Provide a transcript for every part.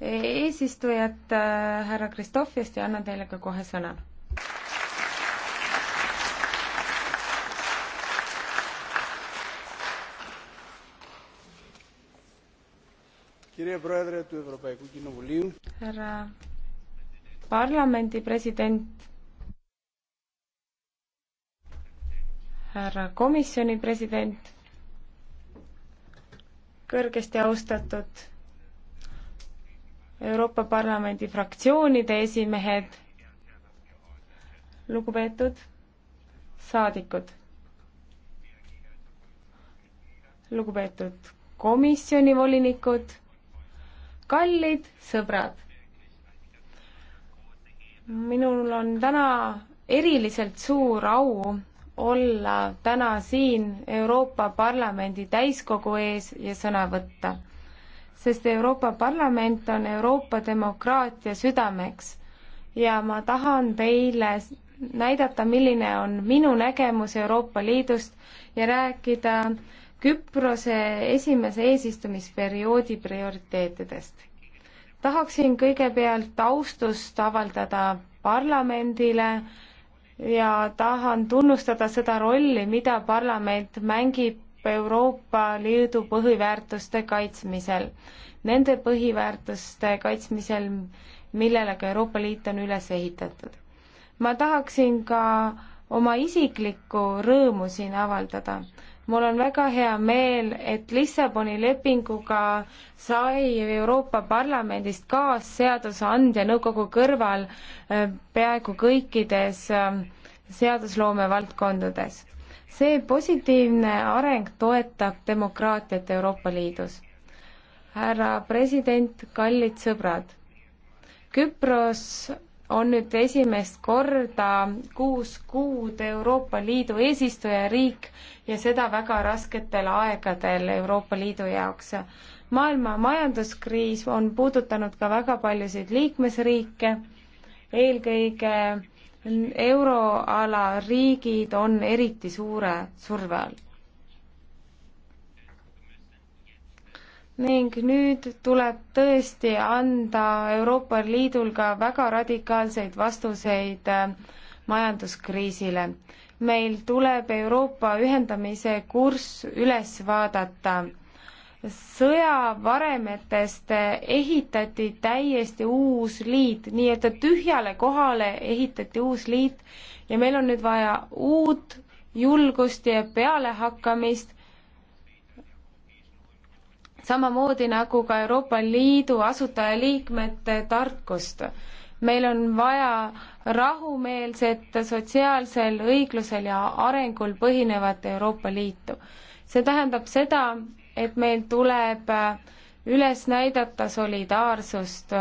eesistujat äh, härra Kristofjast ja annan teile ka kohe sõna. härra parlamendi president, härra komisjoni president, kõrgesti austatud Euroopa Parlamendi fraktsioonide esimehed, lugupeetud saadikud, lugupeetud komisjoni volinikud, kallid sõbrad. minul on täna eriliselt suur au olla täna siin Euroopa Parlamendi täiskogu ees ja sõna võtta sest Euroopa Parlament on Euroopa demokraatia südameks ja ma tahan teile näidata, milline on minu nägemus Euroopa Liidust ja rääkida Küprose esimese eesistumisperioodi prioriteetidest. tahaksin kõigepealt austust avaldada parlamendile ja tahan tunnustada seda rolli, mida parlament mängib Euroopa Liidu põhiväärtuste kaitsmisel. Nende põhiväärtuste kaitsmisel, millele ka Euroopa Liit on üles ehitatud. ma tahaksin ka oma isiklikku rõõmu siin avaldada. mul on väga hea meel, et Lissaboni lepinguga sai Euroopa Parlamendist kaasseadusandja nõukogu kõrval äh, peaaegu kõikides äh, seadusloome valdkondades see positiivne areng toetab demokraatiat Euroopa Liidus. härra president, kallid sõbrad, Küpros on nüüd esimest korda kuus kuud Euroopa Liidu eesistujariik ja seda väga rasketel aegadel Euroopa Liidu jaoks. maailma majanduskriis on puudutanud ka väga paljusid liikmesriike, eelkõige euroala riigid on eriti suure surve all. ning nüüd tuleb tõesti anda Euroopa Liidul ka väga radikaalseid vastuseid äh, majanduskriisile. meil tuleb Euroopa ühendamise kurss üles vaadata sõjavaremetest ehitati täiesti uus liit, nii et tühjale kohale ehitati uus liit ja meil on nüüd vaja uut julgust ja pealehakkamist, samamoodi nagu ka Euroopa Liidu asutajaliikmete tarkust. meil on vaja rahumeelset, sotsiaalsel õiglusel ja arengul põhinevat Euroopa Liitu. see tähendab seda, et meil tuleb äh, üles näidata solidaarsust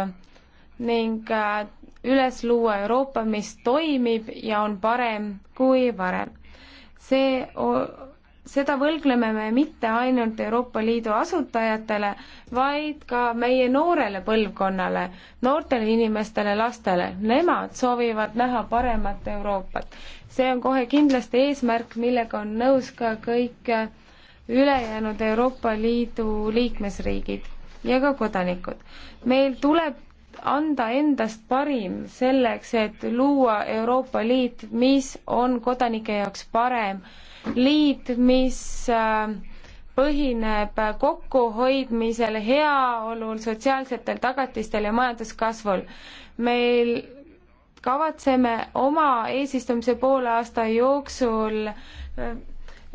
ning äh, üles luua Euroopa, mis toimib ja on parem kui varem. see, seda võlgneme me mitte ainult Euroopa Liidu asutajatele, vaid ka meie noorele põlvkonnale, noortele inimestele, lastele. Nemad soovivad näha paremat Euroopat. see on kohe kindlasti eesmärk, millega on nõus ka kõik äh, ülejäänud Euroopa Liidu liikmesriigid ja ka kodanikud. meil tuleb anda endast parim selleks, et luua Euroopa Liit, mis on kodanike jaoks parem, liit, mis äh, põhineb kokkuhoidmisel, heaolul, sotsiaalsetel tagatistel ja majanduskasvul. meil kavatseme oma eesistumise poole aasta jooksul äh,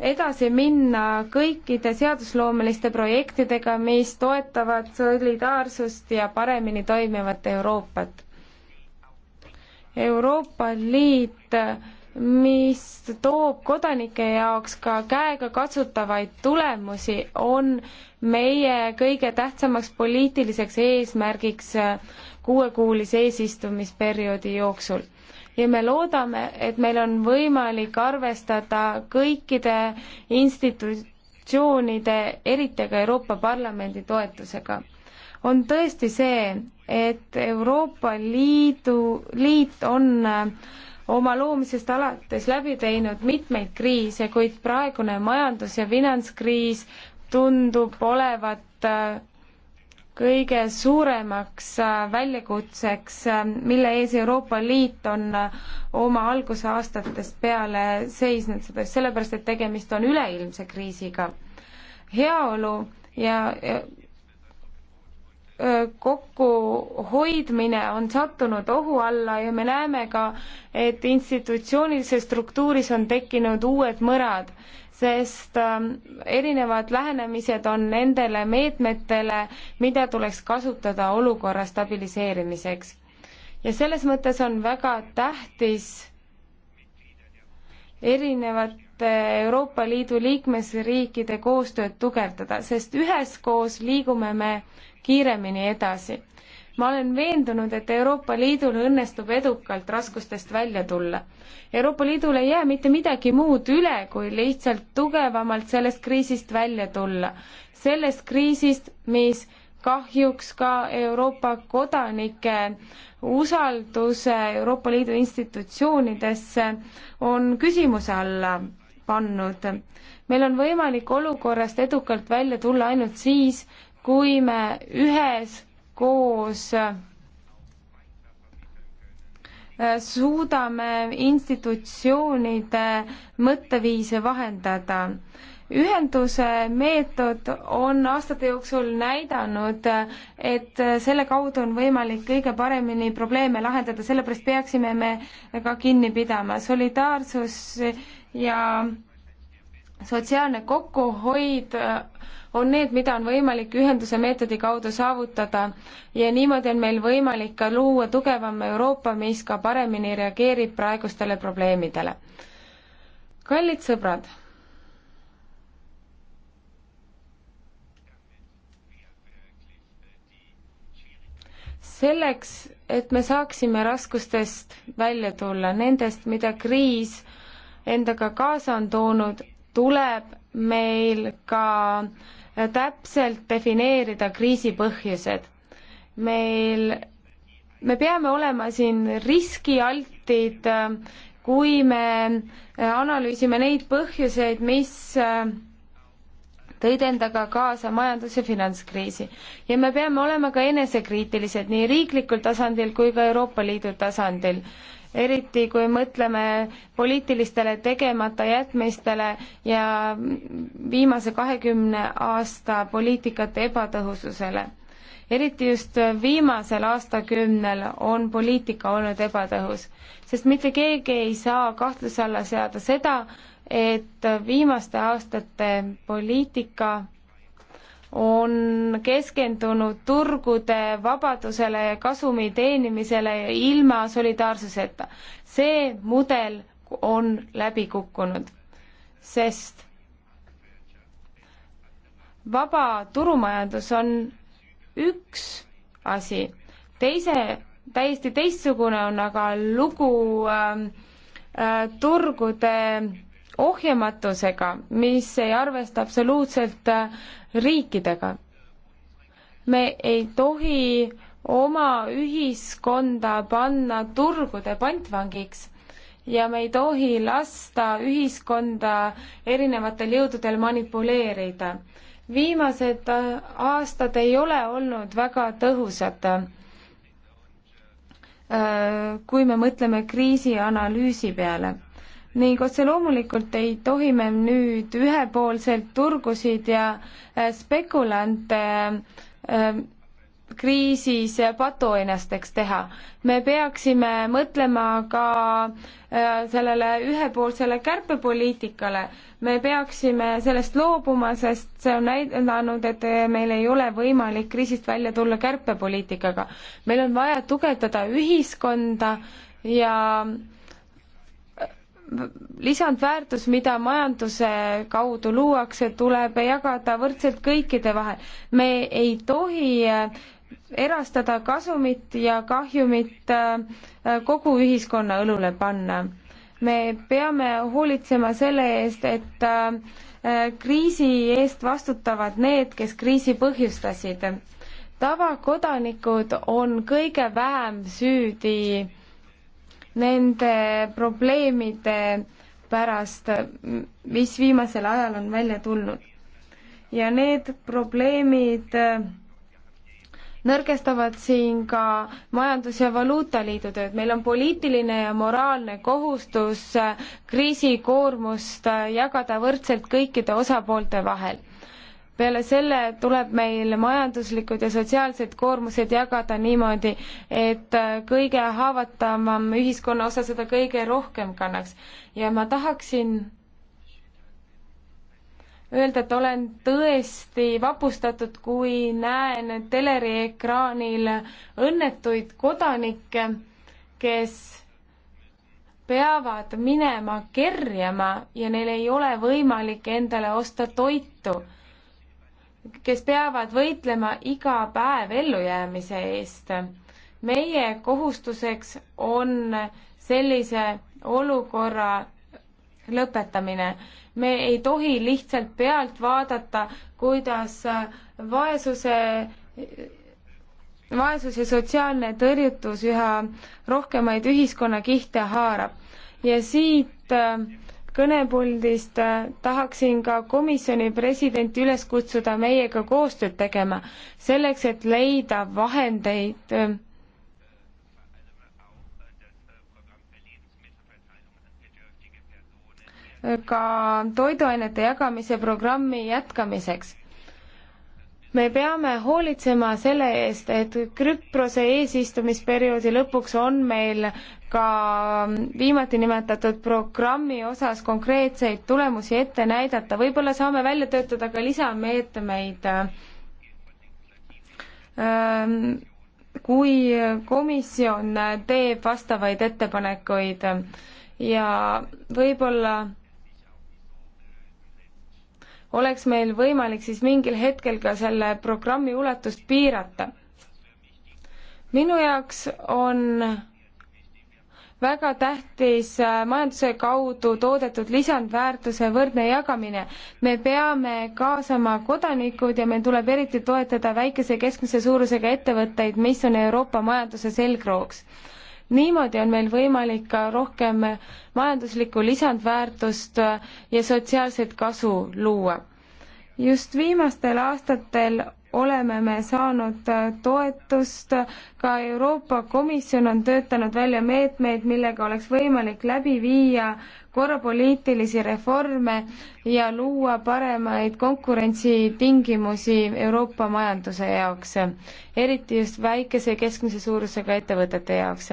edasi minna kõikide seadusloomeliste projektidega, mis toetavad solidaarsust ja paremini toimivat Euroopat. Euroopa Liit, mis toob kodanike jaoks ka käegakatsutavaid tulemusi, on meie kõige tähtsamaks poliitiliseks eesmärgiks kuuekuulise eesistumisperioodi jooksul ja me loodame, et meil on võimalik arvestada kõikide institutsioonide, eriti aga Euroopa Parlamendi toetusega. on tõesti see, et Euroopa Liidu, liit on äh, oma loomisest alates läbi teinud mitmeid kriise, kuid praegune majandus- ja finantskriis tundub olevat äh, kõige suuremaks äh, väljakutseks, äh, mille ees Euroopa Liit on äh, oma algusaastatest peale seisnud, seda just sellepärast, et tegemist on üleilmse kriisiga. heaolu ja kokkuhoidmine on sattunud ohu alla ja me näeme ka, et institutsioonilises struktuuris on tekkinud uued mõrad sest ähm, erinevad lähenemised on nendele meetmetele, mida tuleks kasutada olukorra stabiliseerimiseks. ja selles mõttes on väga tähtis erinevate Euroopa Liidu liikmesriikide koostööd tugevdada, sest üheskoos liigume me kiiremini edasi ma olen veendunud, et Euroopa Liidul õnnestub edukalt raskustest välja tulla. Euroopa Liidul ei jää mitte midagi muud üle, kui lihtsalt tugevamalt sellest kriisist välja tulla. sellest kriisist, mis kahjuks ka Euroopa kodanike usalduse Euroopa Liidu institutsioonidesse on küsimuse alla pannud. meil on võimalik olukorrast edukalt välja tulla ainult siis, kui me ühes koos äh, suudame institutsioonide mõtteviise vahendada. ühenduse meetod on aastate jooksul näidanud, et selle kaudu on võimalik kõige paremini probleeme lahendada, sellepärast peaksime me ka kinni pidama. solidaarsus ja äh, sotsiaalne kokkuhoid äh, on need, mida on võimalik ühenduse meetodi kaudu saavutada ja niimoodi on meil võimalik ka luua tugevam Euroopa, mis ka paremini reageerib praegustele probleemidele. kallid sõbrad, selleks, et me saaksime raskustest välja tulla, nendest, mida kriis endaga kaasa on toonud, tuleb meil ka täpselt defineerida kriisi põhjused. meil, me peame olema siin riskialtid, kui me analüüsime neid põhjuseid, mis tõid endaga kaasa majandus- ja finantskriisi. ja me peame olema ka enesekriitilised nii riiklikul tasandil kui ka Euroopa Liidu tasandil eriti kui mõtleme poliitilistele tegemata jätmistele ja viimase kahekümne aasta poliitikate ebatõhususele. eriti just viimasel aastakümnel on poliitika olnud ebatõhus, sest mitte keegi ei saa kahtluse alla seada seda, et viimaste aastate poliitika on keskendunud turgude vabadusele ja kasumi teenimisele ilma solidaarsuseta. see mudel on läbi kukkunud, sest vaba turumajandus on üks asi, teise, täiesti teistsugune on aga lugu äh, äh, turgude äh, ohjamatusega, mis ei arvesta absoluutselt äh, riikidega. me ei tohi oma ühiskonda panna turgude pantvangiks ja me ei tohi lasta ühiskonda erinevatel jõududel manipuleerida. viimased äh, aastad ei ole olnud väga tõhusad, äh, kui me mõtleme kriisianalüüsi peale ning otse loomulikult ei tohi me nüüd ühepoolselt turgusid ja äh, spekulante äh, kriisis patuoinasteks teha. me peaksime mõtlema ka äh, sellele ühepoolsele kärpepoliitikale. me peaksime sellest loobuma, sest see on näidanud, et meil ei ole võimalik kriisist välja tulla kärpepoliitikaga. meil on vaja tugevdada ühiskonda ja äh, lisandväärtus, mida majanduse kaudu luuakse, tuleb jagada võrdselt kõikide vahel. me ei tohi äh, erastada kasumit ja kahjumit äh, kogu ühiskonna õlule panna. me peame hoolitsema selle eest, et äh, kriisi eest vastutavad need, kes kriisi põhjustasid. tavakodanikud on kõige vähem süüdi nende probleemide pärast, mis viimasel ajal on välja tulnud. ja need probleemid äh, nõrgestavad siin ka Majandus- ja Valuutaliidu tööd. meil on poliitiline ja moraalne kohustus äh, kriisikoormust äh, jagada võrdselt kõikide osapoolte vahel peale selle tuleb meil majanduslikud ja sotsiaalsed koormused jagada niimoodi, et äh, kõige haavatavam ühiskonna osa seda kõige rohkem kannaks. ja ma tahaksin öelda, et olen tõesti vapustatud, kui näen teleri ekraanil õnnetuid kodanikke, kes peavad minema kerjama ja neil ei ole võimalik endale osta toitu kes peavad võitlema iga päev ellujäämise eest. meie kohustuseks on sellise olukorra lõpetamine. me ei tohi lihtsalt pealt vaadata, kuidas vaesuse vaesus ja sotsiaalne tõrjutus üha rohkemaid ühiskonnakihte haarab ja siit äh, kõnepuldist tahaksin ka komisjoni presidenti üles kutsuda meiega koostööd tegema, selleks et leida vahendeid äh, ka toiduainete jagamise programmi jätkamiseks me peame hoolitsema selle eest, et Küprose eesistumisperioodi lõpuks on meil ka viimati nimetatud programmi osas konkreetseid tulemusi ette näidata, võib-olla saame välja töötada ka lisameetmeid. Ähm, kui komisjon teeb vastavaid ettepanekuid ja võib-olla oleks meil võimalik siis mingil hetkel ka selle programmi ulatust piirata. minu jaoks on väga tähtis äh, majanduse kaudu toodetud lisandväärtuse võrdne jagamine. me peame kaasama kodanikud ja meil tuleb eriti toetada väikese keskmise suurusega ettevõtteid, mis on Euroopa majanduse selgrooks niimoodi on meil võimalik ka rohkem majanduslikku lisandväärtust ja sotsiaalset kasu luua. just viimastel aastatel oleme me saanud toetust, ka Euroopa Komisjon on töötanud välja meetmeid, millega oleks võimalik läbi viia korrapoliitilisi reforme ja luua paremaid konkurentsitingimusi Euroopa majanduse jaoks, eriti just väikese ja keskmise suurusega ettevõtete jaoks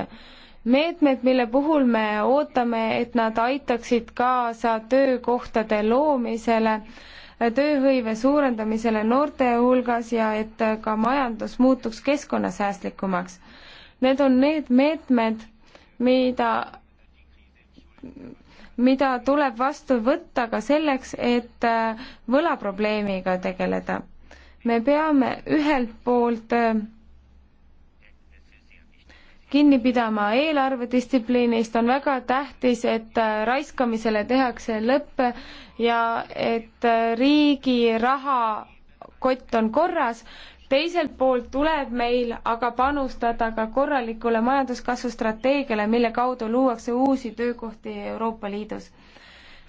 meetmed, mille puhul me ootame, et nad aitaksid kaasa töökohtade loomisele, tööhõive suurendamisele noorte hulgas ja et ka majandus muutuks keskkonnasäästlikumaks. Need on need meetmed, mida mida tuleb vastu võtta ka selleks, et äh, võlaprobleemiga tegeleda. me peame ühelt poolt äh, kinni pidama eelarvedistsipliinist, on väga tähtis, et äh, raiskamisele tehakse lõpp ja et riigi rahakott on korras teiselt poolt tuleb meil aga panustada ka korralikule majanduskasvu strateegiale, mille kaudu luuakse uusi töökohti Euroopa Liidus.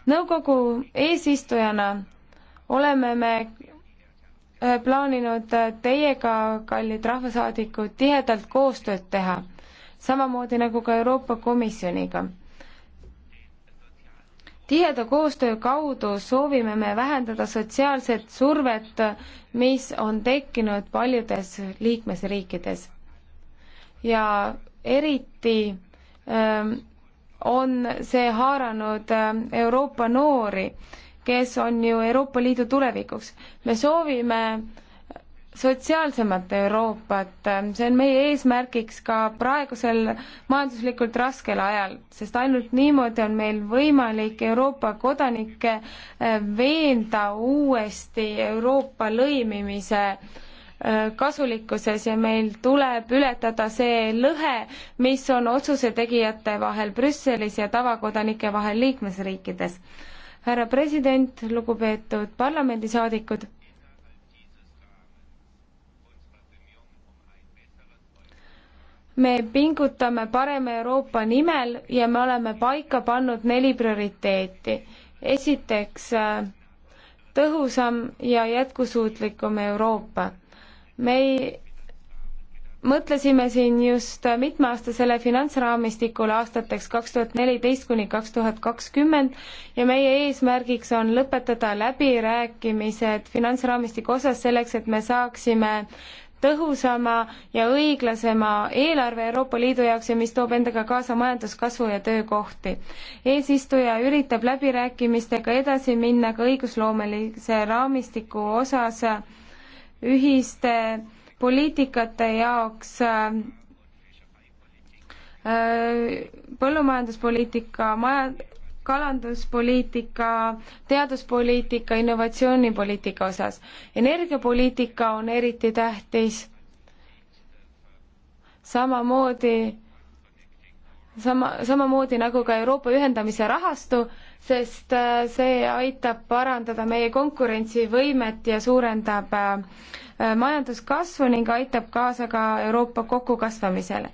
nõukogu eesistujana oleme me äh, plaaninud äh, teiega, kallid rahvasaadikud, tihedalt koostööd teha, samamoodi nagu ka Euroopa Komisjoniga tiheda koostöö kaudu soovime me vähendada sotsiaalset survet, mis on tekkinud paljudes liikmesriikides. ja eriti öö, ähm, on see haaranud ähm, Euroopa noori, kes on ju Euroopa Liidu tulevikuks. me soovime öö, sotsiaalsemat Euroopat, see on meie eesmärgiks ka praegusel majanduslikult raskel ajal, sest ainult niimoodi on meil võimalik Euroopa kodanikke eh, veenda uuesti Euroopa lõimimise eh, kasulikkuses ja meil tuleb ületada see lõhe, mis on otsuse tegijate vahel Brüsselis ja tavakodanike vahel liikmesriikides. härra president, lugupeetud parlamendisaadikud me pingutame parema Euroopa nimel ja me oleme paika pannud neli prioriteeti. esiteks, tõhusam ja jätkusuutlikum Euroopa. me ei mõtlesime siin just mitmeaastasele finantsraamistikule aastateks kaks tuhat neliteist kuni kaks tuhat kakskümmend ja meie eesmärgiks on lõpetada läbirääkimised finantsraamistiku osas selleks, et me saaksime tõhusama ja õiglasema eelarve Euroopa Liidu jaoks ja mis toob endaga kaasa majanduskasvu ja töökohti. eesistuja üritab läbirääkimistega edasi minna ka õigusloomelise raamistiku osas ühiste poliitikate jaoks äh, äh, põllumajanduspoliitika, maja, kalanduspoliitika, teaduspoliitika, innovatsioonipoliitika osas. energiapoliitika on eriti tähtis, samamoodi sama, samamoodi nagu ka Euroopa ühendamise rahastu, sest äh, see aitab parandada meie konkurentsivõimet ja suurendab äh, Äh, majanduskasvu ning aitab kaasa ka Euroopa kokkukasvamisele.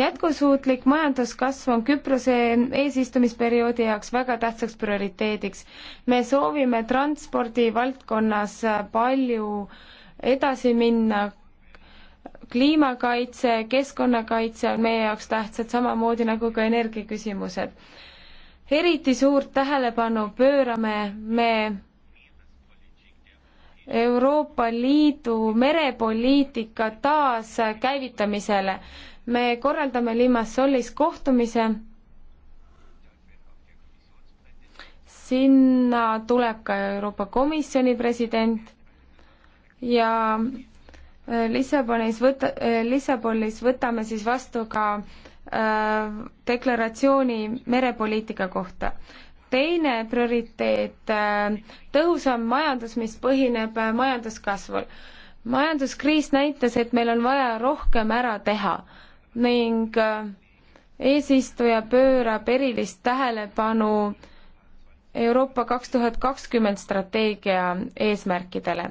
jätkusuutlik majanduskasv on Küprose eesistumisperioodi jaoks väga tähtsaks prioriteediks. me soovime transpordi valdkonnas palju edasi minna, kliimakaitse, keskkonnakaitse on meie jaoks tähtsad, samamoodi nagu ka energiaküsimused. eriti suurt tähelepanu pöörame me Euroopa Liidu merepoliitika taaskäivitamisele. me korraldame Limassolis kohtumise. sinna tuleb ka Euroopa Komisjoni president ja äh, Lissabonis võta, äh, Lissabonis võtame siis vastu ka äh, deklaratsiooni merepoliitika kohta teine prioriteet, äh, tõhusam majandus, mis põhineb äh, majanduskasvul. majanduskriis näitas, et meil on vaja rohkem ära teha ning äh, eesistuja pöörab erilist tähelepanu Euroopa kaks tuhat kakskümmend strateegia eesmärkidele.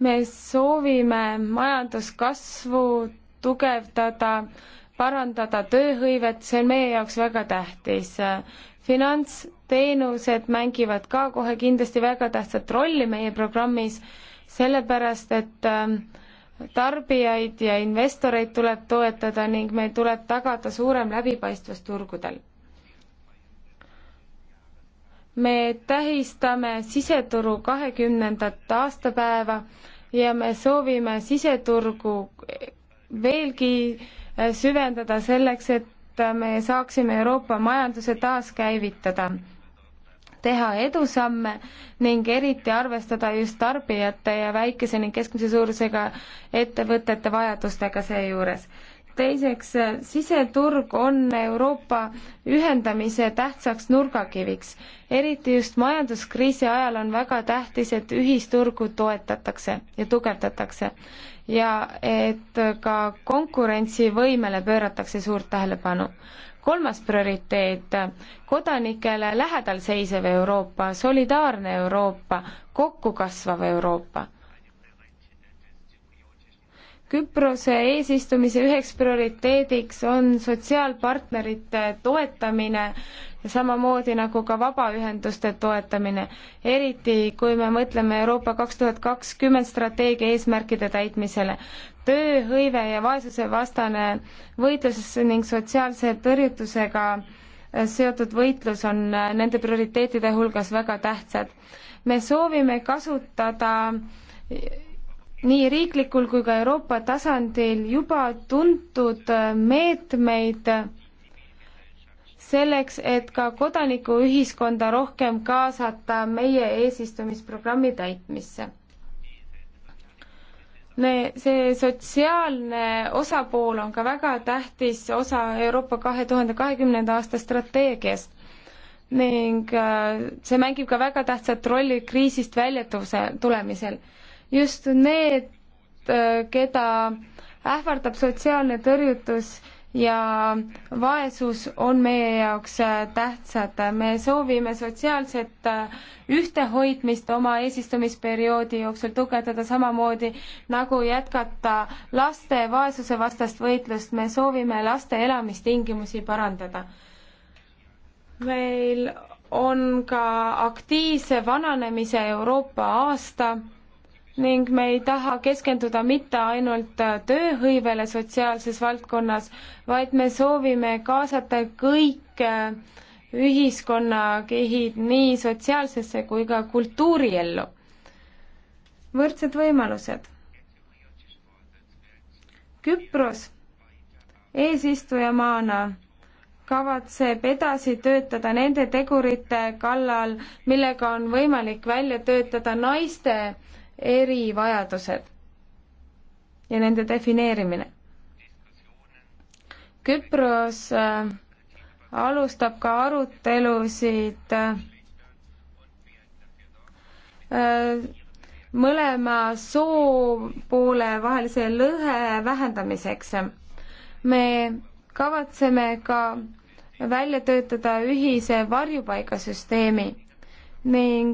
me soovime majanduskasvu tugevdada parandada tööhõivet, see on meie jaoks väga tähtis. finantsteenused mängivad ka kohe kindlasti väga tähtsat rolli meie programmis, sellepärast et ähm, tarbijaid ja investoreid tuleb toetada ning meil tuleb tagada suurem läbipaistvus turgudel. me tähistame siseturu kahekümnendat aastapäeva ja me soovime siseturgu veelgi Äh, süvendada selleks, et äh, me saaksime Euroopa majanduse taaskäivitada, teha edusamme ning eriti arvestada just tarbijate ja väikese ning keskmise suurusega ettevõtete vajadustega seejuures teiseks, siseturg on Euroopa ühendamise tähtsaks nurgakiviks. eriti just majanduskriisi ajal on väga tähtis, et ühisturgu toetatakse ja tugevdatakse ja et ka konkurentsivõimele pööratakse suurt tähelepanu kolmas prioriteet, kodanikele lähedal seisev Euroopa, solidaarne Euroopa, kokkukasvav Euroopa Küprose eesistumise üheks prioriteediks on sotsiaalpartnerite toetamine ja samamoodi nagu ka vabaühenduste toetamine, eriti kui me mõtleme Euroopa kaks tuhat kakskümmend strateegia eesmärkide täitmisele. tööhõive ja vaesusevastane võitlus ning sotsiaalse tõrjutusega seotud võitlus on nende prioriteetide hulgas väga tähtsad. me soovime kasutada nii riiklikul kui ka Euroopa tasandil juba tuntud äh, meetmeid selleks, et ka kodanikuühiskonda rohkem kaasata meie eesistumisprogrammi täitmisse. see sotsiaalne osapool on ka väga tähtis osa Euroopa kahe tuhande kahekümnenda aasta strateegiast ning äh, see mängib ka väga tähtsat rolli kriisist välja tulemisel just need, äh, keda ähvardab sotsiaalne tõrjutus ja vaesus on meie jaoks äh, tähtsad. me soovime sotsiaalset äh, ühtehoidmist oma eesistumisperioodi jooksul tugevdada, samamoodi nagu jätkata laste vaesusevastast võitlust. me soovime laste elamistingimusi parandada. meil on ka aktiivse vananemise Euroopa aasta ning me ei taha keskenduda mitte ainult äh, tööhõivele sotsiaalses valdkonnas, vaid me soovime kaasata kõik äh, ühiskonnakihid nii sotsiaalsesse kui ka kultuuriellu. võrdsed võimalused. Küpros eesistujamaana kavatseb edasi töötada nende tegurite kallal, millega on võimalik välja töötada naiste äh, erivajadused ja nende defineerimine. Küpros äh, alustab ka arutelusid äh, mõlema soo poole vahelise lõhe vähendamiseks. me kavatseme ka välja töötada ühise varjupaigasüsteemi ning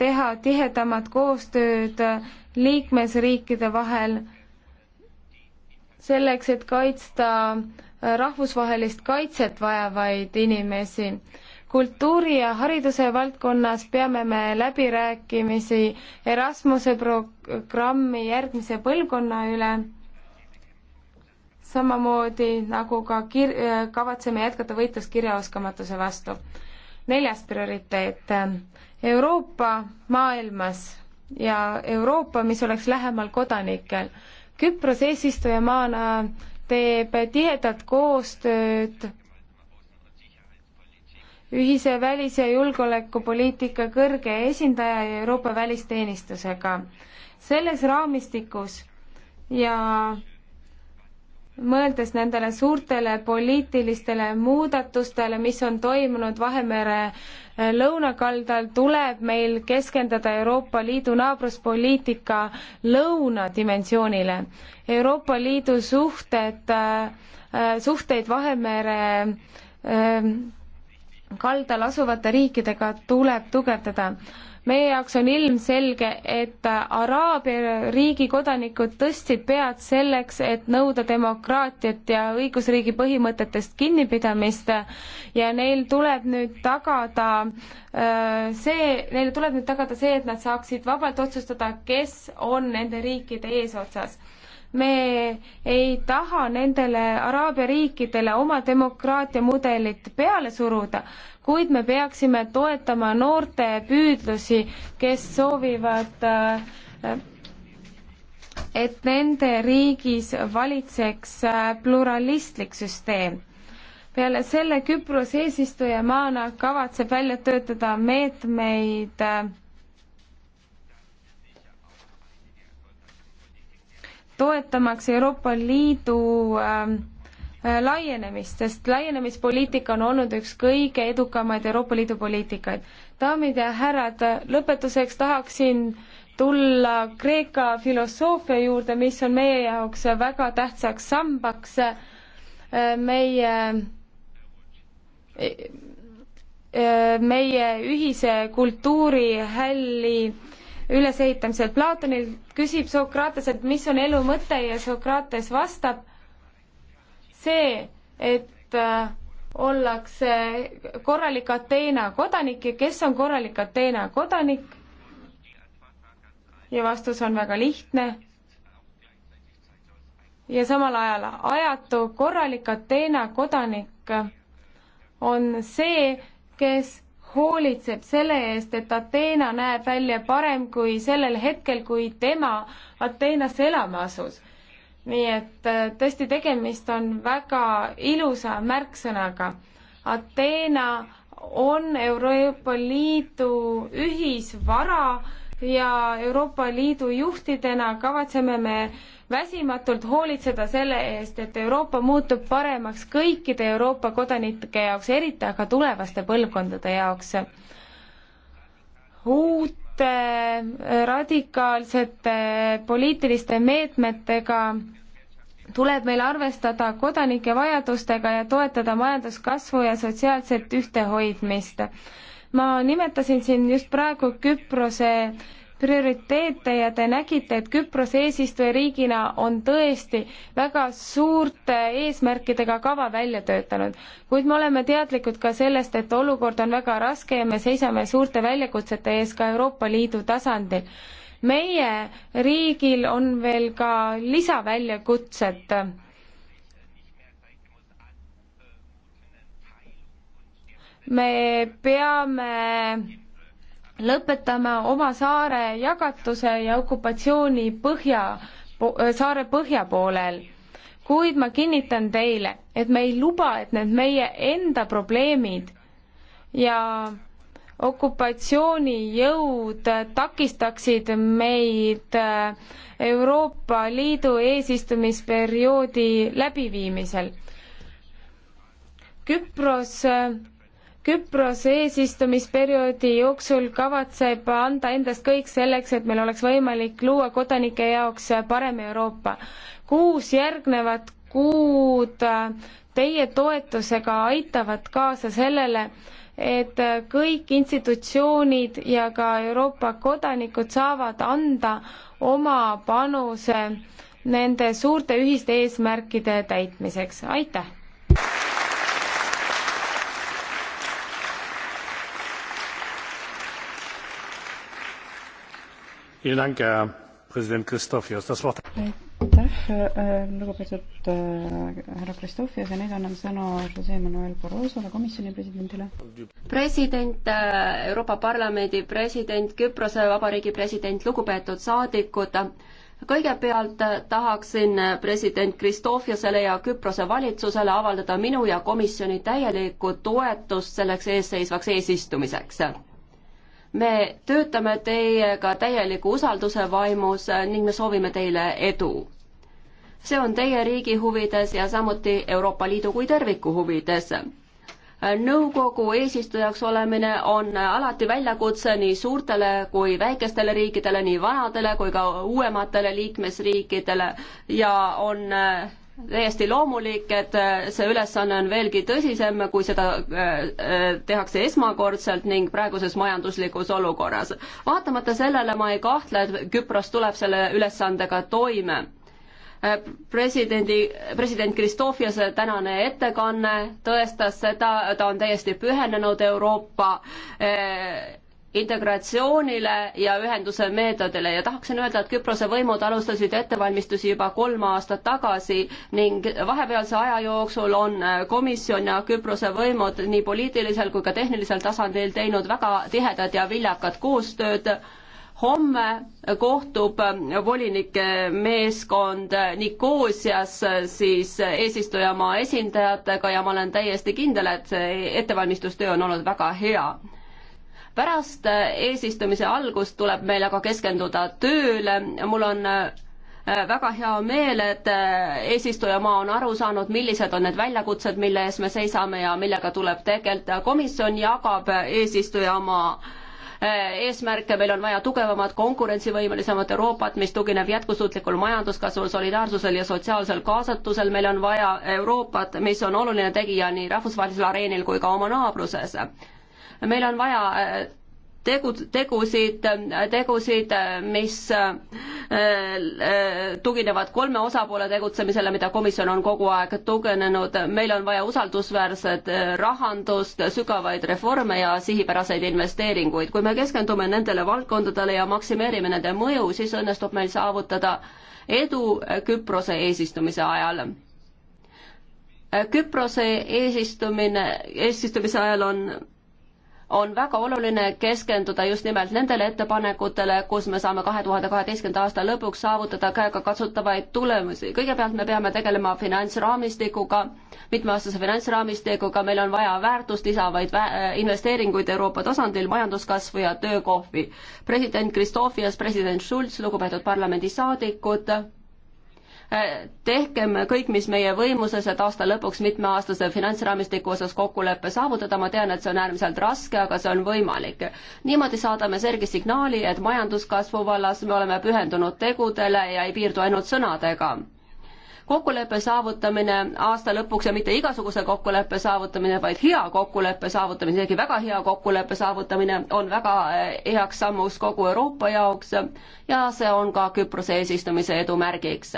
teha tihedamat koostööd liikmesriikide vahel selleks, et kaitsta rahvusvahelist kaitset vajavaid inimesi. kultuuri ja hariduse valdkonnas peame me läbirääkimisi Erasmuse programmi järgmise põlvkonna üle, samamoodi nagu ka kir-, kavatseme jätkata võitlust kirjaoskamatuse vastu. neljas prioriteet Euroopa maailmas ja Euroopa, mis oleks lähemal kodanikel. Küpros eesistujamaana teeb tihedat koostööd ühise välis- ja julgeolekupoliitika kõrge esindaja ja Euroopa välisteenistusega. selles raamistikus ja mõeldes nendele suurtele poliitilistele muudatustele, mis on toimunud Vahemere eh, lõunakaldal, tuleb meil keskenduda Euroopa Liidu naabruspoliitika lõunadimensioonile. Euroopa Liidu suhted, eh, eh, suhteid Vahemere kaldal asuvate riikidega tuleb tugevdada meie jaoks on ilmselge, et Araabia riigi kodanikud tõstsid pead selleks, et nõuda demokraatiat ja õigusriigi põhimõtetest kinnipidamist ja neil tuleb nüüd tagada äh, see, neile tuleb nüüd tagada see, et nad saaksid vabalt otsustada, kes on nende riikide eesotsas me ei taha nendele Araabia riikidele oma demokraatiamudelit peale suruda, kuid me peaksime toetama noorte püüdlusi, kes soovivad, äh, et nende riigis valitseks äh, pluralistlik süsteem peale selle Küpros eesistujamaana kavatseb välja töötada meetmeid äh, toetamaks Euroopa Liidu ähm, äh, laienemist, sest laienemispoliitika on olnud üks kõige edukamaid Euroopa Liidu poliitikaid. daamid ja härrad, lõpetuseks tahaksin tulla Kreeka filosoofia juurde, mis on meie jaoks väga tähtsaks sambaks äh, meie, äh, äh, meie ühise kultuurihälli ülesehitamisel. Platonilt küsib Sokrateselt, mis on elu mõte ja Sokrates vastab see, et äh, ollakse korralik Ateena kodanik ja kes on korralik Ateena kodanik? ja vastus on väga lihtne. ja samal ajal ajatu korralik Ateena kodanik on see, kes hoolitseb selle eest, et Ateena näeb välja parem kui sellel hetkel, kui tema Ateenasse elama asus. nii et äh, tõesti, tegemist on väga ilusa märksõnaga. Ateena on Euroopa Liidu ühisvara ja Euroopa Liidu juhtidena kavatseme me väsimatult hoolitseda selle eest, et Euroopa muutub paremaks kõikide Euroopa kodanike jaoks, eriti aga tulevaste põlvkondade jaoks. uute radikaalsete poliitiliste meetmetega tuleb meil arvestada kodanike vajadustega ja toetada majanduskasvu ja sotsiaalset ühtehoidmist ma nimetasin siin just praegu Küprose prioriteete ja te nägite, et Küprose eesistujariigina on tõesti väga suurte eesmärkidega kava välja töötanud. kuid me oleme teadlikud ka sellest, et olukord on väga raske ja me seisame suurte väljakutsete ees ka Euroopa Liidu tasandil. meie riigil on veel ka lisaväljakutsed me peame lõpetame oma saare jagatuse ja okupatsiooni põhja, saare põhja poolel. kuid ma kinnitan teile, et me ei luba, et need meie enda probleemid ja okupatsioonijõud takistaksid meid äh, Euroopa Liidu eesistumisperioodi läbiviimisel. Küpros äh, Küprose eesistumisperioodi jooksul kavatseb anda endast kõik selleks, et meil oleks võimalik luua kodanike jaoks parem Euroopa. kuus järgnevat kuud teie toetusega aitavad kaasa sellele, et kõik institutsioonid ja ka Euroopa kodanikud saavad anda oma panuse nende suurte ühiste eesmärkide täitmiseks. aitäh! aitäh, äh, lugupeetud äh, härra Kristofias ja nüüd anname sõna Jose Manuel Barrosole, komisjoni presidendile. president, äh, Euroopa Parlamendi president, Küprose Vabariigi president, lugupeetud saadikud, kõigepealt tahaksin president Kristofiasele ja Küprose valitsusele avaldada minu ja komisjoni täielikku toetust selleks eesseisvaks eesistumiseks me töötame teiega täieliku usalduse vaimus ning me soovime teile edu. see on teie riigi huvides ja samuti Euroopa Liidu kui terviku huvides. nõukogu eesistujaks olemine on alati väljakutse nii suurtele kui väikestele riikidele, nii vanadele kui ka uuematele liikmesriikidele ja on täiesti loomulik, et äh, see ülesanne on veelgi tõsisem, kui seda äh, äh, tehakse esmakordselt ning praeguses majanduslikus olukorras. vaatamata sellele ma ei kahtle, et Küpros tuleb selle ülesandega toime. presidendi, president Kristofiase tänane ettekanne tõestas seda, ta on täiesti pühenenud Euroopa integratsioonile ja ühenduse meetodile ja tahaksin öelda, et Küprose võimud alustasid ettevalmistusi juba kolm aastat tagasi ning vahepealse aja jooksul on komisjon ja Küprose võimud nii poliitilisel kui ka tehnilisel tasandil teinud väga tihedat ja viljakat koostööd. homme kohtub volinike meeskond Nikosias siis eesistujamaa esindajatega ja ma olen täiesti kindel, et see ettevalmistustöö on olnud väga hea pärast eesistumise algust tuleb meil aga keskenduda tööle, mul on äh, väga hea meel, et äh, eesistujamaa on aru saanud, millised on need väljakutsed, mille ees me seisame ja millega tuleb tegeleda. komisjon jagab äh, eesistujamaa eesmärke, meil on vaja tugevamat, konkurentsivõimelisemat Euroopat, mis tugineb jätkusuutlikul majanduskasvul, solidaarsusel ja sotsiaalsel kaasatusel, meil on vaja Euroopat, mis on oluline tegija nii rahvusvahelisel areenil kui ka oma naabruses meil on vaja äh, tegu, tegusid, äh, tegusid, äh, mis tuginevad kolme osapoole tegutsemisele, mida komisjon on kogu aeg tugevnenud. meil on vaja usaldusväärset rahandust, sügavaid reforme ja sihipäraseid investeeringuid. kui me keskendume nendele valdkondadele ja maksimeerime nende mõju, siis õnnestub meil saavutada edu Küprose eesistumise ajal Küprose eesistumine, eesistumise ajal on on väga oluline keskenduda just nimelt nendele ettepanekutele, kus me saame kahe tuhande kaheteistkümnenda aasta lõpuks saavutada käegakatsutavaid tulemusi. kõigepealt me peame tegelema finantsraamistikuga, mitmeaastase finantsraamistikuga, meil on vaja väärtust lisavaid vä äh, investeeringuid Euroopa tasandil, majanduskasvu ja töökohvi. president Kristofias, president Schulz, lugupeetud parlamendisaadikud Eh, tehkem kõik, mis meie võimuses, et aasta lõpuks mitmeaastase finantsraamistiku osas kokkulepe saavutada, ma tean, et see on äärmiselt raske, aga see on võimalik. niimoodi saadame selge signaali, et majanduskasvu vallas me oleme pühendunud tegudele ja ei piirdu ainult sõnadega kokkuleppe saavutamine aasta lõpuks ja mitte igasuguse kokkuleppe saavutamine, vaid hea kokkuleppe saavutamine, isegi väga hea kokkuleppe saavutamine on väga eh, heaks sammuks kogu Euroopa jaoks ja see on ka Küprose eesistumise edu märgiks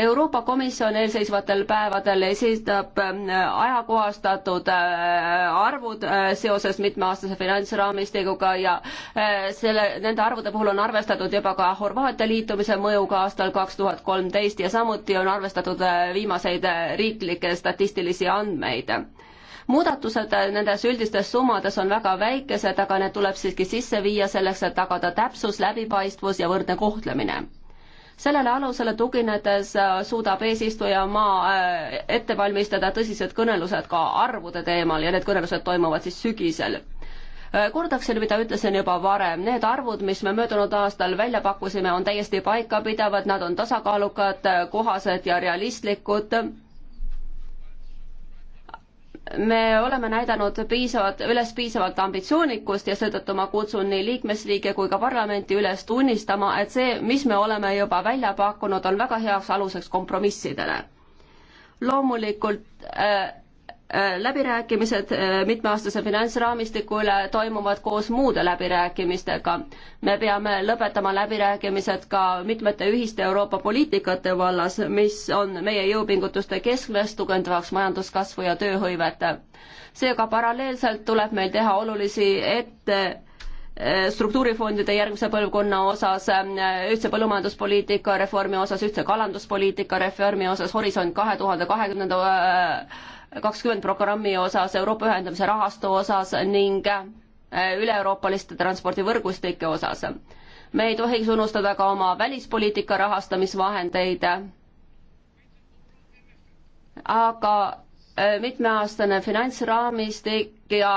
Euroopa Komisjon eelseisvatel päevadel esitab ähm, ajakohastatud äh, arvud äh, seoses mitmeaastase finantsraamistikuga ja äh, selle, nende arvude puhul on arvestatud juba ka Horvaatia liitumise mõjuga aastal kaks tuhat kolmteist ja samuti on arvestatud viimaseid riiklikke statistilisi andmeid muudatused nendes üldistes summades on väga väikesed, aga need tuleb siiski sisse viia selleks, et tagada täpsus, läbipaistvus ja võrdne kohtlemine sellele alusele tuginedes äh, suudab eesistujamaa äh, ette valmistada tõsised kõnelused ka arvude teemal ja need kõnelused toimuvad siis sügisel äh, kordaksin, mida ütlesin juba varem, need arvud, mis me möödunud aastal välja pakkusime, on täiesti paikapidavad, nad on tasakaalukad, kohased ja realistlikud me oleme näidanud piisavat, üles piisavalt ambitsioonikust ja seetõttu ma kutsun nii liikmesriike kui ka parlamenti üles tunnistama, et see, mis me oleme juba välja pakkunud, on väga heaks aluseks kompromissidele. loomulikult äh, Äh, läbirääkimised äh, mitmeaastase finantsraamistiku üle toimuvad koos muude läbirääkimistega. me peame lõpetama läbirääkimised ka mitmete ühiste Euroopa poliitikate vallas, mis on meie jõupingutuste keskmes, tugevdavaks majanduskasvu ja tööhõivet. seega paralleelselt tuleb meil teha olulisi ette äh, struktuurifondide järgmise põlvkonna osas, ühtse põllumajanduspoliitika reformi osas, ühtse kalanduspoliitika reformi osas, Horisont kahe tuhande kahekümnenda kakskümmend programmi osas, Euroopa ühendamise rahastu osas ning äh, üle-euroopaliste transpordivõrgustike osas. me ei tohiks unustada ka oma välispoliitika rahastamisvahendeid. aga äh, mitmeaastane finantsraamistik ja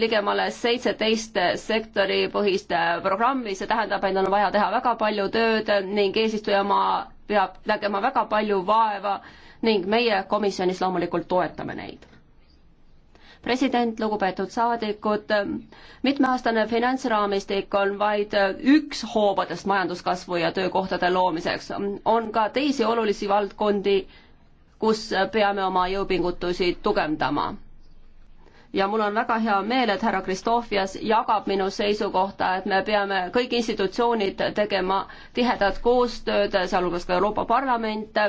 ligemale seitseteist sektoripõhist äh, programmi, see tähendab, et on vaja teha väga palju tööd ning eesistujamaa peab nägema väga palju vaeva ning meie komisjonis loomulikult toetame neid president, lugupeetud saadikud, ähm, mitmeaastane finantsraamistik on vaid äh, üks hoobadest majanduskasvu ja töökohtade loomiseks. on ka teisi olulisi valdkondi, kus äh, peame oma jõupingutusi tugevdama ja mul on väga hea meel, et härra Kristofias jagab minu seisukohta, et me peame kõik institutsioonid tegema tihedat koostööd, sealhulgas ka Euroopa Parlament,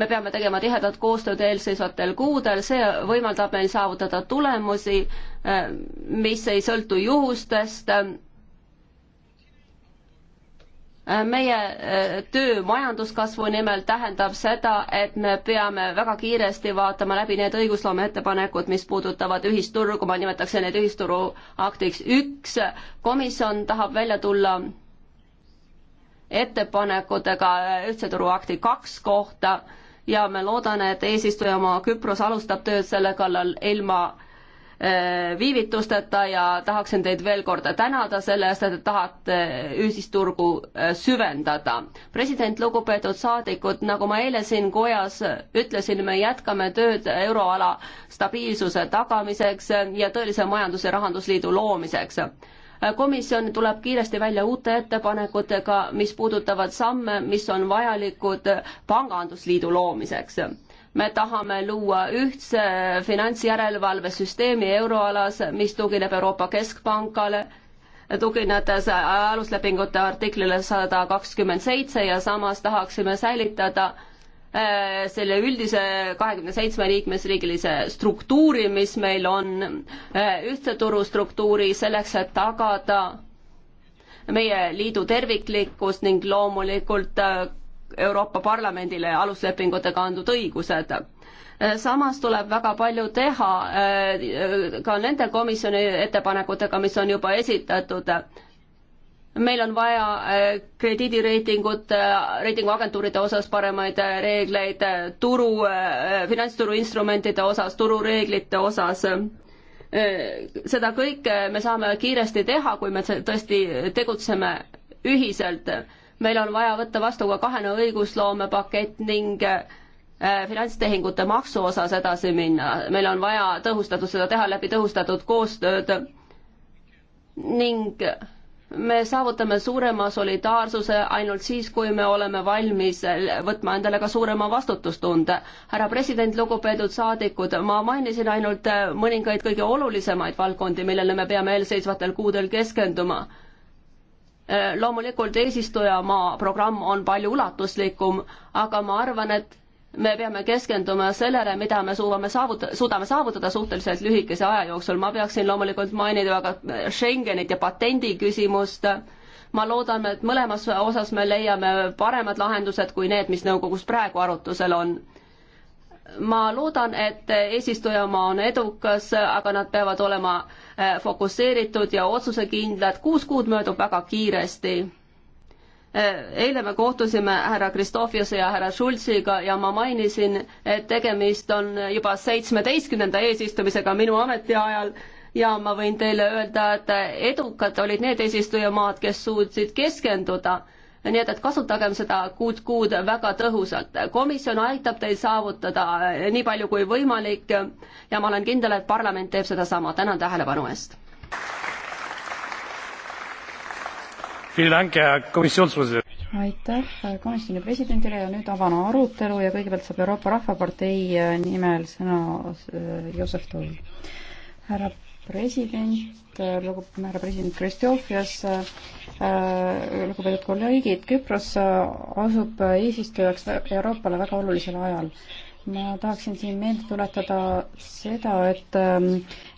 me peame tegema tihedat koostööd eelseisvatel kuudel, see võimaldab meil saavutada tulemusi, äh, mis ei sõltu juhustest. Äh, meie äh, töö majanduskasvu nimel tähendab seda, et me peame väga kiiresti vaatama läbi need õigusloome ettepanekud, mis puudutavad ühisturgu, ma nimetaksin neid ühisturu aktiks üks. komisjon tahab välja tulla ettepanekutega ühtse turuakti kaks kohta ja me loodame, et eesistuja oma Küpros alustab tööd selle kallal ilma äh, viivitusteta ja tahaksin teid veel kord tänada selle eest, et te tahate ühisturgu äh, süvendada. president, lugupeetud saadikud, nagu ma eile siin kojas ütlesin, me jätkame tööd euroala stabiilsuse tagamiseks ja tõelise majandus- ja rahandusliidu loomiseks komisjon tuleb kiiresti välja uute ettepanekutega, mis puudutavad samme, mis on vajalikud pangandusliidu loomiseks. me tahame luua ühtse finantsjärelevalvesüsteemi euroalas, mis tugineb Euroopa Keskpankale, tuginedes aluslepingute artiklile sada kakskümmend seitse ja samas tahaksime säilitada Äh, selle üldise kahekümne seitsme liikmesriigilise struktuuri, mis meil on, äh, ühtse turu struktuuri selleks, et tagada meie liidu terviklikkus ning loomulikult äh, Euroopa Parlamendile aluslepingutega antud õigused samas tuleb väga palju teha ka nende komisjoni ettepanekutega, mis on juba esitatud meil on vaja äh, krediidireitingut, äh, reitinguagentuuride osas paremaid äh, reegleid, turu, finantsturu instrumentide osas, turureeglite osas. seda kõike me saame kiiresti teha, kui me tõesti tegutseme ühiselt. meil on vaja võtta vastu ka kahene õigusloomepakett ning finantstehingute maksu osas edasi minna. meil on vaja tõhustatud, seda teha läbi tõhustatud koostööd ning me saavutame suurema solidaarsuse ainult siis, kui me oleme valmis võtma endale ka suurema vastutustunde. härra president, lugupeetud saadikud, ma mainisin ainult mõningaid kõige olulisemaid valdkondi, millele me peame eelseisvatel kuudel keskenduma. loomulikult eesistujamaa programm on palju ulatuslikum, aga ma arvan, et me peame keskenduma sellele, mida me suudame saavutada, suudame saavutada suhteliselt lühikese aja jooksul. ma peaksin loomulikult mainida ka Schengenit ja patendi küsimust. ma loodan, et mõlemas osas me leiame paremad lahendused kui need, mis nõukogus praegu arutusel on. ma loodan, et eesistujamaa on edukas, aga nad peavad olema eh, fokusseeritud ja otsusekindlad. kuus kuud möödub väga kiiresti Äh, eile me kohtusime härra Kristofiase ja härra Schulziga ja ma mainisin, et tegemist on juba seitsmeteistkümnenda eesistumisega minu ametiajal ja ma võin teile öelda, et edukad olid need eesistujamaad, kes suutsid keskenduda. nii et, et kasutagem seda kuud kuud väga tõhusalt. komisjon aitab teil saavutada äh, nii palju kui võimalik ja ma olen kindel, et parlament teeb sedasama. tänan tähelepanu eest! aitäh äh, komisjoni presidendile ja nüüd avan arutelu ja kõigepealt saab Euroopa Rahvapartei äh, nimel sõna äh, Joosep Toll. härra president, lugupeetud härra president Kristjofias, lugupeetud kolleegid, Küpros asub eesistujaks Euroopale väga olulisel ajal ma tahaksin siin meelde tuletada seda, et ähm,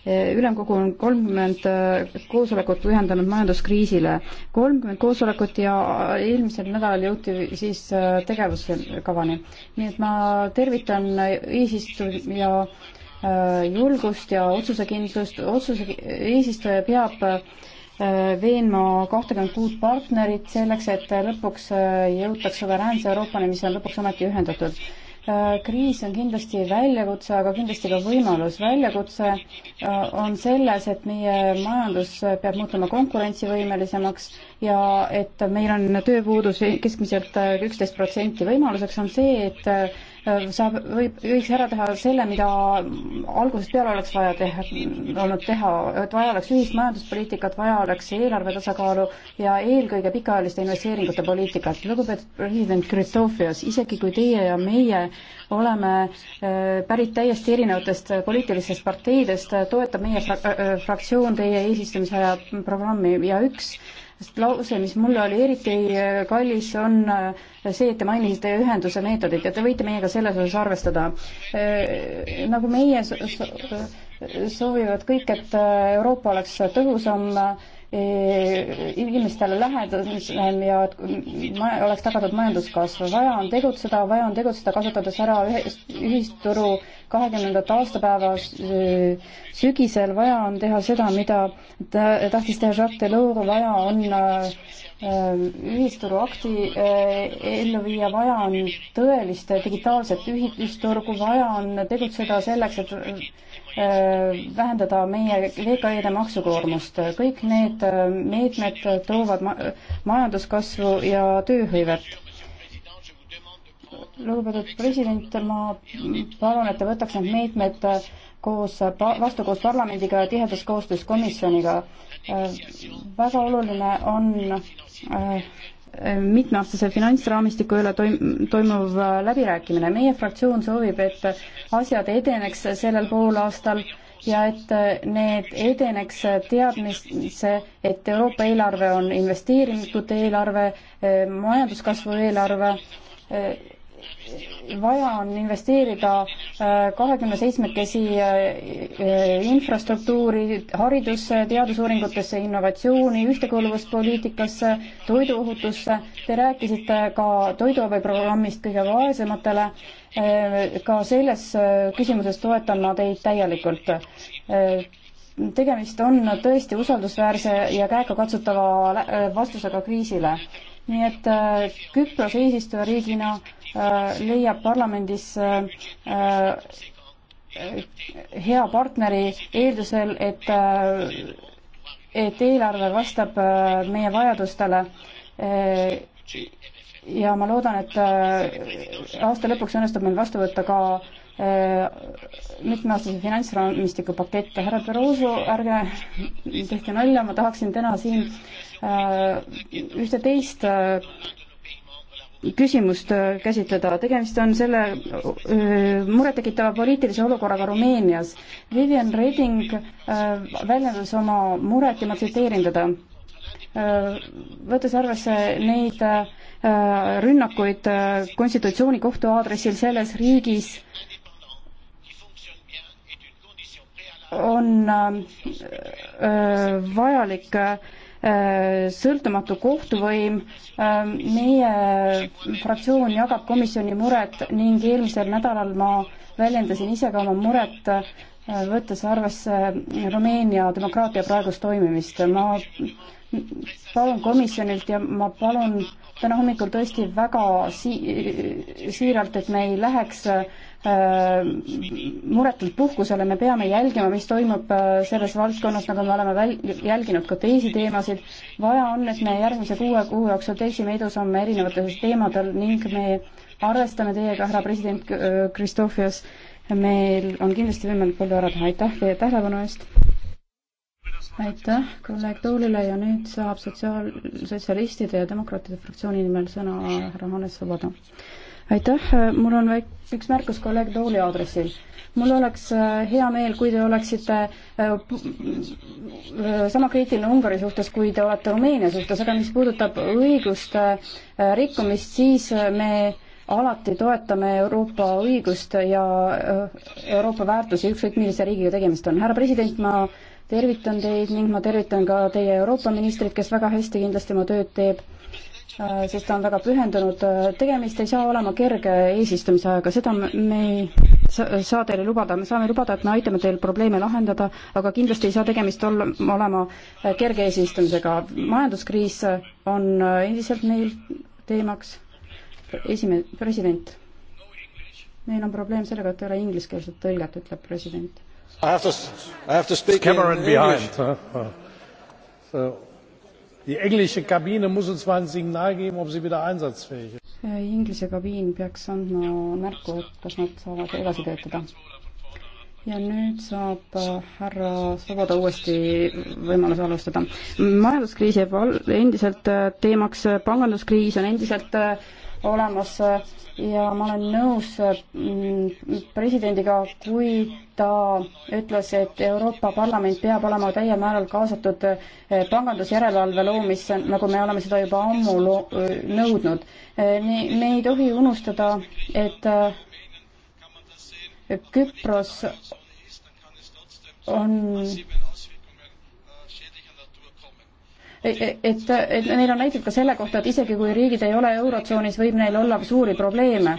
e, ülemkogu on kolmkümmend äh, koosolekut pühendanud majanduskriisile. kolmkümmend koosolekut ja äh, eelmisel nädalal jõuti siis äh, tegevuskavani. nii et ma tervitan eesistuja julgust ja otsusekindlust, otsuse, eesistuja peab veenma kahtekümmet kuut partnerit selleks, et lõpuks jõutaks suveräänse Euroopani, mis on lõpuks ometi ühendatud Äh, kriis on kindlasti väljakutse, aga kindlasti ka võimalus. väljakutse äh, on selles, et meie majandus peab muutuma konkurentsivõimelisemaks ja et meil on tööpuudus keskmiselt äh, üksteist protsenti. võimaluseks on see, et Äh, saab, võib, võiks ära teha selle, mida algusest peale oleks vaja teha, olnud teha, et vaja oleks ühist majanduspoliitikat, vaja oleks eelarve tasakaalu ja eelkõige pikaajaliste investeeringute poliitikat. lugupeetud president Christofias, isegi kui teie ja meie oleme äh, pärit täiesti erinevatest äh, poliitilistest parteidest, toetab meie fra-, fraktsioon teie eesistumise aja programmi ja üks sest lause, mis mulle oli eriti äh, kallis, on äh, see, et te mainisite ühenduse meetodit ja te võite meiega selles osas arvestada. Äh, nagu meie soovivad kõik, et Euroopa oleks tõhusam inimestele lähedasem ja oleks tagatud majanduskasv. vaja on tegutseda, vaja on tegutseda, kasutades ära ühisturu kahekümnendat aastapäeva sügisel, vaja on teha seda, mida tahtis teha Jacques Delors, vaja on äh, ühisturu akti äh, ellu viia, vaja on tõelist digitaalset ühisturgu, vaja on tegutseda selleks, et Äh, vähendada meie VKE-de maksukoormust. kõik need äh, meetmed toovad ma majanduskasvu ja tööhõivet. lugupeetud president, ma palun, et te võtaks need meetmed koos, vastu koos parlamendiga ja tihedas koostöös komisjoniga. Äh, väga oluline on mitmeaastase finantsraamistiku üle toim-, toimuv läbirääkimine. meie fraktsioon soovib, et asjad edeneks sellel poolaastal ja et need edeneks teadmisse, et Euroopa eelarve on investeeringute eelarve, majanduskasvu eelarve vaja on investeerida äh, kahekümne seitsmekesi äh, äh, infrastruktuuri, haridusse, teadusuuringutesse, innovatsiooni, ühtekuuluvuspoliitikasse, toiduohutusse. Te rääkisite ka toiduabiprogrammist kõige vaesematele. ka selles küsimuses toetan ma teid täielikult tegemist on tõesti usaldusväärse ja käegakatsutava vastusega kriisile. nii et Küpros eesistujariigina Äh, leiab parlamendis äh, äh, hea partneri eeldusel, et, et eelarve vastab meie vajadustele. ja ma loodan, et aasta lõpuks õnnestub meil vastu võtta ka mitmeaastase finantsraamistiku pakett. härra Peruso, ärge tehke nalja, ma tahaksin täna siin ühte teist küsimust äh, käsitleda. tegemist on selle äh, murettekitava poliitilise olukorraga Rumeenias. Vivian Reding äh, väljendas oma muret ja ma tsiteerin teda. võttes arvesse neid rünnakuid konstitutsioonikohtu aadressil selles riigis, on vajalik äh, Äh, sõltumatu kohtuvõim. Äh, meie fraktsioon jagab komisjoni muret ning eelmisel nädalal ma väljendasin ise ka oma muret äh, võttes arvesse Rumeenia demokraatia praegust toimimist. ma palun komisjonilt ja ma palun täna hommikul tõesti väga si siiralt, et me ei läheks Äh, muretult puhkusele, me peame jälgima, mis toimub äh, selles valdkonnas, nagu me oleme väl-, jälginud ka teisi teemasid. vaja on, et me järgmise kuue kuu jooksul teeksime edusamme erinevatel teemadel ning me arvestame teiega, härra president Kristofias, äh, meil on kindlasti võimalik palju ära teha, aitäh teie tähelepanu eest! aitäh kolleeg Toolile ja nüüd saab sotsiaal, sotsialistide ja demokraatide fraktsiooni nimel sõna härra Hannes Soboda aitäh, mul on väik-, üks märkus kolleeg Tooli aadressil. mul oleks äh, hea meel, kui te oleksite äh, äh, sama kriitiline Ungari suhtes, kui te olete Rumeenia suhtes, aga mis puudutab õiguste rikkumist, siis me alati toetame Euroopa õigust ja Euroopa väärtusi, ükskõik millise riigiga tegemist on. härra president, ma tervitan teid ning ma tervitan ka teie Euroopa ministrit, kes väga hästi kindlasti oma tööd teeb Äh, sest ta on väga pühendunud. Äh, tegemist ei saa olema kerge eesistumisajaga, seda me ei saa teile lubada, me saame lubada, et me aitame teil probleeme lahendada, aga kindlasti ei saa tegemist olla, olema äh, kerge eesistumisega. majanduskriis on endiselt meil teemaks. esimene, president. meil on probleem sellega, et ei ole ingliskeelset tõlget, ütleb president. I have to, I have to speak Cameron in English. behind. Uh, uh, so Die englische Kabine muss uns mal ein Signal geben, ob sie wieder einsatzfähig ist. Inglise kabiin peaks andma märku, kas nad saavad edasi töötada. ja nüüd saab äh, härra Soboda uuesti võimaluse alustada. majanduskriis jääb endiselt äh, teemaks, äh, panganduskriis on endiselt äh, olemas äh, ja ma olen nõus äh, presidendiga, kui ta ütles, et Euroopa Parlament peab olema täiel määral kaasatud äh, pangandusjärelevalve loomisse, nagu me oleme seda juba ammu lo-, nõudnud. nii, me ei tohi unustada, et Küpros on E, e, et, et neil on näiteid ka selle kohta, et isegi kui riigid ei ole Eurotsoonis, võib neil olla suuri probleeme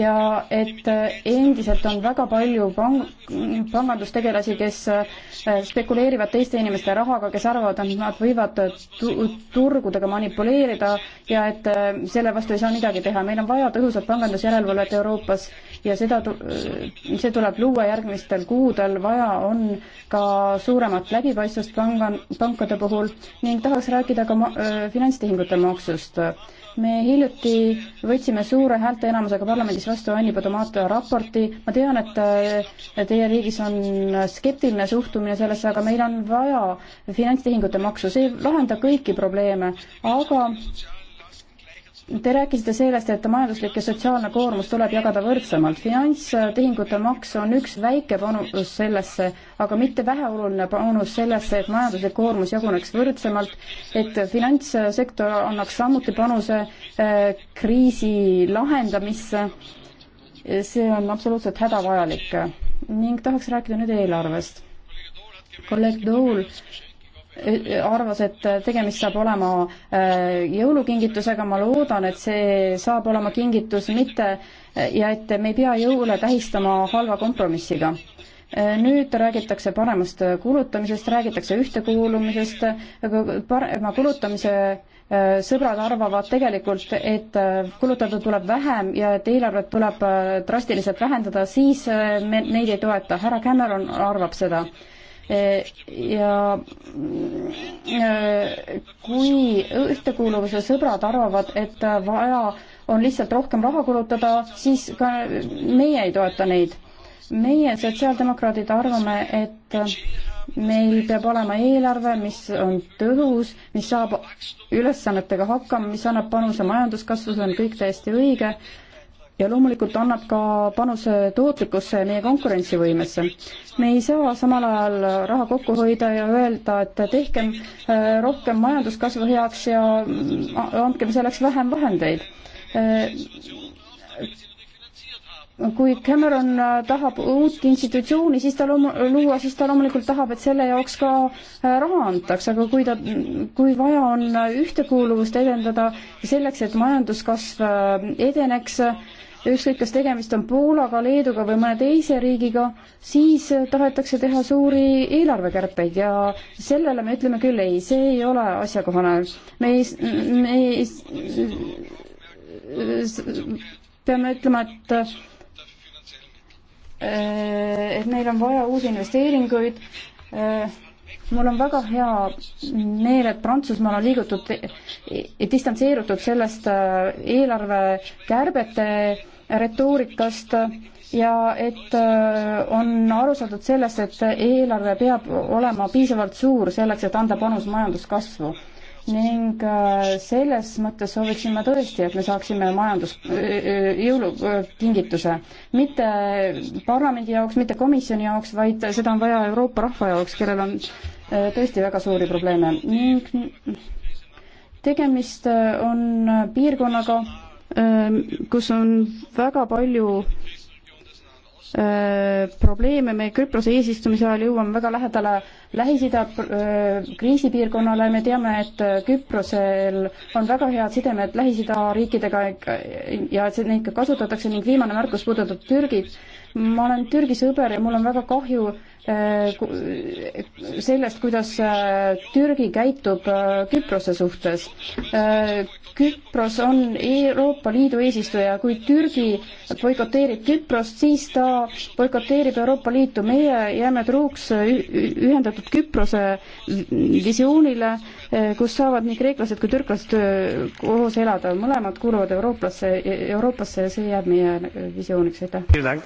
ja et endiselt on väga palju pang-, pangandustegelasi, kes äh, spekuleerivad teiste inimeste rahaga, kes arvavad, et nad võivad tu-, turgudega manipuleerida ja et äh, selle vastu ei saa midagi teha. meil on vaja tõhusat pangandusjärelevalvet Euroopas ja seda, see tuleb luua järgmistel kuudel, vaja on ka suuremat läbipaistvust panga, pankade puhul ning tahaks rääkida ka ma, finantstehingute maksust me hiljuti võtsime suure häälteenamusega parlamendis vastu Anni Podomata raporti. ma tean, et teie riigis on skeptiline suhtumine sellesse, aga meil on vaja finantstehingute maksu, see ei lahenda kõiki probleeme, aga Te rääkisite sellest, et majanduslik ja sotsiaalne koormus tuleb jagada võrdsemalt. finantstehingute maks on üks väike panus sellesse, aga mitte väheoluline panus sellesse, et majanduslik koormus jaguneks võrdsemalt, et finantssektor annaks samuti panuse eh, kriisi lahendamisse. see on absoluutselt hädavajalik ning tahaks rääkida nüüd eelarvest. kolleeg Dool arvas, et tegemist saab olema äh, jõulukingitusega, ma loodan, et see saab olema kingitus mitte äh, ja et me ei pea jõule tähistama halva kompromissiga. Äh, nüüd räägitakse paremast kulutamisest, räägitakse ühtekuulumisest, parema kulutamise sõbrad arvavad tegelikult, et kulutada tuleb vähem ja et eelarvet tuleb drastiliselt vähendada, siis me neid ei toeta. härra Cameron arvab seda ja kui ühtekuuluvuse sõbrad arvavad, et vaja on lihtsalt rohkem raha kulutada, siis ka meie ei toeta neid. meie, sotsiaaldemokraadid, arvame, et meil peab olema eelarve, mis on tõhus, mis saab ülesannetega hakkama, mis annab panuse majanduskasvu, see on kõik täiesti õige ja loomulikult annab ka panuse tootlikkusse ja meie konkurentsivõimesse. me ei saa samal ajal raha kokku hoida ja öelda, et tehkem äh, rohkem majanduskasvu heaks ja äh, andkem selleks vähem vahendeid äh, kui Cameron tahab uut institutsiooni, siis ta loomu-, luua, siis ta loomulikult tahab, et selle jaoks ka raha antaks, aga kui ta, kui vaja on ühtekuuluvust edendada selleks, et majanduskasv edeneks, ükskõik, kas tegemist on Poolaga, Leeduga või mõne teise riigiga, siis tahetakse teha suuri eelarvekärpeid ja sellele me ütleme küll ei, see ei ole asjakohane. me ei, me ei, peame ütlema, et äh, et meil on vaja uusi investeeringuid. Äh, mul on väga hea meel, et Prantsusmaal on liigutud, e-, e-, distantseerutud sellest äh, eelarvekärbete retoorikast ja et äh, on aru saadud sellest, et eelarve peab olema piisavalt suur selleks, et anda panus majanduskasvu ning äh, selles mõttes sooviksin ma tõesti, et me saaksime majandus, äh, jõulukingituse. mitte parlamendi jaoks, mitte komisjoni jaoks, vaid seda on vaja Euroopa rahva jaoks, kellel on tõesti väga suuri probleeme ning tegemist on piirkonnaga, kus on väga palju probleeme, me Küprose eesistumise ajal jõuame väga lähedale Lähis-Ida kriisipiirkonnale, me teame, et Küprosel on väga head sidemed Lähis-Ida riikidega ja et neid ka kasutatakse ning viimane märkus puudutab Türgit ma olen Türgi sõber ja mul on väga kahju äh, sellest, kuidas äh, Türgi käitub äh, Küprose suhtes. Küpros on Euroopa Liidu eesistuja, kui Türgi boikoteerib Küprost, siis ta boikoteerib Euroopa Liitu. meie jääme truuks ühendatud Küprose visioonile, kus saavad nii kreeklased kui türklased koos elada. mõlemad kuuluvad eurooplasse, Euroopasse ja see jääb meie visiooniks, aitäh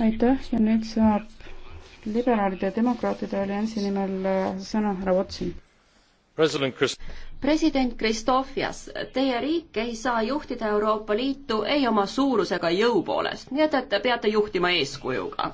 aitäh ja nüüd saab liberaalide ja demokraatide alliansi nimel äh, sõna härra Watson. president Kristofias, teie riik ei saa juhtida Euroopa Liitu ei oma suurusega jõu poolest, nii et, et te peate juhtima eeskujuga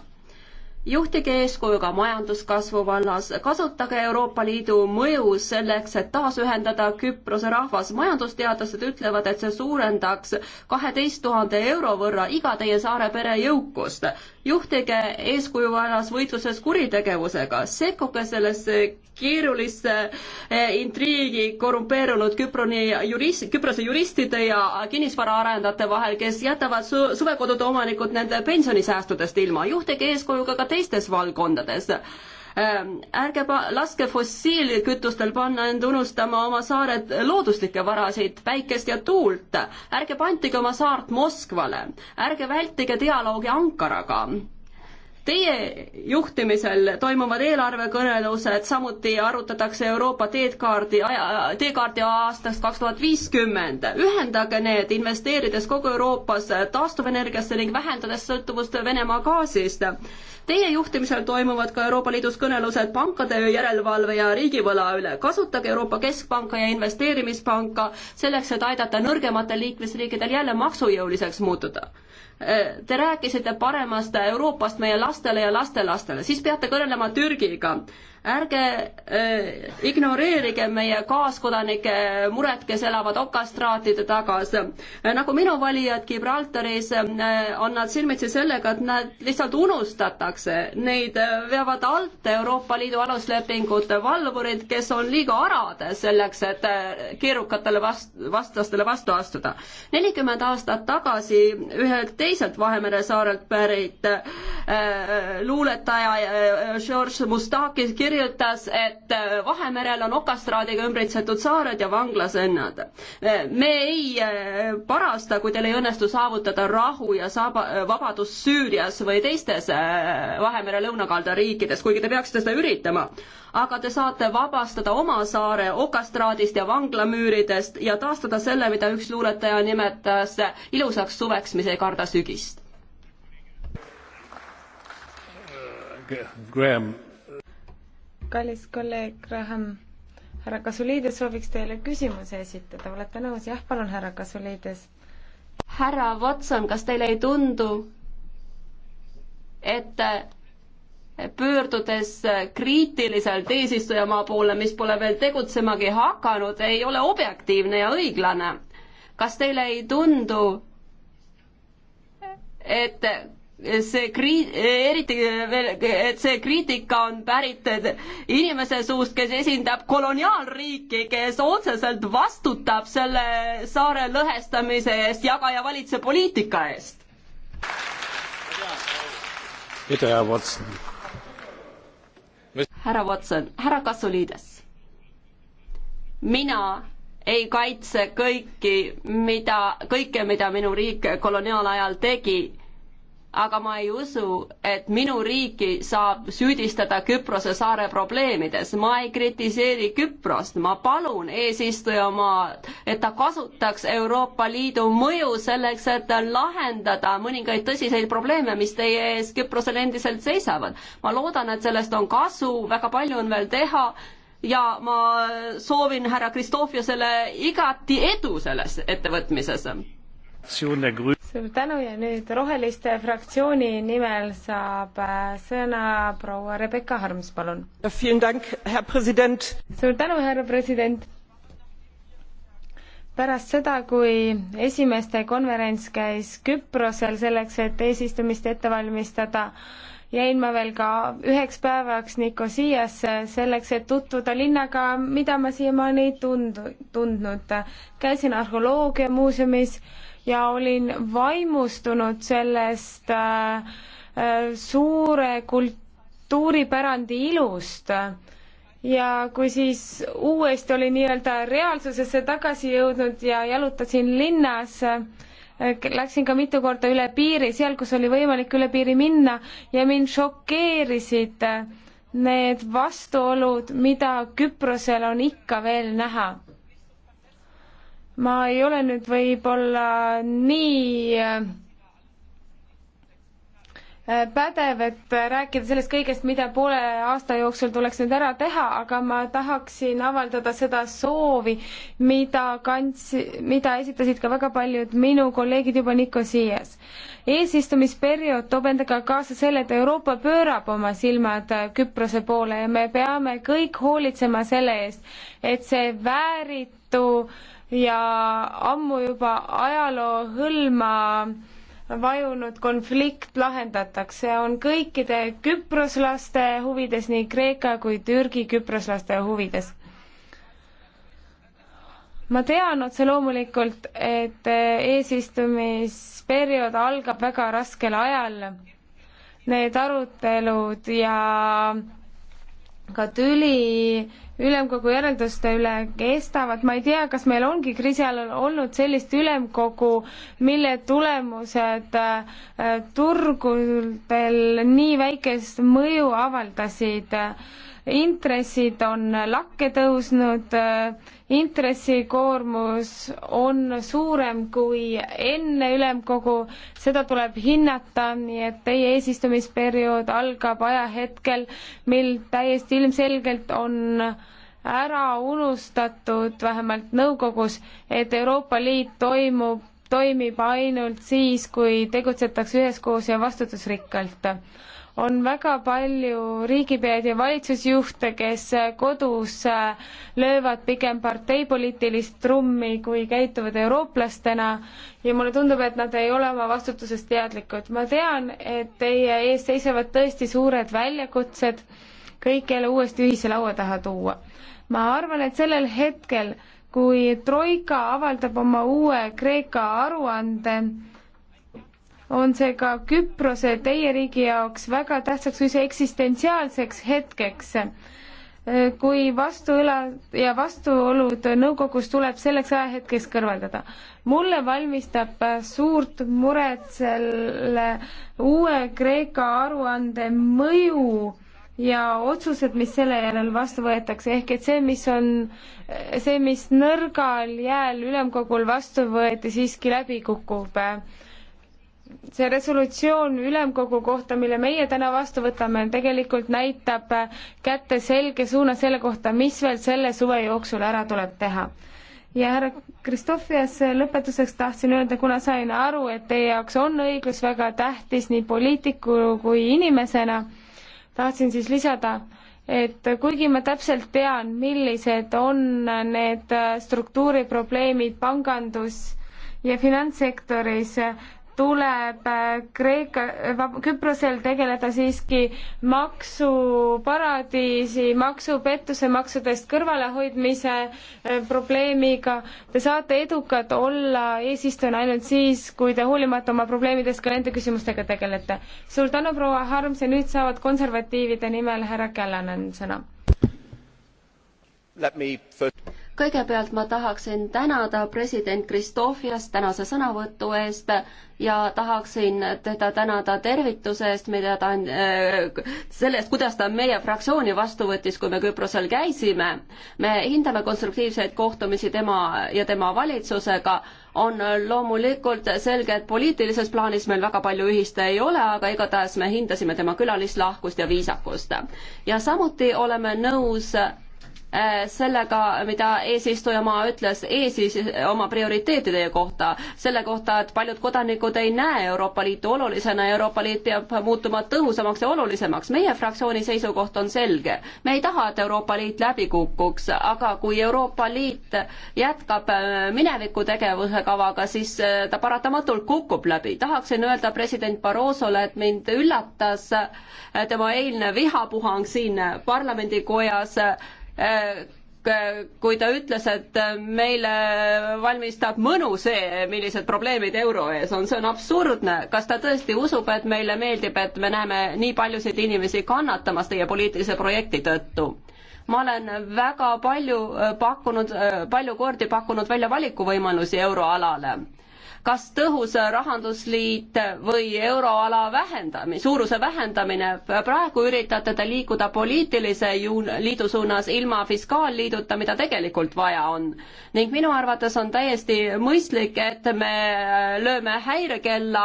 juhtige eeskuju ka majanduskasvu vallas, kasutage Euroopa Liidu mõju selleks, et taasühendada Küprose rahvas. majandusteadlased ütlevad, et see suurendaks kaheteist tuhande euro võrra iga teie saare pere jõukust juhtige eeskuju vallas võitluses kuritegevusega, sekkuge sellesse keerulisse eh, intriigi korrumpeerunud Küproni jurist, Küprose juristide ja kinnisvaraarendajate vahel, kes jätavad su suvekodude omanikud nende pensionisäästudest ilma. juhtige eeskuju ka teistes valdkondades Ähm, ärge pa-, laske fossiilkütustel panna end unustama oma saared looduslikke varasid, päikest ja tuult. ärge pantige oma saart Moskvale, ärge vältige dialoogi Ankaraga Teie juhtimisel toimuvad eelarvekõnelused, samuti arutatakse Euroopa teedkaardi, teekaardi aastast kaks tuhat viiskümmend. ühendage need, investeerides kogu Euroopas taastuvenergiasse ning vähendades sõltuvust Venemaa gaasist. Teie juhtimisel toimuvad ka Euroopa Liidus kõnelused pankade järelevalve ja riigivõla üle. kasutage Euroopa Keskpanka ja Investeerimispanka selleks, et aidata nõrgematel liikmesriikidel jälle maksujõuliseks muutuda Äh, te rääkisite paremast Euroopast meie lastele ja lastelastele, siis peate kõnelema Türgiga ärge äh, ignoreerige meie kaaskodanike muret, kes elavad okastraatide tagas. Äh, nagu minu valijad Gibraltaris äh, on nad silmitsi sellega, et nad lihtsalt unustatakse. Neid äh, veavad alt Euroopa Liidu aluslepingute valvurid, kes on liiga arad selleks, et äh, keerukatele vast-, vastastele vastu astuda. nelikümmend aastat tagasi ühelt teiselt Vahemere saarelt pärit äh, luuletaja äh, George Mustakis kirjutas, et äh, Vahemerel on okastraadiga ümbritsetud saared ja vanglasõnnad. Äh, me ei äh, parasta, kui teil ei õnnestu saavutada rahu ja saaba-, vabadust Süürias või teistes Vahemere lõunakalda riikides, kuigi te peaksite seda üritama. aga te saate vabastada oma saare okastraadist ja vanglamüüridest ja taastada selle, mida üks luuletaja nimetas ilusaks suveks, mis ei karda sügist. Graham kallis kolleeg Graham, härra Kasuliides sooviks teile küsimuse esitada, olete nõus? jah, palun, härra Kasuliides. härra Watson, kas teile ei tundu, et pöördudes kriitiliselt eesistujamaa poole, mis pole veel tegutsemagi hakanud, ei ole objektiivne ja õiglane. kas teile ei tundu, et see krii-, eriti veel, et see kriitika on pärit inimese suust, kes esindab koloniaalriiki, kes otseselt vastutab selle saare lõhestamise eest jaga ja valitse poliitika eest. härra Watson, härra Kasuliides, mina ei kaitse kõiki, mida, kõike, mida minu riik koloniaalajal tegi aga ma ei usu, et minu riiki saab süüdistada Küprose saare probleemides. ma ei kritiseeri Küprost, ma palun eesistujamaad, et ta kasutaks Euroopa Liidu mõju selleks, et lahendada mõningaid tõsiseid probleeme, mis teie ees Küprosel endiselt seisavad. ma loodan, et sellest on kasu, väga palju on veel teha ja ma soovin härra Kristofiasele igati edu selles ettevõtmises suur tänu ja nüüd Roheliste fraktsiooni nimel saab äh, sõna proua Rebecca Harms, palun. suur tänu, härra president. pärast seda, kui esimeste konverents käis Küprosel selleks, et eesistumist ette valmistada, jäin ma veel ka üheks päevaks Nikosiasse selleks, et tutvuda linnaga, mida ma siiamaani tund-, tundnud. käisin arheoloogiamuuseumis ja olin vaimustunud sellest äh, äh, suure kultuuripärandi ilust ja kui siis uuesti oli nii-öelda reaalsusesse tagasi jõudnud ja jalutasin linnas, äh, läksin ka mitu korda üle piiri, seal, kus oli võimalik üle piiri minna ja mind šokeerisid äh, need vastuolud, mida Küprosel on ikka veel näha ma ei ole nüüd võib-olla nii äh, pädev, et rääkida sellest kõigest, mida poole aasta jooksul tuleks nüüd ära teha, aga ma tahaksin avaldada seda soovi, mida kants-, mida esitasid ka väga paljud minu kolleegid juba Nicosias. eesistumisperiood toob endaga kaasa selle, et Euroopa pöörab oma silmad äh, Küprose poole ja me peame kõik hoolitsema selle eest, et see vääritu äh, ja ammu juba ajaloo hõlma vajunud konflikt lahendatakse, on kõikide küproslaste huvides, nii Kreeka kui Türgi küproslaste huvides. ma tean otse loomulikult, et eesistumisperiood algab väga raskel ajal. Need arutelud ja ka tüli ülemkogu järelduste üle kestavad, ma ei tea, kas meil ongi kriisi ajal olnud sellist ülemkogu, mille tulemused äh, turgudel nii väikest mõju avaldasid äh, intressid on lakke tõusnud, intressikoormus on suurem kui enne ülemkogu, seda tuleb hinnata, nii et teie eesistumisperiood algab ajahetkel, mil täiesti ilmselgelt on ära unustatud, vähemalt nõukogus, et Euroopa Liit toimub, toimib ainult siis, kui tegutsetakse üheskoos ja vastutusrikkalt on väga palju riigipead ja valitsusjuhte, kes kodus löövad pigem parteipoliitilist trummi, kui käituvad eurooplastena ja mulle tundub, et nad ei ole oma vastutusest teadlikud. ma tean, et teie ees seisavad tõesti suured väljakutsed, kõik jälle uuesti ühise laua taha tuua. ma arvan, et sellel hetkel, kui Troika avaldab oma uue Kreeka aruande, on see ka Küprose teie riigi jaoks väga tähtsaks või see eksistentsiaalseks hetkeks, kui vastuõla ja vastuolud nõukogus tuleb selleks ajahetkeks kõrvaldada. mulle valmistab suurt muret selle uue Kreeka aruande mõju ja otsused, mis selle järel vastu võetakse, ehk et see, mis on, see, mis nõrgal jääl ülemkogul vastu võeti, siiski läbi kukub see resolutsioon ülemkogu kohta, mille meie täna vastu võtame, tegelikult näitab kätte selge suuna selle kohta, mis veel selle suve jooksul ära tuleb teha. ja härra Kristofias, lõpetuseks tahtsin öelda, kuna sain aru, et teie jaoks on õiglus väga tähtis nii poliitiku kui inimesena, tahtsin siis lisada, et kuigi ma täpselt tean, millised on need struktuuriprobleemid pangandus ja finantssektoris, tuleb äh, Kreeka, Küprosel tegeleda siiski maksuparadiisi, maksupettuse, maksudest kõrvalehoidmise äh, probleemiga. Te saate edukad olla eesistujana ainult siis, kui te hoolimata oma probleemidest ka nende küsimustega tegelete. suur tänu, proua Harms ja nüüd saavad konservatiivide nimel härra Källanen sõna. Let me first kõigepealt ma tahaksin tänada president Kristofiast tänase sõnavõtu eest ja tahaksin teda tänada tervituse eest, mida ta on äh,, selle eest, kuidas ta meie fraktsiooni vastu võttis, kui me Küprosel käisime. me hindame konstruktiivseid kohtumisi tema ja tema valitsusega. on loomulikult selge, et poliitilises plaanis meil väga palju ühist ei ole, aga igatahes me hindasime tema külalislahkust ja viisakust. ja samuti oleme nõus Äh, sellega, mida eesistujamaa ütles eesis oma prioriteetide kohta, selle kohta, et paljud kodanikud ei näe Euroopa Liitu olulisena, Euroopa Liit peab muutuma tõhusamaks ja olulisemaks. meie fraktsiooni seisukoht on selge. me ei taha, et Euroopa Liit läbi kukuks, aga kui Euroopa Liit jätkab äh, mineviku tegevuse kavaga, siis äh, ta paratamatult kukub läbi. tahaksin öelda president Barrosole, et mind üllatas tema eilne vihapuhang siin parlamendikojas Äh, kui ta ütles, et äh, meile valmistab mõnu see, millised probleemid euro ees on, see on absurdne. kas ta tõesti usub, et meile meeldib, et me näeme nii paljusid inimesi kannatamas teie poliitilise projekti tõttu? ma olen väga palju äh, pakkunud, palju kordi pakkunud välja valikuvõimalusi euroalale kas tõhus rahandusliit või euroala vähendamine, suuruse vähendamine, praegu üritate te liikuda poliitilise juun-, liidu suunas ilma fiskaalliiduta, mida tegelikult vaja on. ning minu arvates on täiesti mõistlik, et me lööme häirekella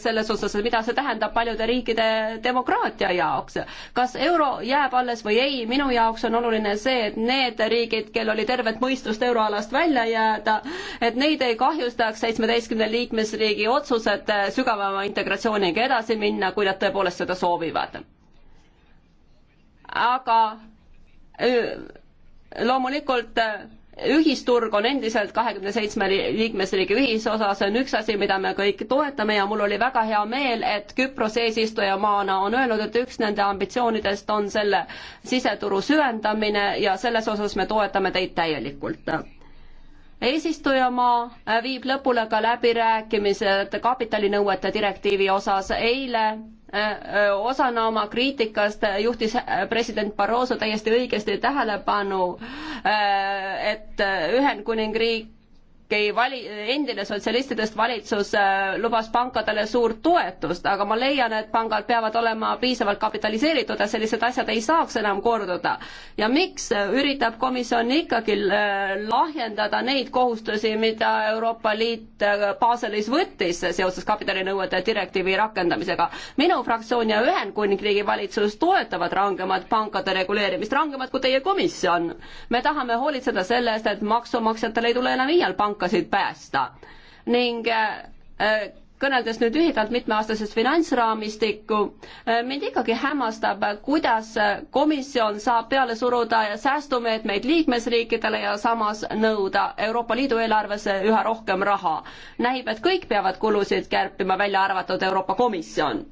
selles osas, mida see tähendab paljude riikide demokraatia jaoks. kas euro jääb alles või ei, minu jaoks on oluline see, et need riigid, kel oli tervet mõistust euroalast välja jääda, et neid ei kahjustaks seitsmeteistkümne üheteistkümne liikmesriigi otsused äh, sügavama integratsiooniga edasi minna, kui nad tõepoolest seda soovivad. aga äh, loomulikult äh, ühisturg on endiselt kahekümne seitsme liikmesriigi ühisosa, see on üks asi, mida me kõik toetame ja mul oli väga hea meel, et Küpros eesistujamaana on öelnud, et üks nende ambitsioonidest on selle siseturu süvendamine ja selles osas me toetame teid täielikult eesistujamaa äh, viib lõpule ka läbirääkimised kapitalinõuete direktiivi osas. eile äh, äh, osana oma kriitikast juhtis president Barroso täiesti õigesti tähelepanu, et Ühendkuningriik Tšehhi vali-, endine sotsialistidest valitsus äh, lubas pankadele suurt toetust, aga ma leian, et pangad peavad olema piisavalt kapitaliseeritud ja sellised asjad ei saaks enam korduda. ja miks üritab komisjon ikkagi äh, lahjendada neid kohustusi, mida Euroopa Liit äh, Baselis võttis seoses kapitalinõuete direktiivi rakendamisega? minu fraktsioon ja Ühendkuningriigi valitsus toetavad rangemat pankade reguleerimist, rangemat kui teie komisjon. me tahame hoolitseda selle eest, et maksumaksjatel ei tule enam iial panka edukasid päästa. ning äh, äh, kõneldes nüüd lühidalt mitmeaastasest finantsraamistikku, äh, mind ikkagi hämmastab, kuidas komisjon saab peale suruda säästumeetmeid liikmesriikidele ja samas nõuda Euroopa Liidu eelarvesse üha rohkem raha. näib, et kõik peavad kulusid kärpima, välja arvatud Euroopa Komisjon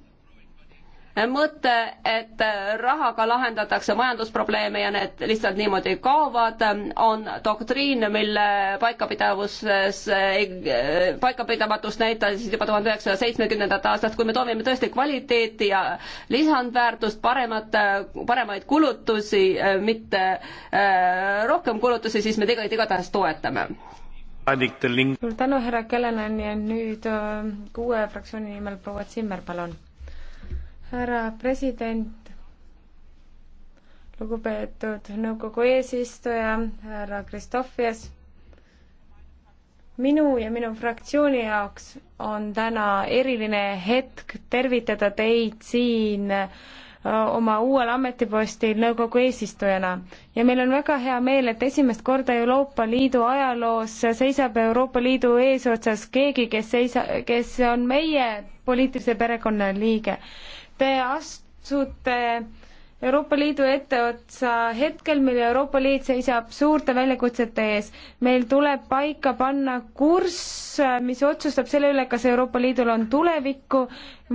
mõte, et rahaga lahendatakse majandusprobleeme ja need lihtsalt niimoodi kaovad, on doktriin, mille paikapidavuses, paikapidamatust näitasid juba tuhande üheksasaja seitsmekümnendat aastat, kui me toomime tõesti kvaliteeti ja lisandväärtust, paremat, paremaid kulutusi, mitte äh, rohkem kulutusi, siis me tegelikult igatahes toetame. suur tänu, härra Kelenen ja nüüd äh, kuue fraktsiooni nimel proua Zimmer, palun härra president, lugupeetud nõukogu eesistuja, härra Kristofias. minu ja minu fraktsiooni jaoks on täna eriline hetk tervitada teid siin oma uuel ametipostil nõukogu eesistujana. ja meil on väga hea meel, et esimest korda Euroopa Liidu ajaloos seisab Euroopa Liidu eesotsas keegi, kes seisa-, kes on meie poliitilise perekonna liige Te astute Euroopa Liidu etteotsa hetkel, mil Euroopa Liit seisab suurte väljakutsete ees. meil tuleb paika panna kurss, mis otsustab selle üle, kas Euroopa Liidul on tulevikku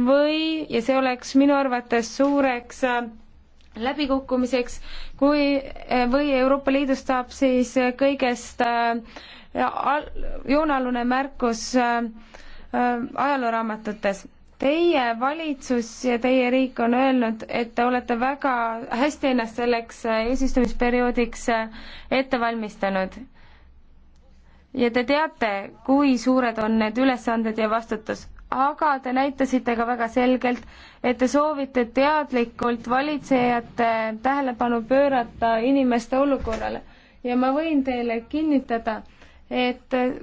või, ja see oleks minu arvates suureks äh, läbikukkumiseks, kui, äh, või Euroopa Liidust saab siis kõigest äh, joonealune märkus äh, äh ajalooraamatutes Teie valitsus ja teie riik on öelnud, et te olete väga hästi ennast selleks äh, eesistumisperioodiks äh, ette valmistanud. ja te teate, kui suured on need ülesanded ja vastutus, aga te näitasite ka väga selgelt, et te soovite teadlikult valitsejate tähelepanu pöörata inimeste olukorrale ja ma võin teile kinnitada, et äh,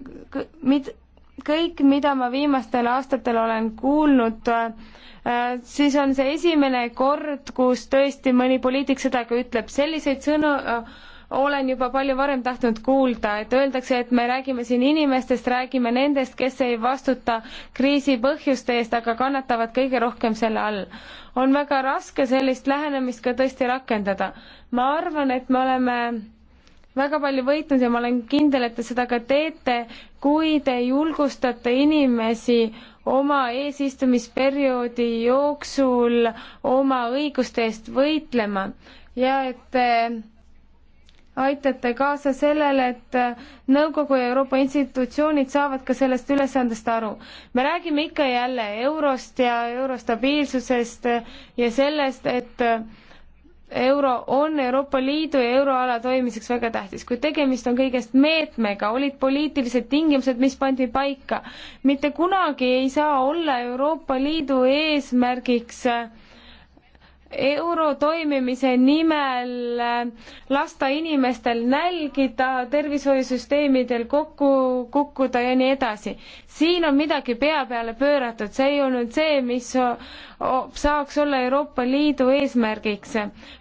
mid-, kõik, mida ma viimastel aastatel olen kuulnud, äh, siis on see esimene kord, kus tõesti mõni poliitik seda ka ütleb, selliseid sõnu äh, olen juba palju varem tahtnud kuulda, et öeldakse, et me räägime siin inimestest, räägime nendest, kes ei vastuta kriisi põhjuste eest, aga kannatavad kõige rohkem selle all. on väga raske sellist lähenemist ka tõesti rakendada. ma arvan, et me oleme väga palju võitnud ja ma olen kindel, et te seda ka teete, kui te julgustate inimesi oma eesistumisperioodi jooksul oma õiguste eest võitlema ja et te aitate kaasa sellele, et nõukogu ja Euroopa institutsioonid saavad ka sellest ülesandest aru. me räägime ikka jälle eurost ja euro stabiilsusest ja sellest, et euro on Euroopa Liidu ja euroala toimimiseks väga tähtis, kuid tegemist on kõigest meetmega, olid poliitilised tingimused, mis pandi paika. mitte kunagi ei saa olla Euroopa Liidu eesmärgiks äh, euro toimimise nimel lasta inimestel nälgida, tervishoiusüsteemidel kokku kukkuda ja nii edasi. siin on midagi pea peale pööratud, see ei olnud see, mis saaks olla Euroopa Liidu eesmärgiks.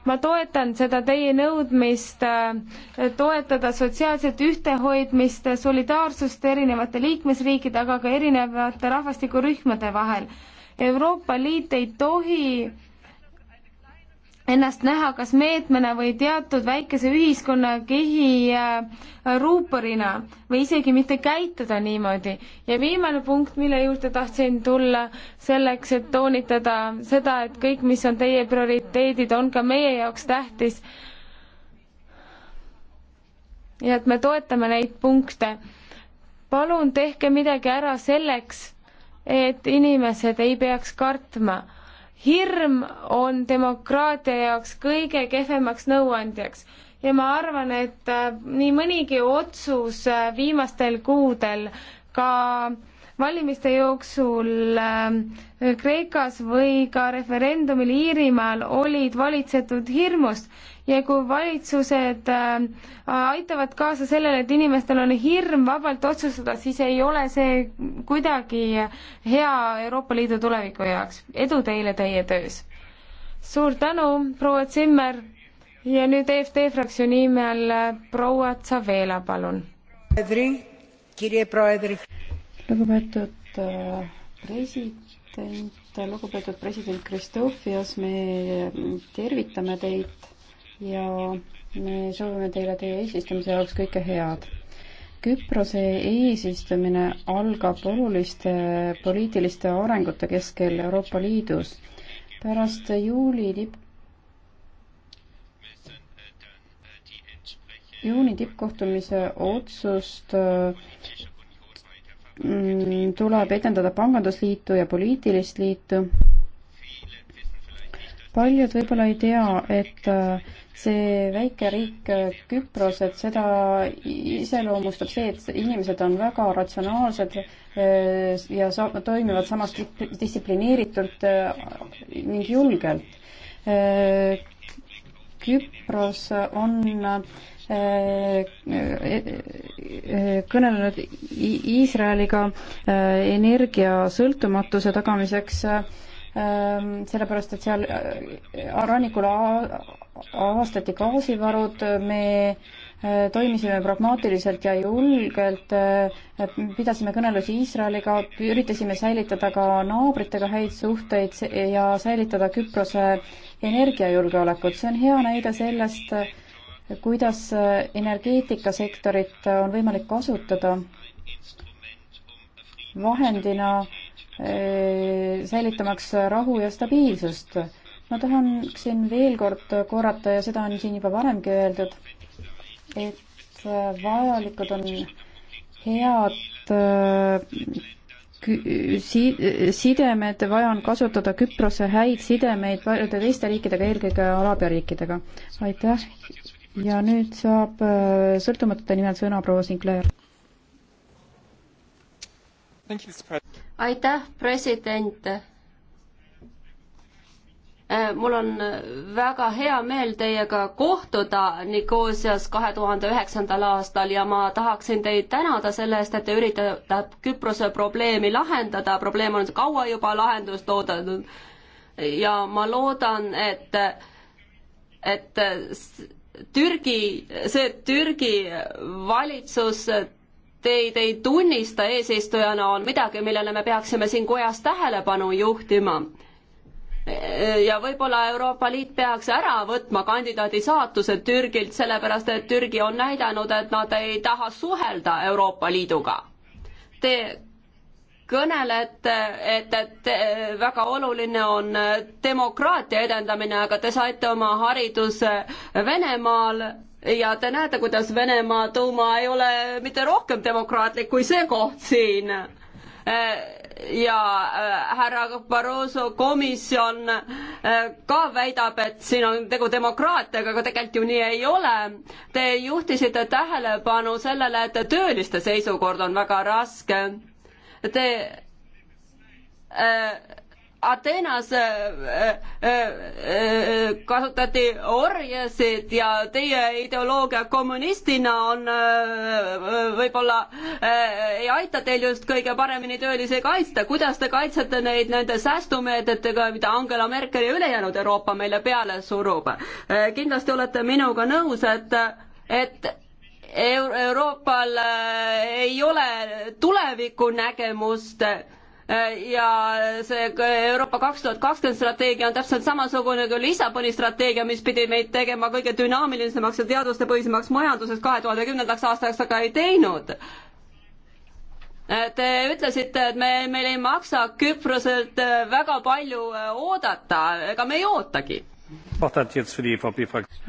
ma toetan seda teie nõudmist äh, toetada sotsiaalset ühtehoidmist, solidaarsust erinevate liikmesriikide, aga ka erinevate rahvastikurühmade vahel. Euroopa Liit ei tohi ennast näha kas meetmena või teatud väikese ühiskonnakihi äh, ruuporina või isegi mitte käituda niimoodi. ja viimane punkt, mille juurde tahtsin tulla, selleks, et toonitada seda, et kõik, mis on teie prioriteedid, on ka meie jaoks tähtis. ja et me toetame neid punkte. palun tehke midagi ära selleks, et inimesed ei peaks kartma hirm on demokraatia jaoks kõige kehvemaks nõuandjaks ja ma arvan, et äh, nii mõnigi otsus äh, viimastel kuudel ka valimiste jooksul äh, Kreekas või ka referendumil Iirimaal olid valitsetud hirmust ja kui valitsused äh, aitavad kaasa sellele, et inimestel on hirm vabalt otsustada, siis ei ole see kuidagi hea Euroopa Liidu tuleviku jaoks. edu teile teie töös! suur tänu, proua Zimmer ja nüüd EFT fraktsiooni nimel äh, proua Tsavela, palun. lugupeetud äh, president, lugupeetud president Kristofias, me tervitame teid ja me soovime teile teie eesistumise jaoks kõike head. Küprose eesistumine algab oluliste poliitiliste arengute keskel Euroopa Liidus. pärast juuli tipp, juuni tippkohtumise otsust mm, tuleb edendada pangandusliitu ja poliitilist liitu paljud võib-olla ei tea, et äh, see väike riik äh, Küpros, et seda iseloomustab see, et inimesed on väga ratsionaalsed äh, ja sa-, toimivad samas distsiplineeritult ning julgelt. Küpros on kõnelenud Iisraeliga energiasõltumatuse tagamiseks Ähm, sellepärast et seal äh, rannikul avastati gaasivarud, me äh, toimisime pragmaatiliselt ja julgelt, äh, pidasime kõnelusi Iisraeliga, üritasime säilitada ka naabritega häid suhteid ja säilitada Küprose energiajulgeolekut, see on hea näide sellest, kuidas energeetikasektorit on võimalik kasutada vahendina äh, Eh, säilitamaks rahu ja stabiilsust. ma tahaksin veel kord korrata ja seda on siin juba varemgi öeldud, et vajalikud on head eh, si-, sidemed, vaja on kasutada Küprose häid sidemeid paljude teiste riikidega, eelkõige Araabia riikidega. aitäh ja nüüd saab eh, sõltumatute nimel sõna proua Sinclair aitäh, president. Äh, mul on väga hea meel teiega kohtuda Nikosias kahe tuhande üheksandal aastal ja ma tahaksin teid tänada selle eest, et te üritate Küprose probleemi lahendada, probleem on kaua juba lahendust oodatud. ja ma loodan, et, et Türgi, see Türgi valitsus teid ei tunnista eesistujana, on midagi, millele me peaksime siin kojas tähelepanu juhtima. ja võib-olla Euroopa Liit peaks ära võtma kandidaadi saatuse Türgilt, sellepärast et Türgi on näidanud, et nad ei taha suhelda Euroopa Liiduga. Te kõnelete, et, et väga oluline on demokraatia edendamine, aga te saite oma hariduse Venemaal ja te näete, kuidas Venemaa tuuma ei ole mitte rohkem demokraatlik kui see koht siin. Äh, ja äh, härra Barroso komisjon äh, ka väidab, et siin on tegu demokraatiaga, aga tegelikult ju nii ei ole. Te juhtisite tähelepanu sellele, et tööliste seisukord on väga raske. Te äh, Ateenas äh, äh, äh, kasutati orjasid ja teie ideoloogia kommunistina on võib-olla ei aita teil just kõige paremini töölisi kaitsta. kuidas te kaitsete neid nende säästumeetmetega, mida Angela Merkel ja ülejäänud Euroopa meile peale surub? kindlasti olete minuga nõus, et, et Euro Euroopal ei ole tulevikunägemust Äh, ja see Euroopa kaks tuhat kakskümmend strateegia on täpselt samasugune kui Lissaboni strateegia, mis pidi meid tegema kõige dünaamilisemaks ja teadustepõhisemaks majanduseks kahe tuhande kümnendaks aastaks, aga ei teinud. Äh, te ütlesite, et me, meil ei maksa Küproselt äh, väga palju oodata, ega me ei ootagi.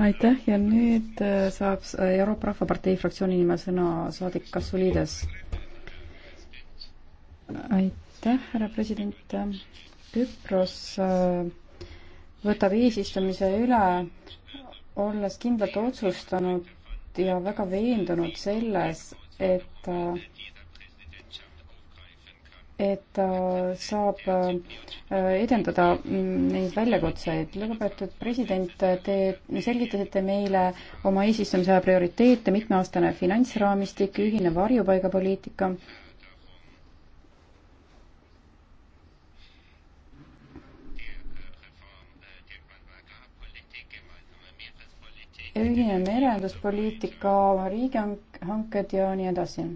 aitäh ja nüüd saab Euroopa Rahvapartei fraktsiooni nimel sõna saadik Kasulides. aitäh aitäh, härra president. Küpros äh, võtab eesistumise üle, olles kindlalt otsustanud ja väga veendunud selles, et äh, et äh, saab edendada mm, neid väljakutseid. lugupeetud president, te selgitasite meile oma eesistumise aja prioriteete, mitmeaastane finantsraamistik, ühine varjupaigapoliitika ühine merenduspoliitika, riigihanked ja nii edasi.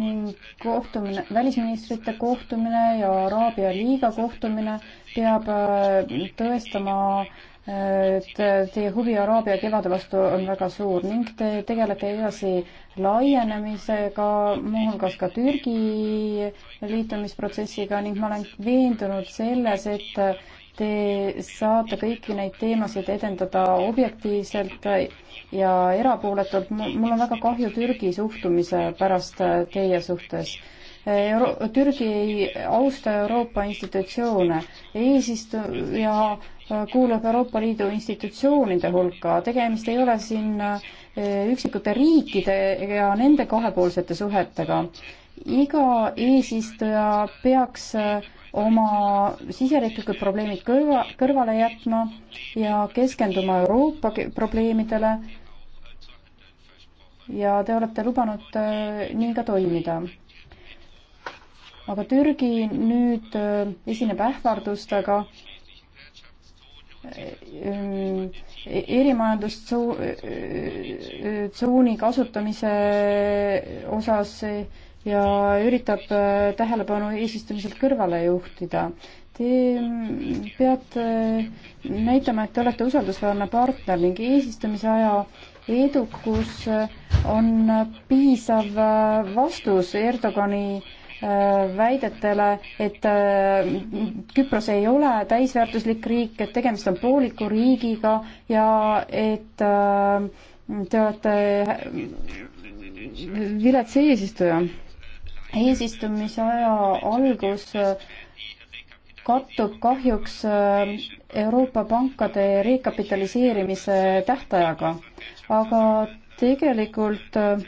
ning kohtumine, välisministrite kohtumine ja Araabia liiga kohtumine peab äh, tõestama äh, et teie huvi Araabia kevade vastu on väga suur ning te tegelete edasi laienemisega, muuhulgas ka Türgi liitumisprotsessiga ning ma olen veendunud selles, et te saate kõiki neid teemasid edendada objektiivselt ja erapooletult. mul on väga kahju Türgi suhtumise pärast teie suhtes Euro Türgi ei austa Euroopa institutsioone. eesistuja kuulub Euroopa Liidu institutsioonide hulka, tegemist ei ole siin äh, üksikute riikide ja nende kahepoolsete suhetega. iga eesistuja peaks äh, oma siseriiklikud probleemid kõrva, kõrvale jätma ja keskenduma Euroopa probleemidele ja te olete lubanud äh, nii ka toimida aga Türgi nüüd esineb ähvardustega erimajandustsooni äh, kasutamise osas ja üritab äh, tähelepanu eesistumiselt kõrvale juhtida. Te mm, peate äh, näitama, et te olete usaldusväärne partner ning eesistumise aja edukus on piisav vastus Erdogani äh, Äh, väidetele, et äh, Küpros ei ole täisväärtuslik riik, et tegemist on pooliku riigiga ja et äh, te olete vilets eesistuja. eesistumise aja algus kattub kahjuks Euroopa pankade rekapitaliseerimise tähtajaga, aga tegelikult äh,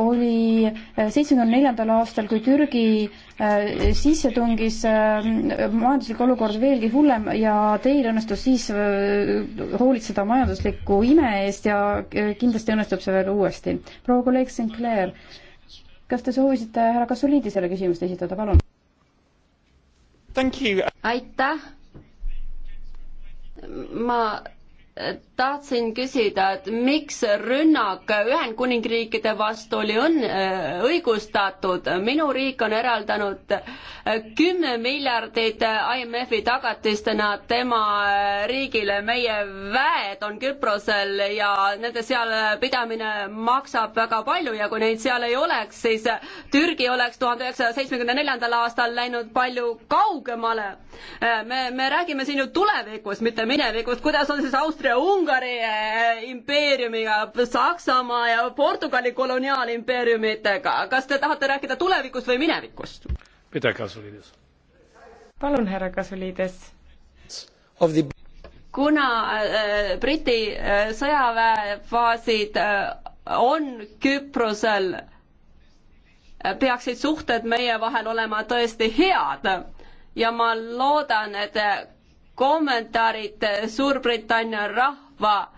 oli äh, seitsmekümne neljandal aastal, kui Türgi äh, sisse tungis, äh, majanduslik olukord veelgi hullem ja teil õnnestus siis hoolitseda majandusliku ime eest ja kindlasti õnnestub see veel uuesti. proua kolleeg Sinclair, kas te soovisite härra Kasuliidisele küsimust esitada, palun? aitäh! ma tahtsin küsida, et miks rünnak Ühendkuningriikide vastu oli õnn-, äh, õigustatud, minu riik on eraldanud äh, kümme miljardit äh, IMF-i tagatistena tema riigile, meie väed on Küprosel ja nende seal pidamine maksab väga palju ja kui neid seal ei oleks, siis Türgi oleks tuhande üheksasaja seitsmekümne neljandal aastal läinud palju kaugemale. me, me räägime siin ju tulevikust, mitte minevikust, kuidas on siis Austria-Ungari Ungari eh, impeeriumiga, Saksamaa ja Portugali koloniaalimpeeriumitega. kas te tahate rääkida tulevikust või minevikust? palun, härra Kasuliides kuna eh, Briti eh, sõjaväefaasid on Küprosel, peaksid suhted meie vahel olema tõesti head ja ma loodan, et kommentaarid Suurbritannia rahva rahva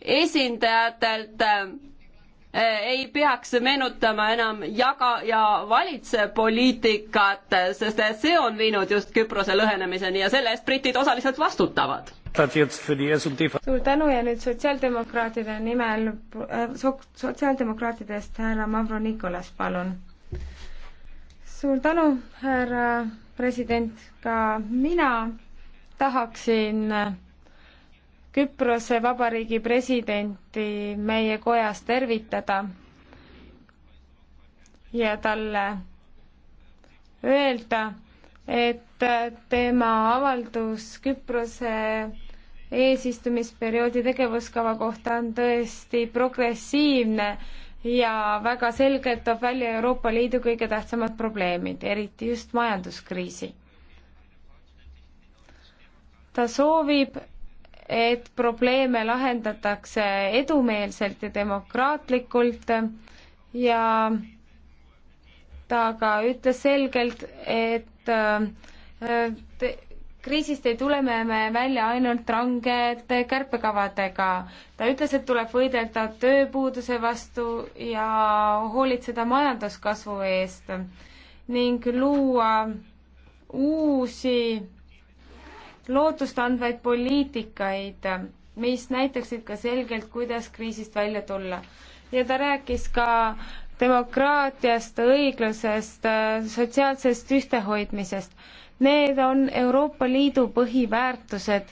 esindajatelt eh, ei peaks meenutama enam jaga ja valitse poliitikat, sest see on viinud just Küprose lõhenemiseni ja selle eest britid osaliselt vastutavad. suur tänu ja nüüd sotsiaaldemokraatide nimel, eh, sotsiaaldemokraatidest härra Mavro Nikolas, palun. suur tänu, härra president, ka mina tahaksin Küprose Vabariigi presidenti meie kojas tervitada ja talle öelda, et tema avaldus Küprose eesistumisperioodi tegevuskava kohta on tõesti progressiivne ja väga selgelt toob välja Euroopa Liidu kõige tähtsamad probleemid, eriti just majanduskriisi. ta soovib, et probleeme lahendatakse edumeelselt ja demokraatlikult ja ta ka ütles selgelt, et äh, te, kriisist ei tule me välja ainult rangete kärpekavadega. ta ütles, et tuleb võidelda tööpuuduse vastu ja hoolitseda majanduskasvu eest ning luua uusi lootustandvaid poliitikaid, mis näitaksid ka selgelt, kuidas kriisist välja tulla. ja ta rääkis ka demokraatiast, õiglusest, sotsiaalsest ühtehoidmisest. Need on Euroopa Liidu põhiväärtused,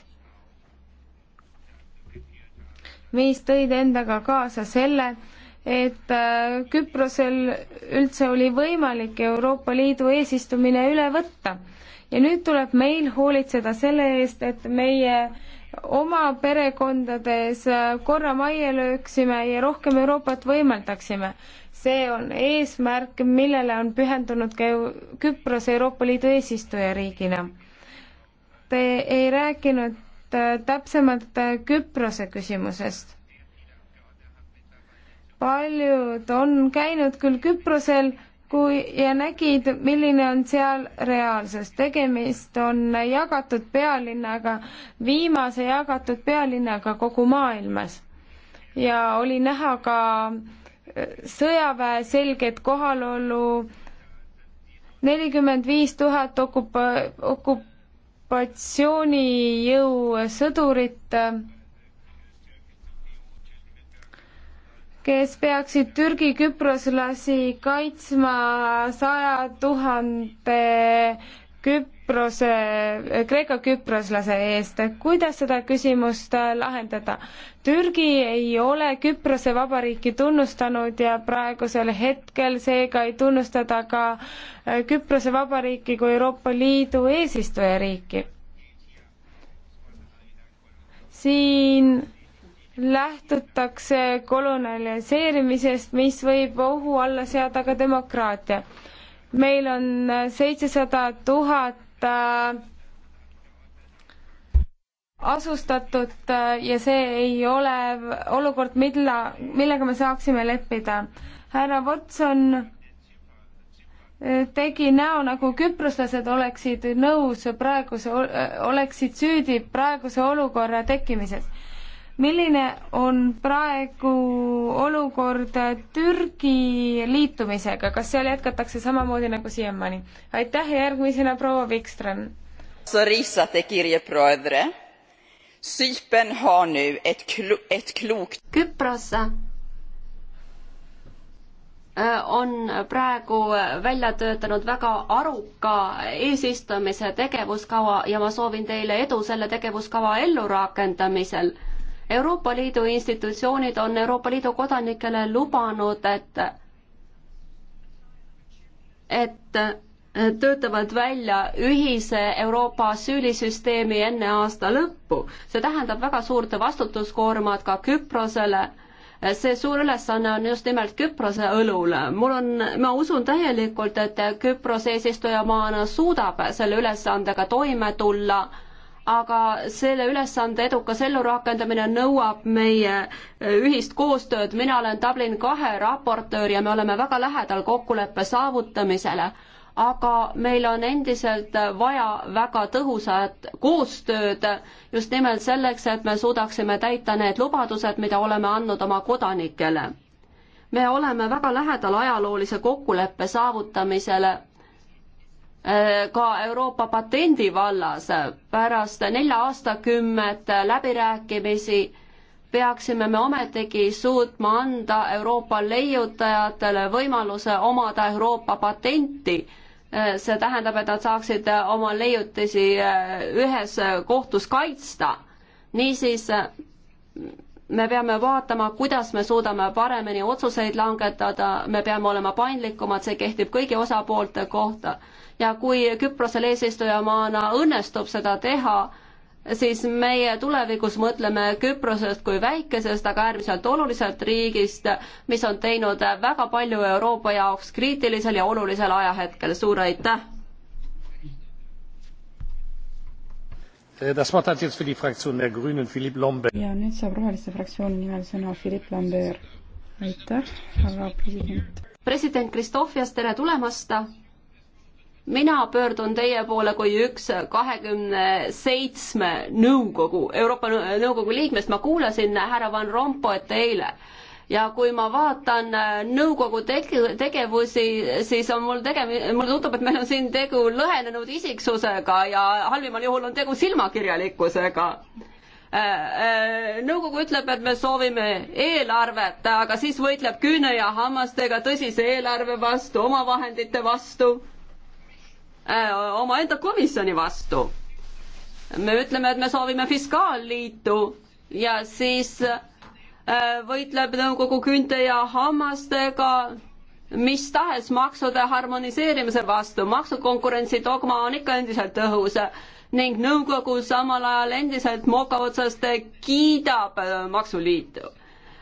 mis tõid endaga kaasa selle, et äh, Küprosel üldse oli võimalik Euroopa Liidu eesistumine üle võtta ja nüüd tuleb meil hoolitseda selle eest, et meie oma perekondades korra majja lööksime ja rohkem Euroopat võimaldaksime. see on eesmärk, millele on pühendunud ka Küpros Euroopa Liidu eesistujariigina. Te ei rääkinud äh, täpsemalt äh, Küprose küsimusest. paljud on käinud küll Küprosel, kui ja nägid, milline on seal reaalsus. tegemist on jagatud pealinnaga, viimase jagatud pealinnaga kogu maailmas. ja oli näha ka äh, sõjaväe selget kohalolu, nelikümmend viis tuhat okupa-, okupatsioonijõu sõdurit äh, kes peaksid Türgi küproslasi kaitsma saja tuhande Küprose, Kreeka küproslase eest, kuidas seda küsimust äh, lahendada? Türgi ei ole Küprose vabariiki tunnustanud ja praegusel hetkel seega ei tunnustada ka äh, Küprose vabariiki kui Euroopa Liidu eesistujariiki. siin lähtutakse koloniseerimisest, mis võib ohu alla seada ka demokraatia. meil on seitsesada tuhat äh, asustatud äh, ja see ei ole olukord, mille, millega me saaksime leppida. härra Watson äh, tegi näo, nagu küproslased oleksid nõus praeguse, oleksid süüdi praeguse olukorra tekkimises milline on praegu olukord Türgi liitumisega, kas seal jätkatakse samamoodi nagu siiamaani? aitäh ja järgmisena proua Wikström. Küpros eh, on praegu välja töötanud väga aruka eesistumise tegevuskava ja ma soovin teile edu selle tegevuskava ellurakendamisel Euroopa Liidu institutsioonid on Euroopa Liidu kodanikele lubanud, et et töötavad välja ühise Euroopa asüülisüsteemi enne aasta lõppu. see tähendab väga suurt vastutuskoormat ka Küprosele see suur ülesanne on just nimelt Küprose õlul. mul on, ma usun täielikult, et Küpros eesistujamaana suudab selle ülesandega toime tulla aga selle ülesande edukas ellurakendamine nõuab meie äh, ühist koostööd. mina olen Dublin kahe raportöör ja me oleme väga lähedal kokkuleppe saavutamisele, aga meil on endiselt vaja väga tõhusat koostööd just nimelt selleks, et me suudaksime täita need lubadused, mida oleme andnud oma kodanikele me oleme väga lähedal ajaloolise kokkuleppe saavutamisele Äh, ka Euroopa patendi vallas äh, pärast nelja aastakümmet äh, läbirääkimisi peaksime me ometigi suutma anda Euroopa leiutajatele võimaluse omada Euroopa patenti. see tähendab, et nad saaksid oma leiutisi ühes kohtus kaitsta. niisiis me peame vaatama, kuidas me suudame paremini otsuseid langetada, me peame olema paindlikumad, see kehtib kõigi osapoolte kohta ja kui Küprosel eesistujamaana õnnestub seda teha, siis meie tulevikus mõtleme Küprosest kui väikesest, aga äärmiselt oluliselt riigist, mis on teinud väga palju Euroopa jaoks kriitilisel ja olulisel ajahetkel. suur aitäh! Äh, das Wort hat jetzt für die Fraktion der Grünen Philipp Lambert. ja nüüd saab Roheliste fraktsiooni nimel sõna Philipp Lambert. aitäh, härra president. president Kristofias, tere tulemast mina pöördun teie poole kui üks kahekümne seitsme nõukogu, Euroopa Nõukogu liikmest, ma kuulasin härra Van Rompuyt eile ja kui ma vaatan nõukogu tege-, tegevusi, siis on mul tege-, mulle tundub, et meil on siin tegu lõhenenud isiksusega ja halvimal juhul on tegu silmakirjalikkusega äh, äh, nõukogu ütleb, et me soovime eelarvet, aga siis võitleb küüne ja hammastega tõsise eelarve vastu, omavahendite vastu Äh, omaenda komisjoni vastu. me ütleme, et me soovime fiskaalliitu ja siis äh, võitleb nõukogu küünte ja hammastega mis tahes maksude harmoniseerimise vastu. maksukonkurentsi dogma on ikka endiselt õhus ning nõukogu samal ajal endiselt moka otsast kiidab äh, maksuliitu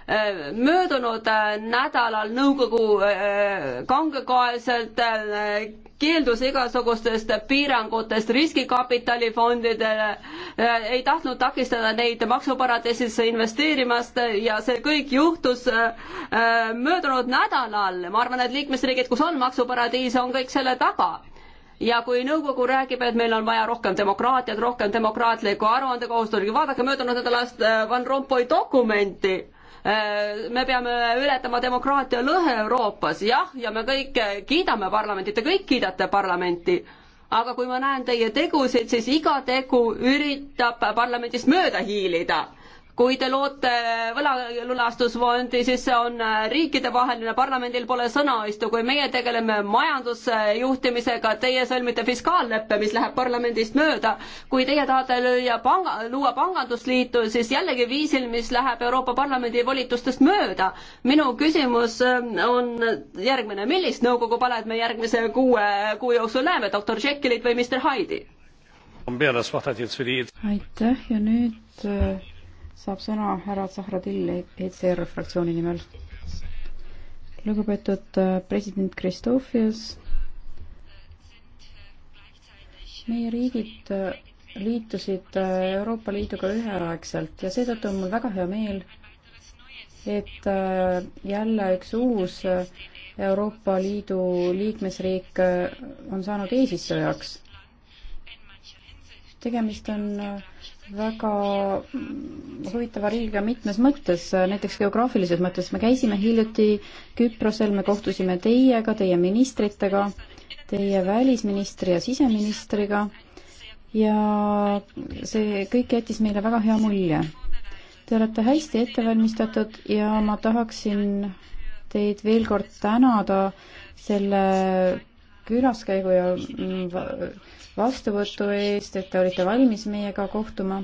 Äh, möödunud äh, nädalal nõukogu äh, kangekaelselt keeldus igasugustest piirangutest riskikapitalifondidele, ei tahtnud takistada neid maksuparadiisisse investeerimast ja see kõik juhtus möödunud nädalal. ma arvan, et liikmesriigid, kus on maksuparadiise, on kõik selle taga ja kui nõukogu räägib, et meil on vaja rohkem demokraatiat, rohkem demokraatlikku aruandekohustust, vaadake möödunud nädalast Van Rompuy dokumenti Äh, me peame ületama demokraatia lõhe Euroopas, jah, ja me kõik kiidame parlamenti, te kõik kiidate parlamenti, aga kui ma näen teie tegusid, siis iga tegu üritab parlamendist mööda hiilida kui te loote võlalunastusfondi, siis see on äh, riikidevaheline, parlamendil pole sõnaõistu, kui meie tegeleme majandusjuhtimisega, teie sõlmite fiskaalleppe, mis läheb parlamendist mööda. kui teie tahate lüüa panga, luua pangandusliitu, siis jällegi viisil, mis läheb Euroopa Parlamendi volitustest mööda. minu küsimus äh, on järgmine, millist nõukogu palet me järgmise kuue kuu jooksul näeme, doktor Tšekilit või Mr Haidi? aitäh ja nüüd äh, saab sõna härra Zahradil ECR fraktsiooni nimel. lugupeetud äh, president Kristofias, meie riigid äh, liitusid äh, Euroopa Liiduga üheaegselt ja seetõttu on mul väga hea meel, et jälle üks uus Euroopa Liidu liikmesriik on saanud eesistujaks. tegemist on äh, väga mm, huvitava riigiga mitmes mõttes, näiteks geograafilises mõttes. me käisime hiljuti Küprosel, me kohtusime teiega, teie ministritega, teie välisministri ja siseministriga ja see kõik jättis meile väga hea mulje. Te olete hästi ette valmistatud ja ma tahaksin teid veel kord tänada selle külaskäigu ja mm, vastuvõtu eest, et te olite valmis meiega kohtuma.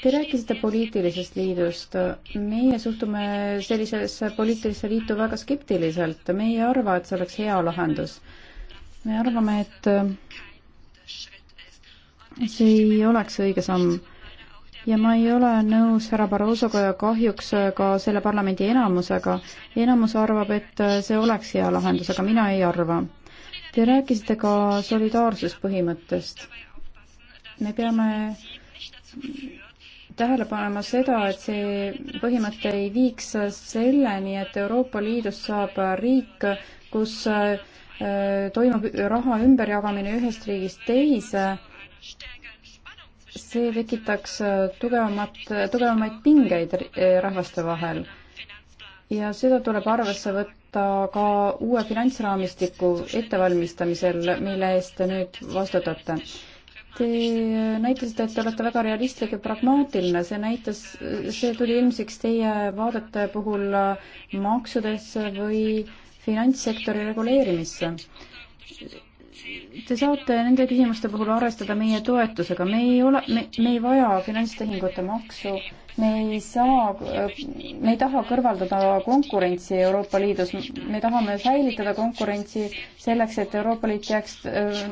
Te rääkisite poliitilisest liidust. meie suhtume sellisesse poliitilisse liitu väga skeptiliselt. me ei arva, et see oleks hea lahendus. me arvame, et see ei oleks õige samm. ja ma ei ole nõus härra Barrosoga ja kahjuks ka selle parlamendi enamusega. enamus arvab, et see oleks hea lahendus, aga mina ei arva Te rääkisite ka solidaarsuspõhimõttest. me peame tähele panema seda, et see põhimõte ei viiks selleni, et Euroopa Liidust saab riik, kus äh, toimub raha ümberjagamine ühest riigist teise. see tekitaks tugevamat, tugevamaid pingeid rahvaste vahel. ja seda tuleb arvesse võtta võtta ka uue finantsraamistiku ettevalmistamisel, mille eest te nüüd vastutate. Te näitasite, et te olete väga realistlik ja pragmaatiline, see näitas, see tuli ilmsiks teie vaadete puhul maksudesse või finantssektori reguleerimisse. Te saate nende küsimuste puhul arvestada meie toetusega, me ei ole, me, me ei vaja finantstehingute maksu, me ei saa, me ei taha kõrvaldada konkurentsi Euroopa Liidus, me tahame säilitada konkurentsi selleks, et Euroopa Liit jääks äh,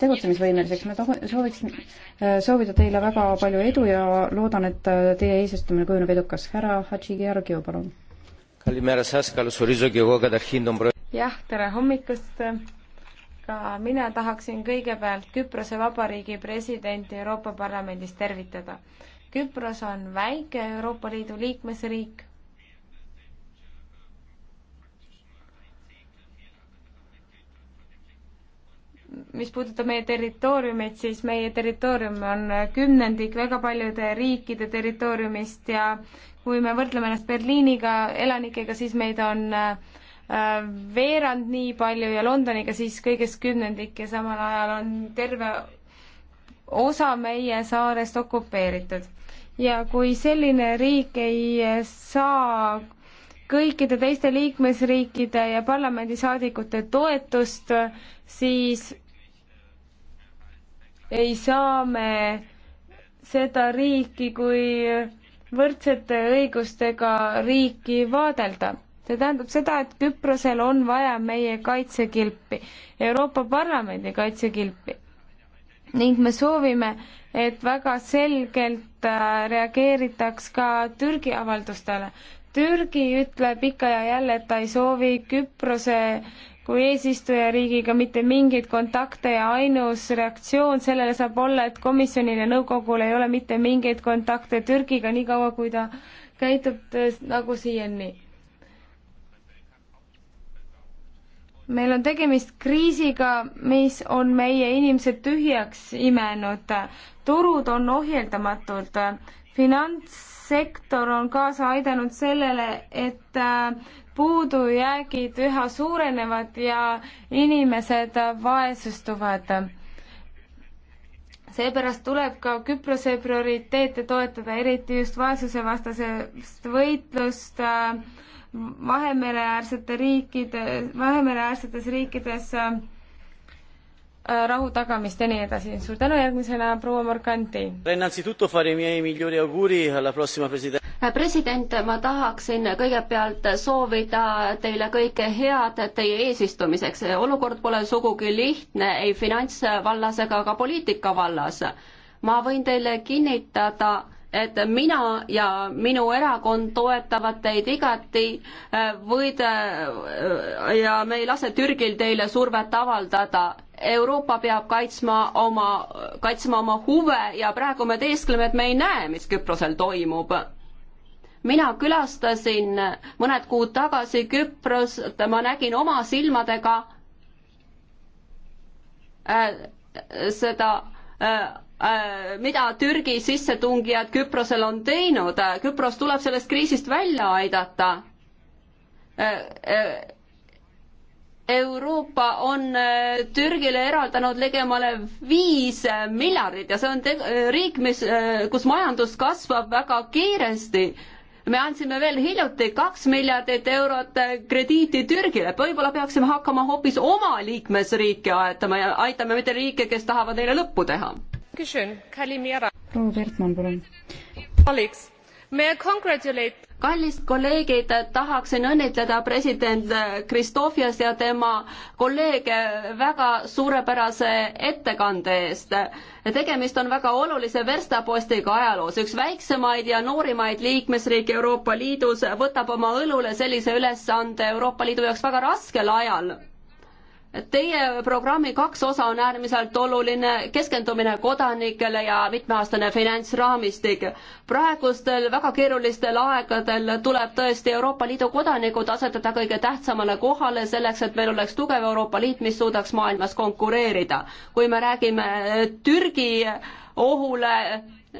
tegutsemisvõimeliseks. ma tahan, sooviks äh, soovida teile väga palju edu ja loodan, et äh, teie eesistumine kujuneb edukas. härra Hadži Georgiev, palun jah, tere hommikust! ka mina tahaksin kõigepealt Küprose Vabariigi presidenti Euroopa Parlamendis tervitada. Küpros on väike Euroopa Liidu liikmesriik. mis puudutab meie territooriumit, siis meie territoorium on kümnendik väga paljude riikide territooriumist ja kui me võrdleme ennast Berliiniga elanikega, siis meid on äh, veerand nii palju ja Londoniga siis kõigest kümnendik ja samal ajal on terve osa meie saarest okupeeritud ja kui selline riik ei saa kõikide teiste liikmesriikide ja parlamendisaadikute toetust, siis ei saa me seda riiki kui võrdsete õigustega riiki vaadelda. see tähendab seda, et Küprosel on vaja meie kaitsekilpi, Euroopa Parlamendi kaitsekilpi ning me soovime, et väga selgelt äh, reageeritaks ka Türgi avaldustele. Türgi ütleb ikka ja jälle, et ta ei soovi Küprose kui eesistujariigiga mitte mingeid kontakte ja ainus reaktsioon sellele saab olla, et komisjonil ja nõukogul ei ole mitte mingeid kontakte Türgiga, niikaua kui ta käitub äh, nagu siiani meil on tegemist kriisiga, mis on meie inimesed tühjaks imenud. turud on ohjeldamatud, finantssektor on kaasa aidanud sellele, et äh, puudujäägid üha suurenevad ja inimesed vaesustuvad. seepärast tuleb ka Küprose prioriteete toetada, eriti just vaesusevastasest võitlust äh, Vahemereäärsete riikide, Vahemereäärsetes riikides äh, äh, rahu tagamist ja nii edasi. suur tänu järgmisena, proua Morganti. Äh, president, ma tahaksin kõigepealt soovida teile kõike head teie eesistumiseks. olukord pole sugugi lihtne ei finantsvallas ega ka poliitika vallas. ma võin teile kinnitada, et mina ja minu erakond toetavad teid igati, võid ja me ei lase Türgil teile survet avaldada. Euroopa peab kaitsma oma, kaitsma oma huve ja praegu me teeskleme, et me ei näe, mis Küprosel toimub mina külastasin mõned kuud tagasi Küprost, ma nägin oma silmadega äh, seda äh, Äh, mida Türgi sissetungijad Küprosel on teinud. Küpros tuleb sellest kriisist välja aidata. Äh, äh, Euroopa on Türgile eraldanud ligemale viis miljardit ja see on riik, mis, kus majandus kasvab väga kiiresti me andsime veel hiljuti kaks miljardit eurot krediiti Türgile, võib-olla peaksime hakkama hoopis oma liikmesriike aetama ja aitame mitte riike, kes tahavad neile lõppu teha proua Bertmann, palun. kallid kolleegid, tahaksin õnnitleda president Kristofias ja tema kolleege väga suurepärase ettekande eest. tegemist on väga olulise verstapostiga ajaloos, üks väiksemaid ja noorimaid liikmesriike Euroopa Liidus võtab oma õlule sellise ülesande Euroopa Liidu jaoks väga raskel ajal Teie programmi kaks osa on äärmiselt oluline, keskendumine kodanikele ja mitmeaastane finantsraamistik. praegustel väga keerulistel aegadel tuleb tõesti Euroopa Liidu kodanikud asetada kõige tähtsamale kohale selleks, et meil oleks tugev Euroopa Liit, mis suudaks maailmas konkureerida. kui me räägime Türgi ohule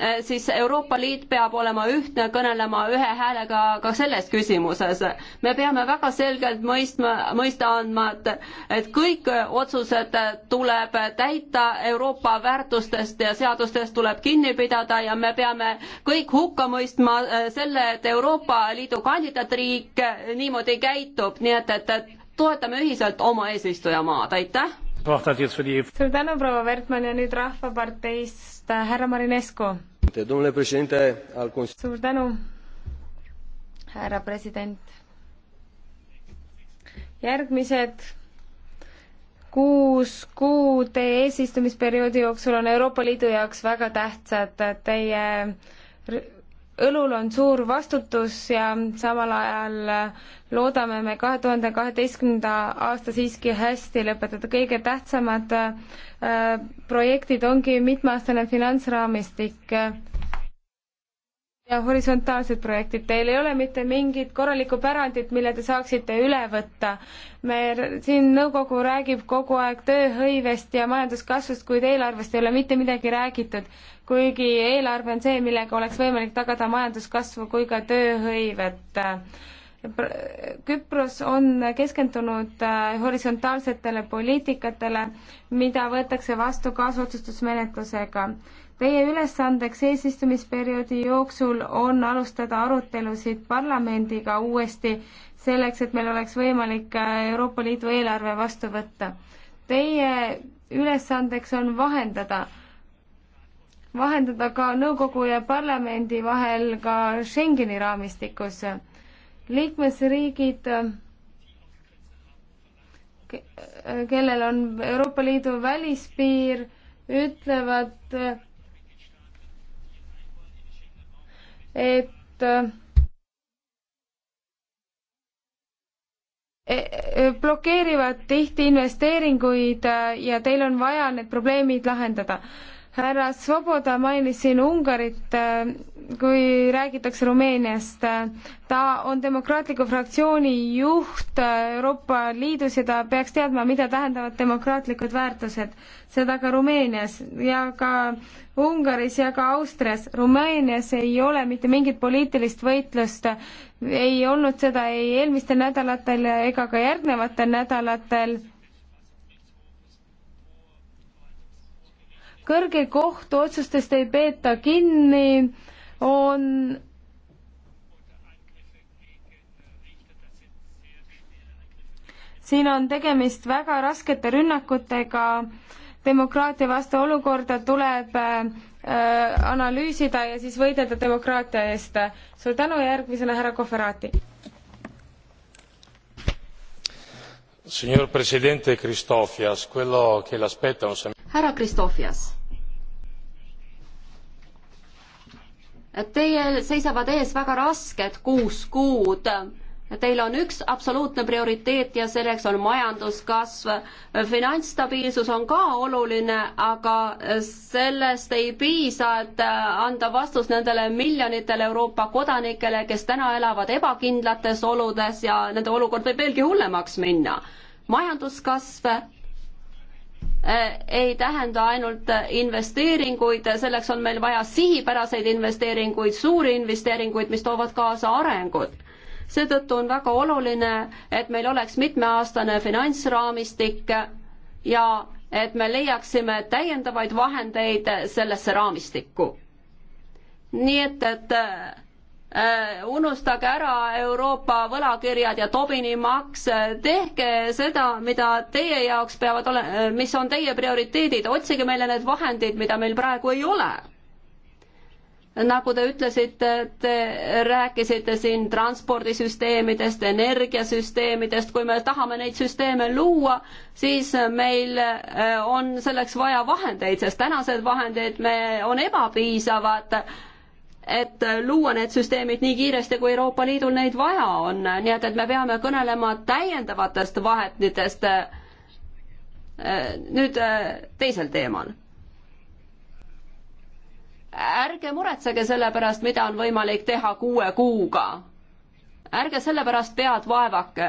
Äh, siis Euroopa Liit peab olema ühtne, kõnelema ühe häälega ka selles küsimuses. me peame väga selgelt mõistma, mõista andma, et, et kõik otsused tuleb täita Euroopa väärtustest ja seadustest tuleb kinni pidada ja me peame kõik hukka mõistma äh, selle, et Euroopa Liidu kandidaatriik äh, niimoodi käitub, nii et, et, et toetame ühiselt oma eesistujamaad, aitäh! suur tänu, proua Wertmann ja nüüd Rahvaparteis pärast, äh, härra Marinescu. suur tänu, härra president. järgmised kuus kuud teie eesistumisperioodi jooksul on Euroopa Liidu jaoks väga tähtsad teie õlul on suur vastutus ja samal ajal loodame me kahe tuhande kaheteistkümnenda aasta siiski hästi lõpetada. kõige tähtsamad äh, projektid ongi mitmeaastane finantsraamistik ja horisontaalsed projektid. Teil ei ole mitte mingit korralikku pärandit, mille te saaksite üle võtta. me, siin nõukogu räägib kogu aeg tööhõivest ja majanduskasvust, kuid eelarvest ei ole mitte midagi räägitud kuigi eelarve on see, millega oleks võimalik tagada majanduskasvu kui ka tööhõivet. Küpros on keskendunud äh, horisontaalsetele poliitikatele, mida võetakse vastu kaasotsustusmenetlusega. Teie ülesandeks eesistumisperioodi jooksul on alustada arutelusid parlamendiga uuesti selleks, et meil oleks võimalik äh, Euroopa Liidu eelarve vastu võtta. Teie ülesandeks on vahendada vahendada ka nõukogu ja parlamendi vahel ka Schengeni raamistikus. liikmesriigid, kellel on Euroopa Liidu välispiir, ütlevad, et e-, e-, blokeerivad tihti investeeringuid ja teil on vaja need probleemid lahendada härra Svoboda mainis siin Ungarit, äh, kui räägitakse Rumeeniast. ta on demokraatliku fraktsiooni juht äh, Euroopa Liidus ja ta peaks teadma, mida tähendavad demokraatlikud väärtused. seda ka Rumeenias ja ka Ungaris ja ka Austrias. Rumeenias ei ole mitte mingit poliitilist võitlust, ei olnud seda ei eelmistel nädalatel ega ka järgnevatel nädalatel kõrge kohtu otsustest ei peeta kinni, on siin on tegemist väga raskete rünnakutega, demokraatia vastu olukorda tuleb äh, analüüsida ja siis võidelda demokraatia eest. suur tänu ja järgmisena härra Kohverati. Signor Presidente Christofias, quello che l'aspetta on see härra Kristofias. Teil seisavad ees väga rasked kuus kuud. Teil on üks absoluutne prioriteet ja selleks on majanduskasv. finantsstabiilsus on ka oluline, aga sellest ei piisa, et anda vastus nendele miljonitele Euroopa kodanikele, kes täna elavad ebakindlates oludes ja nende olukord võib veelgi hullemaks minna. majanduskasv Äh, ei tähenda ainult investeeringuid, selleks on meil vaja sihipäraseid investeeringuid, suuri investeeringuid, mis toovad kaasa arengut. seetõttu on väga oluline, et meil oleks mitmeaastane finantsraamistik ja et me leiaksime täiendavaid vahendeid sellesse raamistikku. nii et, et äh, Äh, unustage ära Euroopa võlakirjad ja Tobini maks, tehke seda, mida teie jaoks peavad olema, mis on teie prioriteedid, otsige meile need vahendid, mida meil praegu ei ole. nagu te ütlesite, te rääkisite siin transpordisüsteemidest, energiasüsteemidest, kui me tahame neid süsteeme luua, siis meil äh, on selleks vaja vahendeid, sest tänased vahendid me, on ebapiisavad et luua need süsteemid nii kiiresti, kui Euroopa Liidul neid vaja on, nii et, et me peame kõnelema täiendavatest vahenditest eh, nüüd eh, teisel teemal. ärge muretsege selle pärast, mida on võimalik teha kuue kuuga. ärge selle pärast pead vaevake.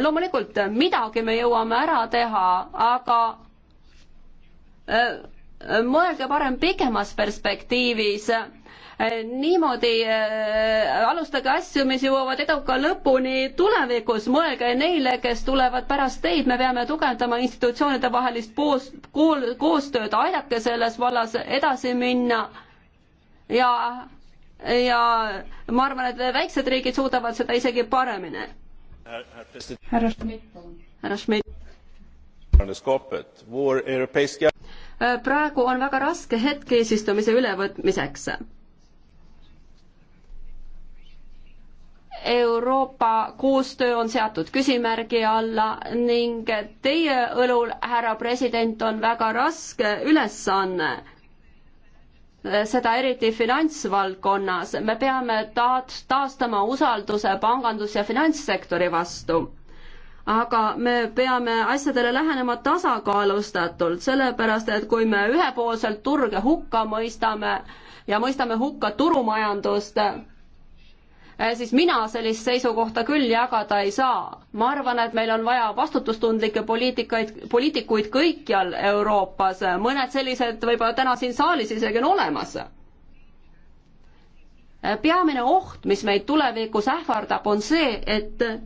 loomulikult midagi me jõuame ära teha, aga eh, mõelge parem pikemas perspektiivis niimoodi äh, alustage asju, mis jõuavad eduka lõpuni tulevikus, mõelge neile, kes tulevad pärast teid, me peame tugevdama institutsioonide vahelist koos, kool, koostööd, aidake selles vallas edasi minna ja, ja ma arvan, et väiksed riigid suudavad seda isegi paremini. härra Schmidt, palun. härra Schmidt praegu on väga raske hetk eesistumise ülevõtmiseks Euroopa koostöö on seatud küsimärgi alla ning teie õlul, härra president, on väga raske ülesanne seda eriti finantsvaldkonnas, me peame taat-, taastama usalduse pangandus- ja finantssektori vastu. aga me peame asjadele lähenema tasakaalustatult, sellepärast et kui me ühepoolselt turge hukka mõistame ja mõistame hukka turumajandust, Äh, siis mina sellist seisukohta küll jagada ei saa. ma arvan, et meil on vaja vastutustundlikke poliitikaid, poliitikuid kõikjal Euroopas, mõned sellised võib-olla täna siin saalis isegi on olemas. Äh, peamine oht, mis meid tulevikus ähvardab, on see, et äh,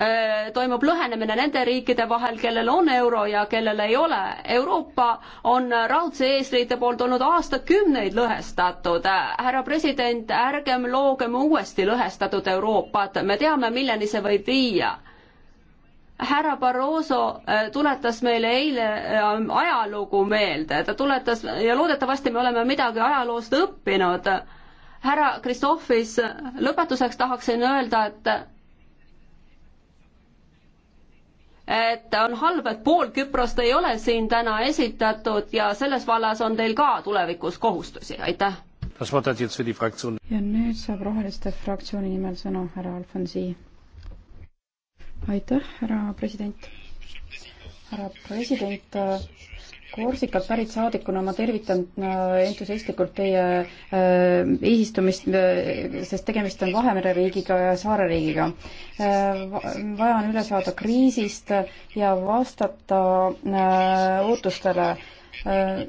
Äh, toimub lõhenemine nende riikide vahel, kellel on euro ja kellel ei ole. Euroopa on raudse eesriide poolt olnud aastakümneid lõhestatud. härra president, ärgem loogem uuesti lõhestatud Euroopat, me teame, milleni see võib viia härra Barroso äh, tuletas meile eile äh, ajalugu meelde, ta tuletas ja loodetavasti me oleme midagi ajaloost õppinud. härra Kristofis, lõpetuseks tahaksin öelda, et et on halb, et pool Küprost ei ole siin täna esitatud ja selles vallas on teil ka tulevikus kohustusi, aitäh. ja nüüd saab Roheliste fraktsiooni nimel sõna härra Alfonsi. aitäh, härra president. härra president Korsikalt pärit saadikuna ma tervitan äh, entusiastlikult teie eesistumist, äh, äh, sest tegemist on Vahemere riigiga ja saareriigiga. vaja on üle saada kriisist ja vastata ootustele Äh,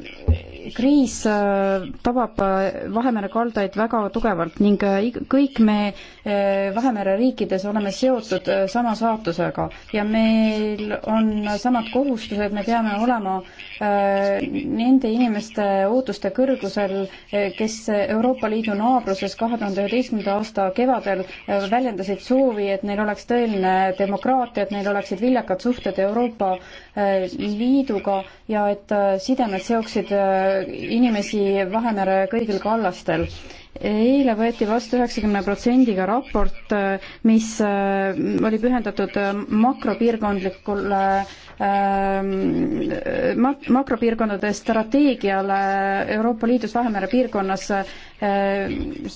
kriis äh, tabab äh, Vahemere kaldaid väga tugevalt ning kõik me Vahemere riikides oleme seotud sama saatusega ja meil on samad kohustused, me peame olema nende inimeste ootuste kõrgusel, kes Euroopa Liidu naabruses kahe tuhande üheteistkümnenda aasta kevadel väljendasid soovi, et neil oleks tõeline demokraatia, et neil oleksid viljakad suhted Euroopa Liiduga ja et side mida nad seoksid äh, inimesi Vahemere kõigil kallastel. eile võeti vastu üheksakümne protsendiga raport, äh, mis äh, oli pühendatud makropiirkondlikule ähm, mak-, makropiirkondade strateegiale Euroopa Liidus Vahemere piirkonnas,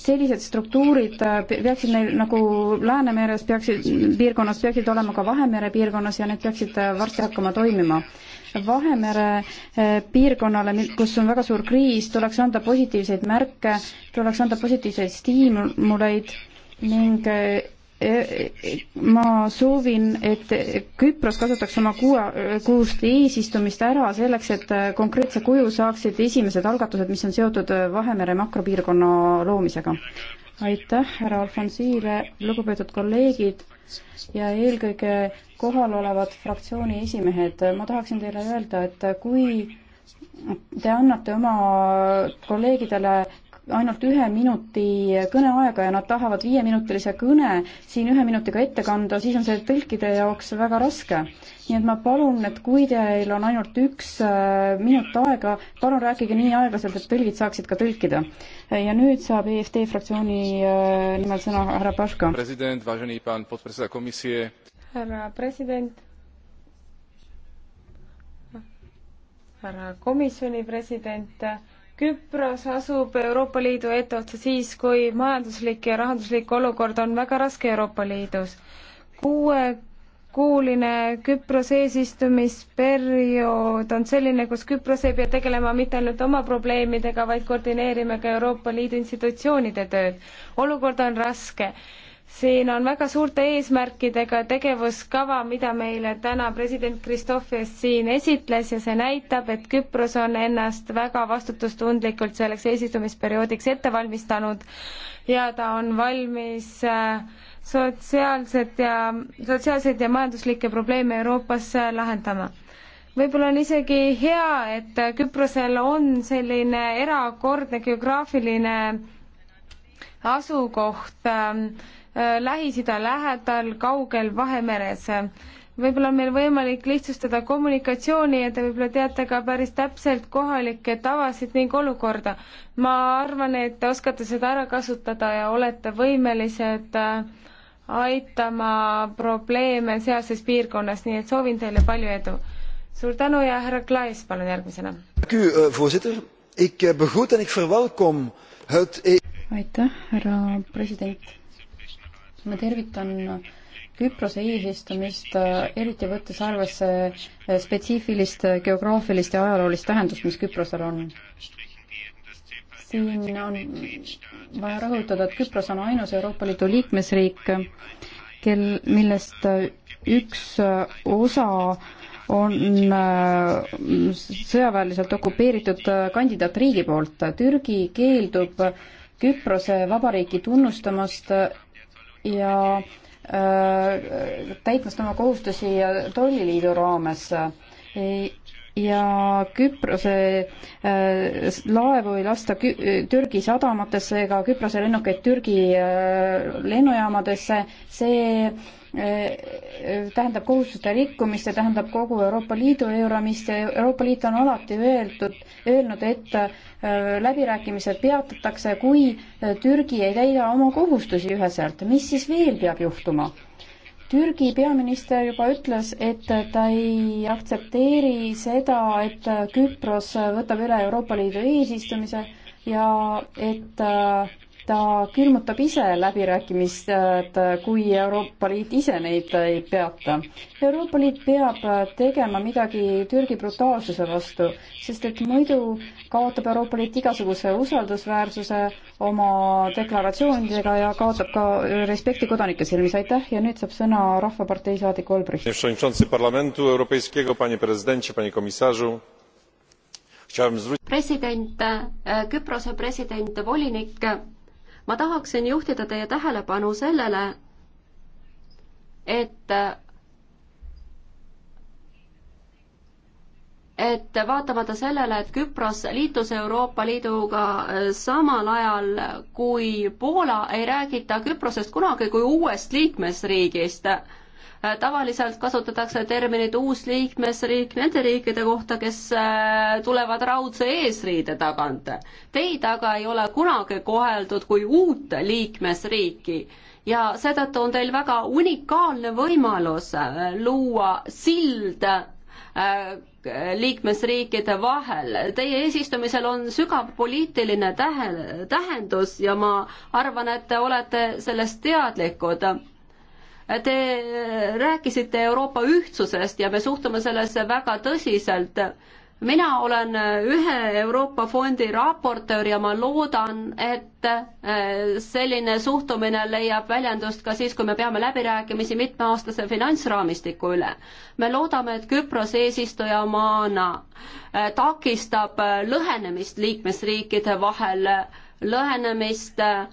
sellised struktuurid peaksid neil nagu Läänemeres peaksid, piirkonnas peaksid olema ka Vahemere piirkonnas ja need peaksid varsti hakkama toimima Vahemere eh, piirkonnale, kus on väga suur kriis, tuleks anda positiivseid märke, tuleks anda positiivseid stiimuleid ning eh, eh, ma soovin, et Küpros kasutaks oma kuue, kuust eesistumist ära selleks, et konkreetse kuju saaksid esimesed algatused, mis on seotud Vahemere makropiirkonna loomisega. aitäh härra Alfonsile, lugupeetud kolleegid ja eelkõige kohal olevad fraktsiooni esimehed, ma tahaksin teile öelda, et kui te annate oma kolleegidele ainult ühe minuti kõneaega ja nad tahavad viieminutilise kõne siin ühe minutiga ette kanda, siis on see tõlkide jaoks väga raske. nii et ma palun, et kui teil on ainult üks äh, minut aega, palun rääkige nii aeglaselt, et tõlgid saaksid ka tõlkida. ja nüüd saab EFT fraktsiooni äh, nimel sõna härra Paška. president, härra president härra komisjoni president, Küpros asub Euroopa Liidu etteotsa siis, kui majanduslik ja rahanduslik olukord on väga raske Euroopa Liidus. kuuekuuline Küprose eesistumisperiood on selline, kus Küpros ei pea tegelema mitte ainult oma probleemidega, vaid koordineerime ka Euroopa Liidu institutsioonide tööd. olukord on raske siin on väga suurte eesmärkidega tegevuskava, mida meile täna president Kristofias siin esitles ja see näitab, et Küpros on ennast väga vastutustundlikult selleks eesistumisperioodiks ette valmistanud ja ta on valmis äh, sotsiaalset ja, sotsiaalseid ja majanduslikke probleeme Euroopas äh, lahendama võib-olla on isegi hea, et äh, Küprosel on selline erakordne geograafiline asukoht äh, Äh, Lähis-Ida lähedal, kaugel Vahemeres. võib-olla on meil võimalik lihtsustada kommunikatsiooni ja te võib-olla teate ka päris täpselt kohalikke tavasid ning olukorda. ma arvan, et te oskate seda ära kasutada ja olete võimelised äh, aitama probleeme sealses piirkonnas, nii et soovin teile palju edu. suur tänu ja härra Klaes, palun järgmisena. Eh, eh, e- aitäh, härra president ma tervitan Küprose eesistumist, eriti võttes arvesse spetsiifilist geograafilist ja ajaloolist tähendust, mis Küprosel on. siin on vaja rõhutada, et Küpros on ainus Euroopa Liidu liikmesriik, kel, millest üks osa on äh, sõjaväeliselt okupeeritud äh, kandidaatriigi poolt. Türgi keeldub Küprose vabariiki tunnustamast ja äh, täitmast oma kohustusi tolliliidu raames ja Küprose äh, laevu ei lasta Kü Türgi sadamatesse ega Küprose lennukeid Türgi äh, lennujaamadesse, see Äh, äh, tähendab kohustuste rikkumist, see tähendab kogu Euroopa Liidu euramist ja Euroopa Liit on alati öeldud, öelnud, et äh, läbirääkimised peatatakse, kui Türgi ei täida oma kohustusi üheselt. mis siis veel peab juhtuma? Türgi peaminister juba ütles, et ta ei aktsepteeri seda, et Küpros võtab üle Euroopa Liidu eesistumise ja et äh, ta külmutab ise läbirääkimised, kui Euroopa Liit ise neid ei peata. Euroopa Liit peab tegema midagi Türgi brutaalsuse vastu, sest et muidu kaotab Euroopa Liit igasuguse usaldusväärsuse oma deklaratsioonidega ja kaotab ka respekti kodanike silmis. aitäh ja nüüd saab sõna Rahvapartei saadik Olbrich. president, Küprose president, volinik ma tahaksin juhtida teie tähelepanu sellele, et et vaatamata sellele, et Küpros liitus Euroopa Liiduga äh, samal ajal kui Poola, ei räägita Küprosest kunagi kui uuest liikmesriigist Äh, tavaliselt kasutatakse terminit uus liikmesriik nende riikide kohta, kes äh, tulevad raudse eesriide tagant. Teid aga ei ole kunagi koheldud kui uut liikmesriiki ja seetõttu on teil väga unikaalne võimalus äh, luua sild liikmesriikide vahel. Teie eesistumisel on sügav poliitiline tähe, tähendus ja ma arvan, et te olete sellest teadlikud Te rääkisite Euroopa ühtsusest ja me suhtume sellesse väga tõsiselt. mina olen ühe Euroopa fondi raportöör ja ma loodan, et äh, selline suhtumine leiab väljendust ka siis, kui me peame läbirääkimisi mitmeaastase finantsraamistiku üle. me loodame, et Küpros eesistujamaana äh, takistab äh, lõhenemist liikmesriikide vahel, lõhenemist äh,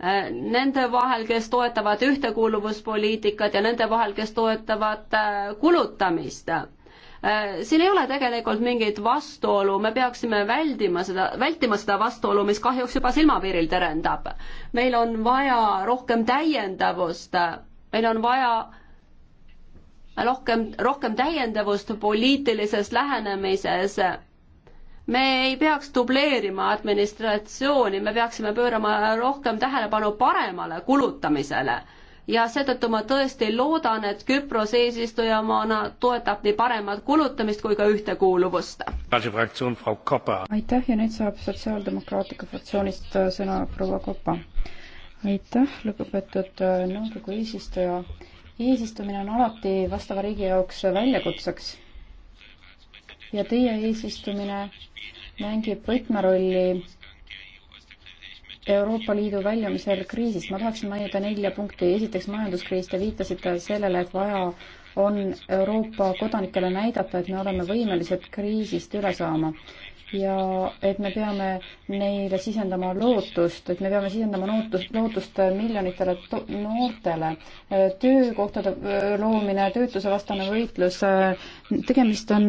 Äh, nende vahel, kes toetavad ühtekuuluvuspoliitikat ja nende vahel, kes toetavad äh, kulutamist. Äh, siin ei ole tegelikult mingit vastuolu, me peaksime väldima seda, vältima seda vastuolu, mis kahjuks juba silmapiiril terendab. meil on vaja rohkem täiendavust, meil on vaja rohkem, rohkem täiendavust poliitilises lähenemises me ei peaks dubleerima administratsiooni, me peaksime pöörama rohkem tähelepanu paremale kulutamisele. ja seetõttu ma tõesti loodan, et Küpros eesistujamaana toetab nii paremat kulutamist kui ka ühtekuuluvust. aitäh ja nüüd saab Sotsiaaldemokraatliku fraktsioonist äh, sõna proua Kopa. aitäh, lugupeetud äh, nõukogu eesistuja. eesistumine on alati vastava riigi jaoks väljakutseks ja teie eesistumine mängib võtmerolli Euroopa Liidu väljumisel kriisist. ma tahaksin mainida nelja punkti. esiteks majanduskriis, te viitasite sellele, et vaja on Euroopa kodanikele näidata, et me oleme võimelised kriisist üle saama ja et me peame neile sisendama lootust, et me peame sisendama lootust, lootust miljonitele noortele. töökohtade loomine, töötuse vastane võitlus, tegemist on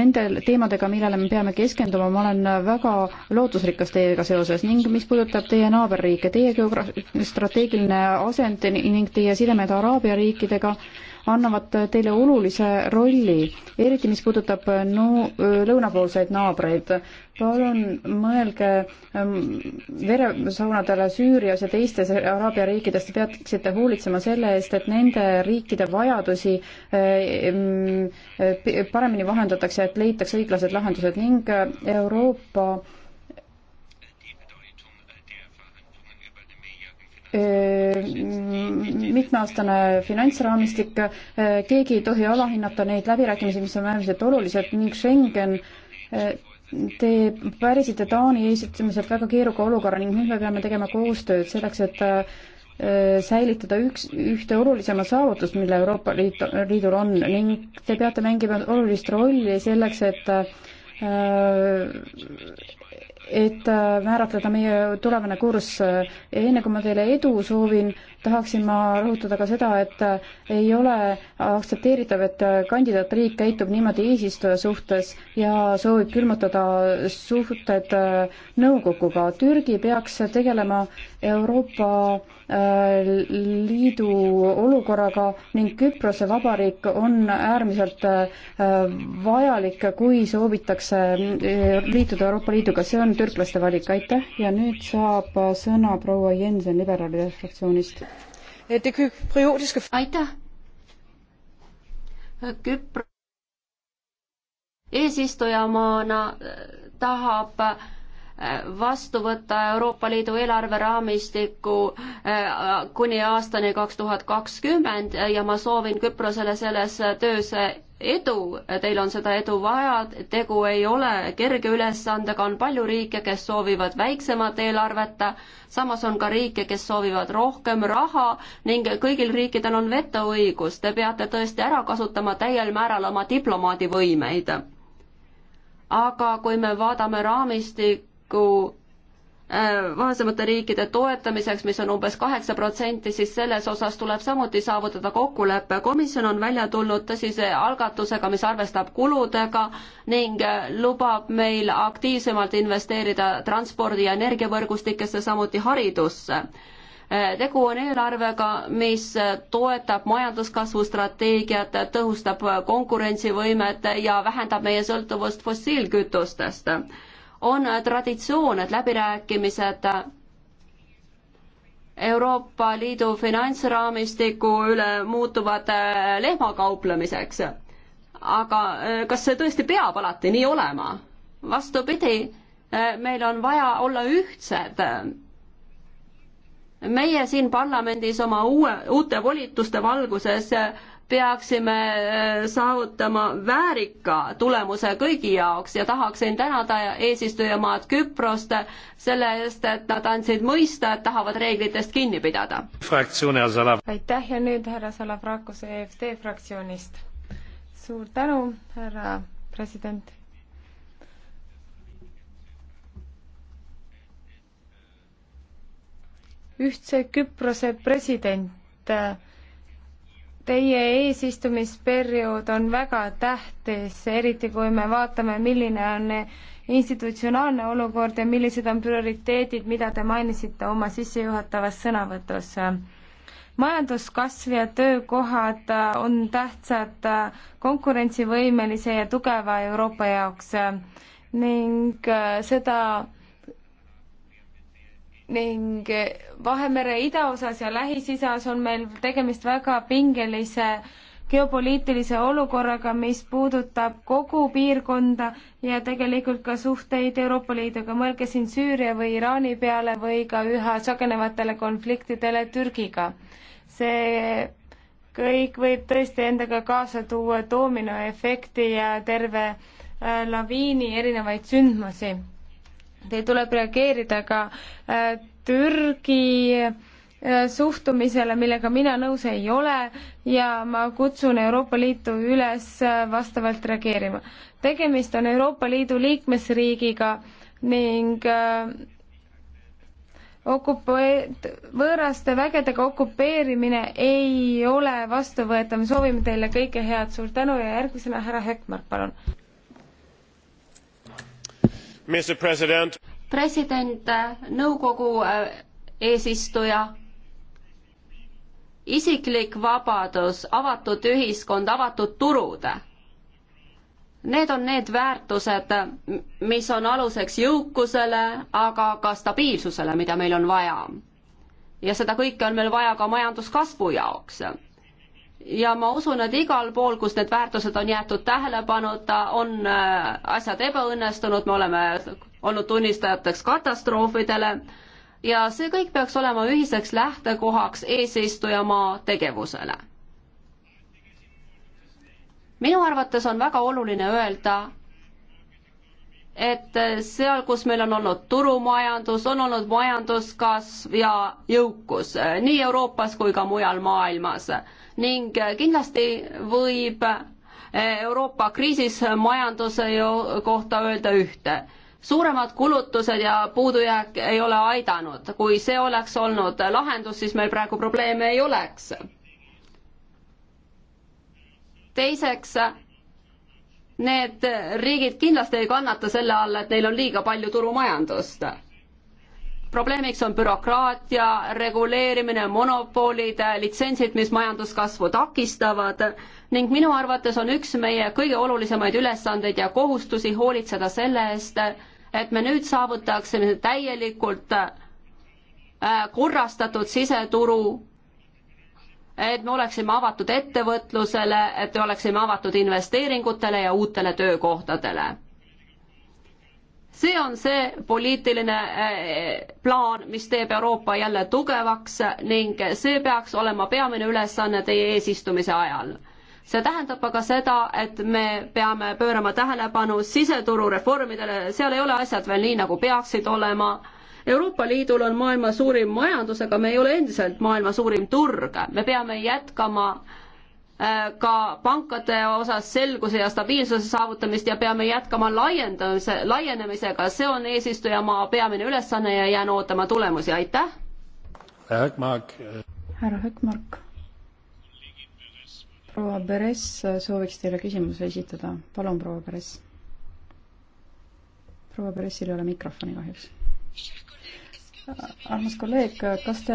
nende teemadega, millele me peame keskenduma, ma olen väga lootusrikas teiega seoses ning mis puudutab teie naaberriike, teie geograaf-, strateegiline asend ning teie sidemed Araabia riikidega, annavad teile olulise rolli, eriti mis puudutab no lõunapoolseid naabreid. palun mõelge ähm, veresaunadele Süürias ja teistes Araabia riikides, te peaksite hoolitsema selle eest, et nende riikide vajadusi ähm, äh, paremini vahendatakse, et leitakse õiglased lahendused ning Euroopa mitmeaastane finantsraamistik, keegi ei tohi alahinnata neid läbirääkimisi, mis on äärmiselt olulised ning Schengen Te pärisite Taani eesistumiselt väga keeruka olukorra ning nüüd me peame tegema koostööd selleks, et äh, säilitada üks, ühte olulisema saavutust, mille Euroopa Liit, Liidul on ning te peate mängima olulist rolli selleks, et äh, et äh, määratleda meie tulevane kurss. Äh, enne kui ma teile edu soovin, tahaksin ma rõhutada ka seda, et äh, ei ole aktsepteeritav, et äh, kandidaatriik käitub niimoodi eesistuja suhtes ja soovib külmutada suhted äh, nõukoguga. Türgi peaks tegelema Euroopa Liidu olukorraga ning Küprose Vabariik on äärmiselt vajalik, kui soovitakse liituda Euroopa Liiduga, see on türklaste valik, aitäh ja nüüd saab sõna proua Jensen liberaalide fraktsioonist. Øh, det kypriotiske... aitäh! Küpro eesistujamaana äh, tahab vastu võtta Euroopa Liidu eelarveraamistiku äh, kuni aastani kaks tuhat kakskümmend ja ma soovin Küprosele selles töös edu, teil on seda edu vaja, tegu ei ole kerge ülesandega, on palju riike, kes soovivad väiksemat eelarvet, samas on ka riike, kes soovivad rohkem raha ning kõigil riikidel on vetoõigus, te peate tõesti ära kasutama täiel määral oma diplomaadivõimeid. aga kui me vaatame raamistikku, kokku äh, vaesemate riikide toetamiseks, mis on umbes kaheksa protsenti, siis selles osas tuleb samuti saavutada kokkulepe. komisjon on välja tulnud tõsise algatusega, mis arvestab kuludega ning äh, lubab meil aktiivsemalt investeerida transpordi- ja energiavõrgustikesse, samuti haridusse äh, tegu on eelarvega, mis toetab majanduskasvu strateegiat, tõhustab konkurentsivõimet ja vähendab meie sõltuvust fossiilkütustest on traditsioon, et läbirääkimised Euroopa Liidu finantsraamistiku üle muutuvad äh, lehmakauplemiseks. aga äh, kas see tõesti peab alati nii olema? vastupidi, äh, meil on vaja olla ühtsed meie siin parlamendis oma uue, uute volituste valguses peaksime äh, saavutama väärika tulemuse kõigi jaoks ja tahaksin tänada eesistujamaad Küprost selle eest, et nad andsid mõista, et tahavad reeglitest kinni pidada. aitäh ja nüüd härra Salafrakos EFD fraktsioonist. suur tänu, härra president. ühtse Küprose president äh, Teie eesistumisperiood on väga tähtis, eriti kui me vaatame, milline on institutsionaalne olukord ja millised on prioriteedid, mida te mainisite oma sissejuhatavas sõnavõtus majanduskasv ja töökohad on tähtsad konkurentsivõimelise ja tugeva Euroopa jaoks ning seda ning Vahemere idaosas ja Lähis-Isas on meil tegemist väga pingelise geopoliitilise olukorraga, mis puudutab kogu piirkonda ja tegelikult ka suhteid Euroopa Liiduga. mõelge siin Süüria või Iraani peale või ka üha sagenevatele konfliktidele Türgiga. see kõik võib tõesti endaga kaasa tuua doominoefekti ja terve äh, laviini erinevaid sündmusi Teil tuleb reageerida ka äh, Türgi äh, suhtumisele, millega mina nõus ei ole ja ma kutsun Euroopa Liitu üles äh, vastavalt reageerima. tegemist on Euroopa Liidu liikmesriigiga ning okupeet-, võõraste vägedega okupeerimine ei ole vastuvõetav, soovime teile kõike head, suur tänu ja järgmisena härra Hekmar, palun! president, president, äh, nõukogu äh, eesistuja, isiklik vabadus, avatud ühiskond, avatud turud. Need on need väärtused, mis on aluseks jõukusele, aga ka stabiilsusele, mida meil on vaja. ja seda kõike on meil vaja ka majanduskasvu jaoks ja ma usun, et igal pool, kus need väärtused on jäetud tähelepanuta, on äh, asjad ebaõnnestunud, me oleme olnud tunnistajateks katastroofidele ja see kõik peaks olema ühiseks lähtekohaks eesistujamaa tegevusele. minu arvates on väga oluline öelda, et seal, kus meil on olnud turumajandus, on olnud majanduskasv ja jõukus nii Euroopas kui ka mujal maailmas ning kindlasti võib eh, Euroopa kriisis majanduse kohta öelda ühte suuremad kulutused ja puudujääk ei ole aidanud. kui see oleks olnud lahendus, siis meil praegu probleeme ei oleks. teiseks, need riigid kindlasti ei kannata selle all, et neil on liiga palju turumajandust probleemiks on bürokraatia, reguleerimine, monopolid, litsentsid, mis majanduskasvu takistavad ning minu arvates on üks meie kõige olulisemaid ülesandeid ja kohustusi hoolitseda selle eest, et me nüüd saavutaksime täielikult äh, korrastatud siseturu, et me oleksime avatud ettevõtlusele, et me oleksime avatud investeeringutele ja uutele töökohtadele see on see poliitiline äh, plaan, mis teeb Euroopa jälle tugevaks ning see peaks olema peamine ülesanne teie eesistumise ajal. see tähendab aga seda, et me peame pöörama tähelepanu siseturu reformidele, seal ei ole asjad veel nii, nagu peaksid olema. Euroopa Liidul on maailma suurim majandus, aga me ei ole endiselt maailma suurim turg, me peame jätkama äh, Äh, ka pankade osas selguse ja stabiilsuse saavutamist ja peame jätkama laiendamise, laienemisega, see on eesistujamaa peamine ülesanne ja jään ootama tulemusi, aitäh! härra Hökmark, proua Beres sooviks teile küsimuse esitada, palun, proua Beres. proua Beresil ei ole mikrofoni kahjuks armas kolleeg, kas te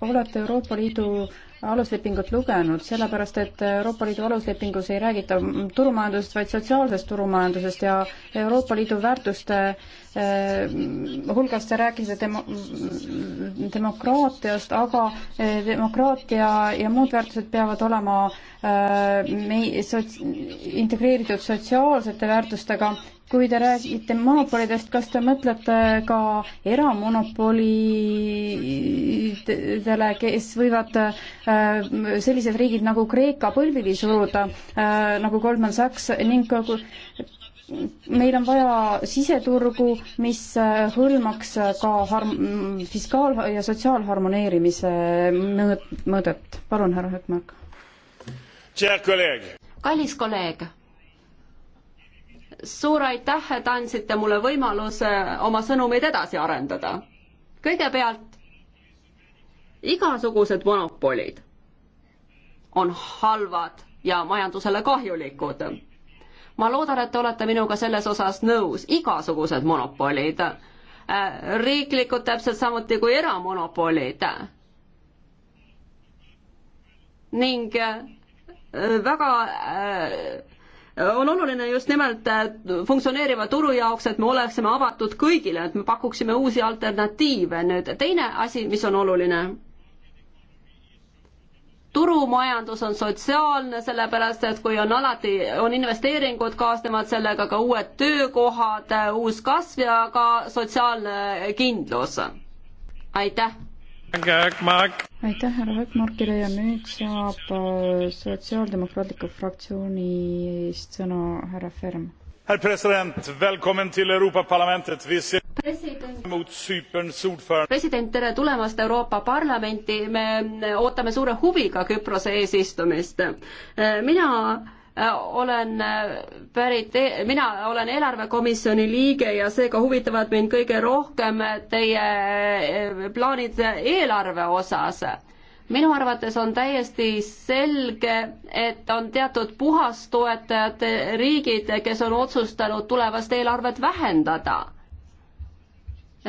olete Euroopa Liidu aluslepingut lugenud, sellepärast et Euroopa Liidu aluslepingus ei räägita turumajandusest, vaid sotsiaalsest turumajandusest ja Euroopa Liidu väärtuste eh, hulgas te rääkisite demo-, demokraatiast, aga eh, demokraatia ja muud väärtused peavad olema eh, mei-, sots-, integreeritud sotsiaalsete väärtustega kui te räägite monopolidest, kas te mõtlete ka eramonopolidele, kes võivad äh, sellised riigid nagu Kreeka põlvili suruda, äh, nagu Goldman Sachs ning meil on vaja siseturgu, mis äh, hõlmaks ka harm-, fiskaal- ja sotsiaalharmoneerimise mõõt-, mõõdet. palun, härra Hökmark. kallis kolleeg suur aitäh, et andsite mulle võimaluse oma sõnumeid edasi arendada. kõigepealt, igasugused monopolid on halvad ja majandusele kahjulikud. ma loodan, et te olete minuga selles osas nõus, igasugused monopolid, äh, riiklikud täpselt samuti kui eramonopolid. ning äh, väga äh, on oluline just nimelt funktsioneeriva turu jaoks, et me oleksime avatud kõigile, et me pakuksime uusi alternatiive. nüüd teine asi, mis on oluline, turumajandus on sotsiaalne, sellepärast et kui on alati, on investeeringud, kaasnevad sellega ka uued töökohad, uus kasv ja ka sotsiaalne kindlus. aitäh! aitäh, härra Hökmarkile ja nüüd saab äh, Sotsiaaldemokraatliku fraktsiooni eest sõna härra Ferm. Herr president, välkommen till Europaparlamentet. Vi ser president, tere tulemast Euroopa Parlamenti, me ootame suure huviga Küprose eesistumist. Äh, mina Äh, olen äh, pärit, e-, mina olen eelarvekomisjoni liige ja seega huvitavad mind kõige rohkem teie äh, plaanid eelarve osas. minu arvates on täiesti selge, et on teatud puhastoetajate riigid, kes on otsustanud tulevast eelarvet vähendada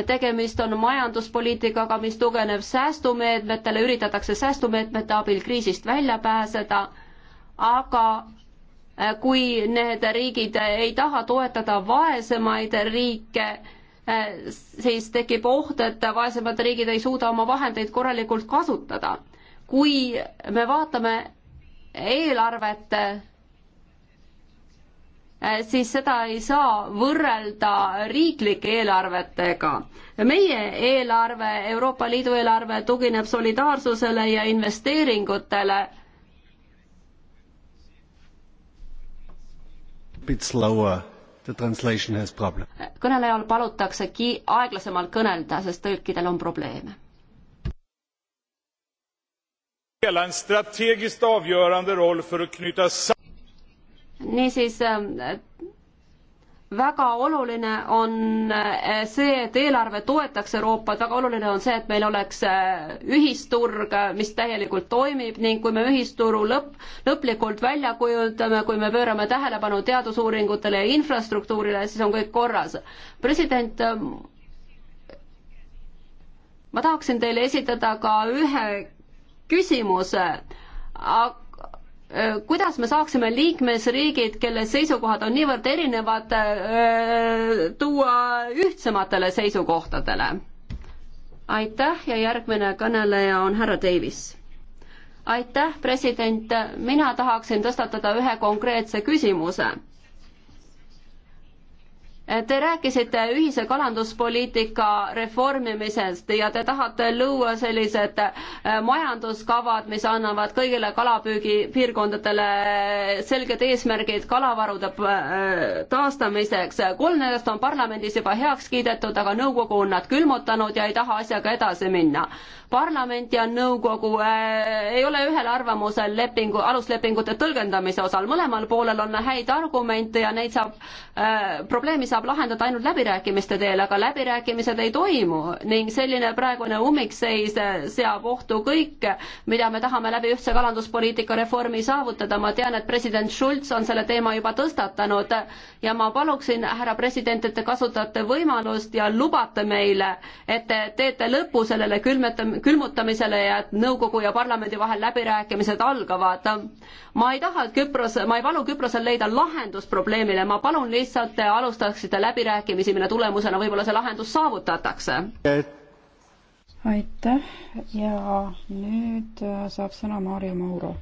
tegemist on majanduspoliitikaga, mis tugevneb säästumeetmetele, üritatakse säästumeetmete abil kriisist välja pääseda, aga Äh, kui need riigid ei taha toetada vaesemaid riike, äh, siis tekib oht, et vaesemad riigid ei suuda oma vahendeid korralikult kasutada. kui me vaatame eelarvet, äh, siis seda ei saa võrrelda riiklike eelarvetega. meie eelarve, Euroopa Liidu eelarve tugineb solidaarsusele ja investeeringutele bit slower. The translation has problem. kõnelejal palutakse ki-, aeglasemalt kõnelda, sest tõlkidel on probleeme. Hela en strategiskt avgörande roll för att knyta niisiis äh, väga oluline on eh, see, et eelarve toetaks Euroopat, väga oluline on see, et meil oleks eh, ühisturg, eh, mis täielikult toimib ning kui me ühisturu lõpp, lõplikult välja kujundame, kui me pöörame tähelepanu teadusuuringutele ja infrastruktuurile, siis on kõik korras. president, ma tahaksin teile esitada ka ühe küsimuse, aga Äh, kuidas me saaksime liikmesriigid, kelle seisukohad on niivõrd erinevad, äh, tuua ühtsematele seisukohtadele? aitäh ja järgmine kõneleja on härra Davis. aitäh, president, mina tahaksin tõstatada ühe konkreetse küsimuse Te rääkisite ühise kalanduspoliitika reformimisest ja te tahate luua sellised äh, majanduskavad, mis annavad kõigile kalapüügipiirkondadele äh, selged eesmärgid kalavarude äh, taastamiseks. kolm nendest on parlamendis juba heaks kiidetud, aga nõukogu on nad külmutanud ja ei taha asjaga edasi minna parlament ja nõukogu äh, ei ole ühel arvamusel lepingu, aluslepingute tõlgendamise osal, mõlemal poolel on häid argumente ja neid saab äh,, probleemi saab lahendada ainult läbirääkimiste teel, aga läbirääkimised ei toimu ning selline praegune ummikseis äh, seab ohtu kõik, mida me tahame läbi ühtse kalanduspoliitika reformi saavutada, ma tean, et president Schulz on selle teema juba tõstatanud ja ma paluksin, härra president, et te kasutate võimalust ja lubate meile, et te teete lõpu sellele külmeta-, külmutamisele ja et nõukogu ja parlamendi vahel läbirääkimised algavad. ma ei taha, et Küpros, ma ei palu Küprosel leida lahendust probleemile, ma palun lihtsalt, te alustaksite läbirääkimisi, mille tulemusena võib-olla see lahendus saavutatakse. aitäh ja nüüd äh, saab sõna Maarja Mauro.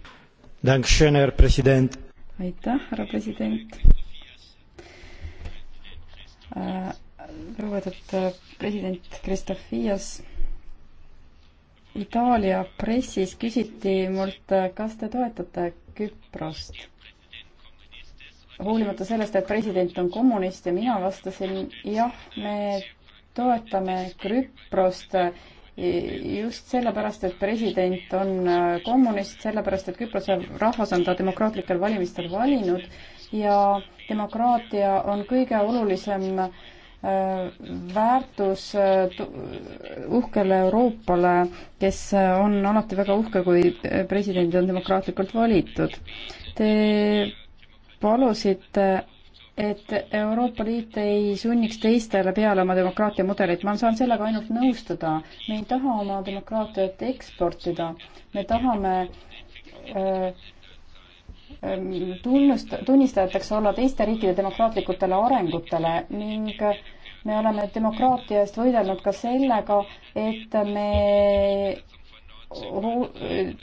aitäh, härra president äh, lugupeetud äh, president Kristof Fias Itaalia pressis küsiti mult, kas te toetate Küprost. hoolimata sellest, et president on kommunist ja mina vastasin jah, me toetame Küprost e, just sellepärast, et president on e, kommunist, sellepärast et Küprose rahvas on ta demokraatlikel valimistel valinud ja demokraatia on kõige olulisem äh, väärtus eh, uhkele Euroopale, kes eh, on alati väga uhke, kui president on demokraatlikult valitud. Te palusite et Euroopa Liit ei sunniks teistele peale oma demokraatia mudelit, ma saan sellega ainult nõustuda. me ei taha oma demokraatiat eksportida, me tahame öö, eh, tunnust, tunnistajateks olla teiste riikide demokraatlikutele arengutele ning öö, me oleme demokraatia eest võidelnud ka sellega, et me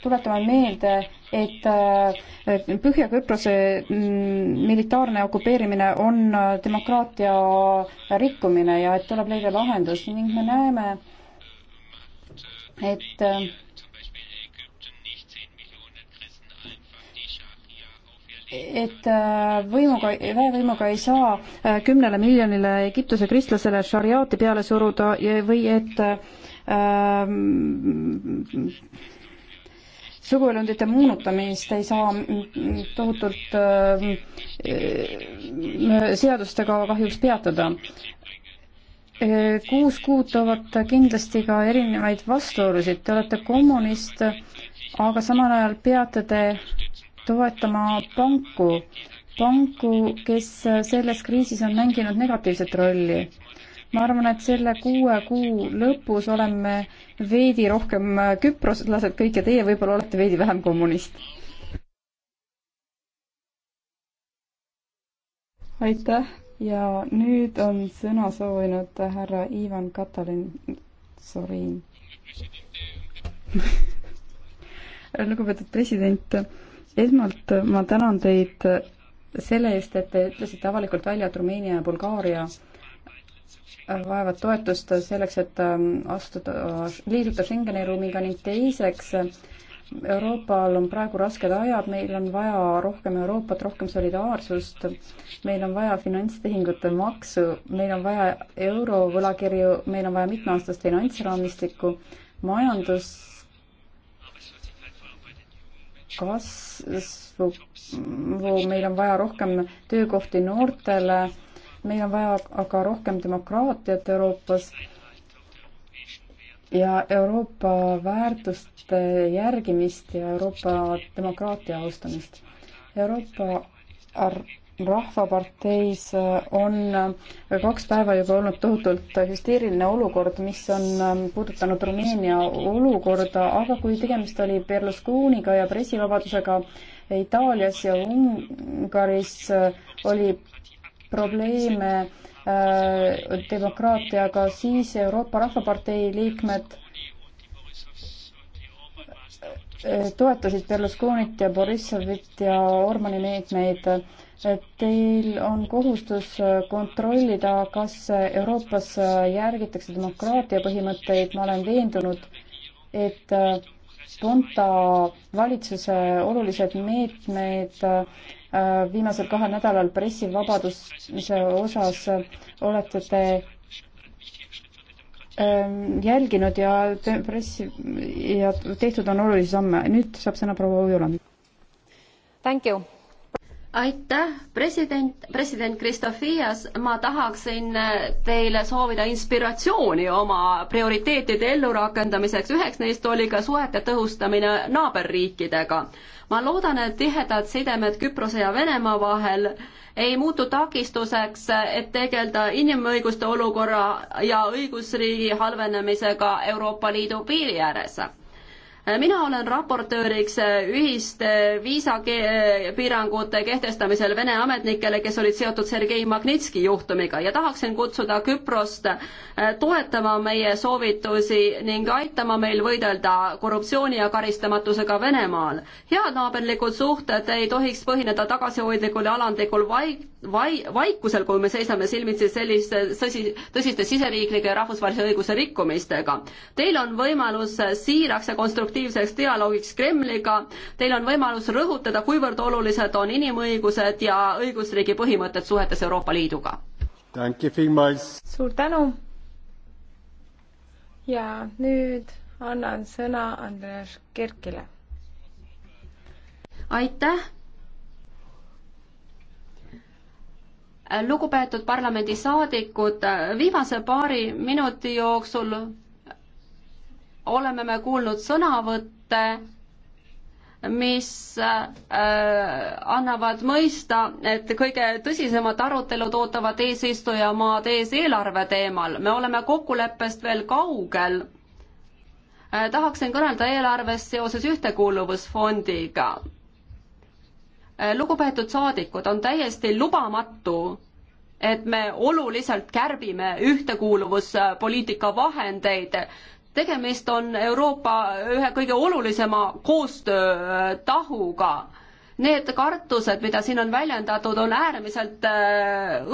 tuletame meelde, et äh, Põhja-Küprose mm, militaarne okupeerimine on äh, demokraatia rikkumine ja et tuleb leida lahendus ning me näeme, et äh, et äh, võimuga, väevõimuga ei saa äh, kümnele miljonile Egiptuse kristlasele šariaati peale suruda või et ähm, suguelundite moonutamist ei saa tohutult äh, seadustega kahjuks peatada. Äh, kuus kuud toovad kindlasti ka erinevaid vastuolusid, te olete kommunist, aga samal ajal peate te toetama panku, panku, kes selles kriisis on mänginud negatiivset rolli. ma arvan, et selle kuue kuu lõpus oleme veidi rohkem küproslased kõik ja teie võib-olla olete veidi vähem kommunist. aitäh ja nüüd on sõna soovinud härra Ivan Katalin Sorin lugupeetud president esmalt äh, ma tänan teid äh, selle eest, et te ütlesite avalikult välja, et Rumeenia ja Bulgaaria äh, vajavad toetust selleks, et ähm, astuda, liituda Schengeni ruumiga ning teiseks, Euroopal on praegu rasked ajad, meil on vaja rohkem Euroopat, rohkem solidaarsust, meil on vaja finantstehingute maksu, meil on vaja eurovõlakirju, meil on vaja mitmeaastast finantsraamistikku, majandus kasvu, meil on vaja rohkem töökohti noortele, meil on vaja aga rohkem demokraatiat Euroopas ja Euroopa väärtuste järgimist ja Euroopa demokraatia austamist. Euroopa ar-, rahvaparteis äh, on äh, kaks päeva juba olnud tohutult hüsteeriline olukord, mis on ähm, puudutanud Rumeenia olukorda, aga kui tegemist oli Berlusconiga ja pressivabadusega Itaalias ja Ungaris äh, oli probleeme demokraatiaga, siis Euroopa Rahvapartei liikmed toetasid Berlusconit ja Borissovit ja Ormani meetmeid meet teil on kohustus äh, kontrollida, kas äh, Euroopas äh, järgitakse demokraatia põhimõtteid, ma olen veendunud, et Ponta valitsuse olulised meetmed viimasel kahel nädalal pressivabaduse osas olete te ähm, jälginud ja pressi ja tehtud on olulisi samme. nüüd saab sõna proua Ujuland. Thank you aitäh, president, president Kristofias, ma tahaksin äh, teile soovida inspiratsiooni oma prioriteetide ellurakendamiseks, üheks neist oli ka suhete tõhustamine naaberriikidega. ma loodan, et tihedad sidemed Küprose ja Venemaa vahel ei muutu takistuseks, et tegeleda inimõiguste olukorra ja õigusriigi halvenemisega Euroopa Liidu piiri ääres mina olen raportööriks äh, ühiste viisapiirangute kehtestamisel Vene ametnikele, kes olid seotud Sergei Magnitski juhtumiga ja tahaksin kutsuda Küprost äh, toetama meie soovitusi ning aitama meil võidelda korruptsiooni ja karistamatusega Venemaal. heanaaberlikud suhted ei tohiks põhineda tagasihoidlikul ja alandlikul vaik-, vai-, vaikusel, kui me seisame silmitsi selliste tõsi, tõsiste siseriiklike ja rahvusvahelise õiguse rikkumistega. Teil on võimalus siiraks ja konstruktiivseks dialoogiks Kremliga, teil on võimalus rõhutada, kuivõrd olulised on inimõigused ja õigusriigi põhimõtted suhetes Euroopa Liiduga. suur tänu! ja nüüd annan sõna Andreas Kerkile. aitäh! lugupeetud parlamendisaadikud, viimase paari minuti jooksul oleme me kuulnud sõnavõtte, mis äh, annavad mõista, et kõige tõsisemad arutelud ootavad eesistujamaad ees eelarve teemal. me oleme kokkuleppest veel kaugel. Äh, tahaksin kõnelda eelarvest seoses ühtekuuluvusfondiga Äh, lugupeetud saadikud, on täiesti lubamatu, et me oluliselt kärbime ühtekuuluvuspoliitika vahendeid. tegemist on Euroopa ühe kõige olulisema koostöötahuga. Need kartused, mida siin on väljendatud, on äärmiselt äh,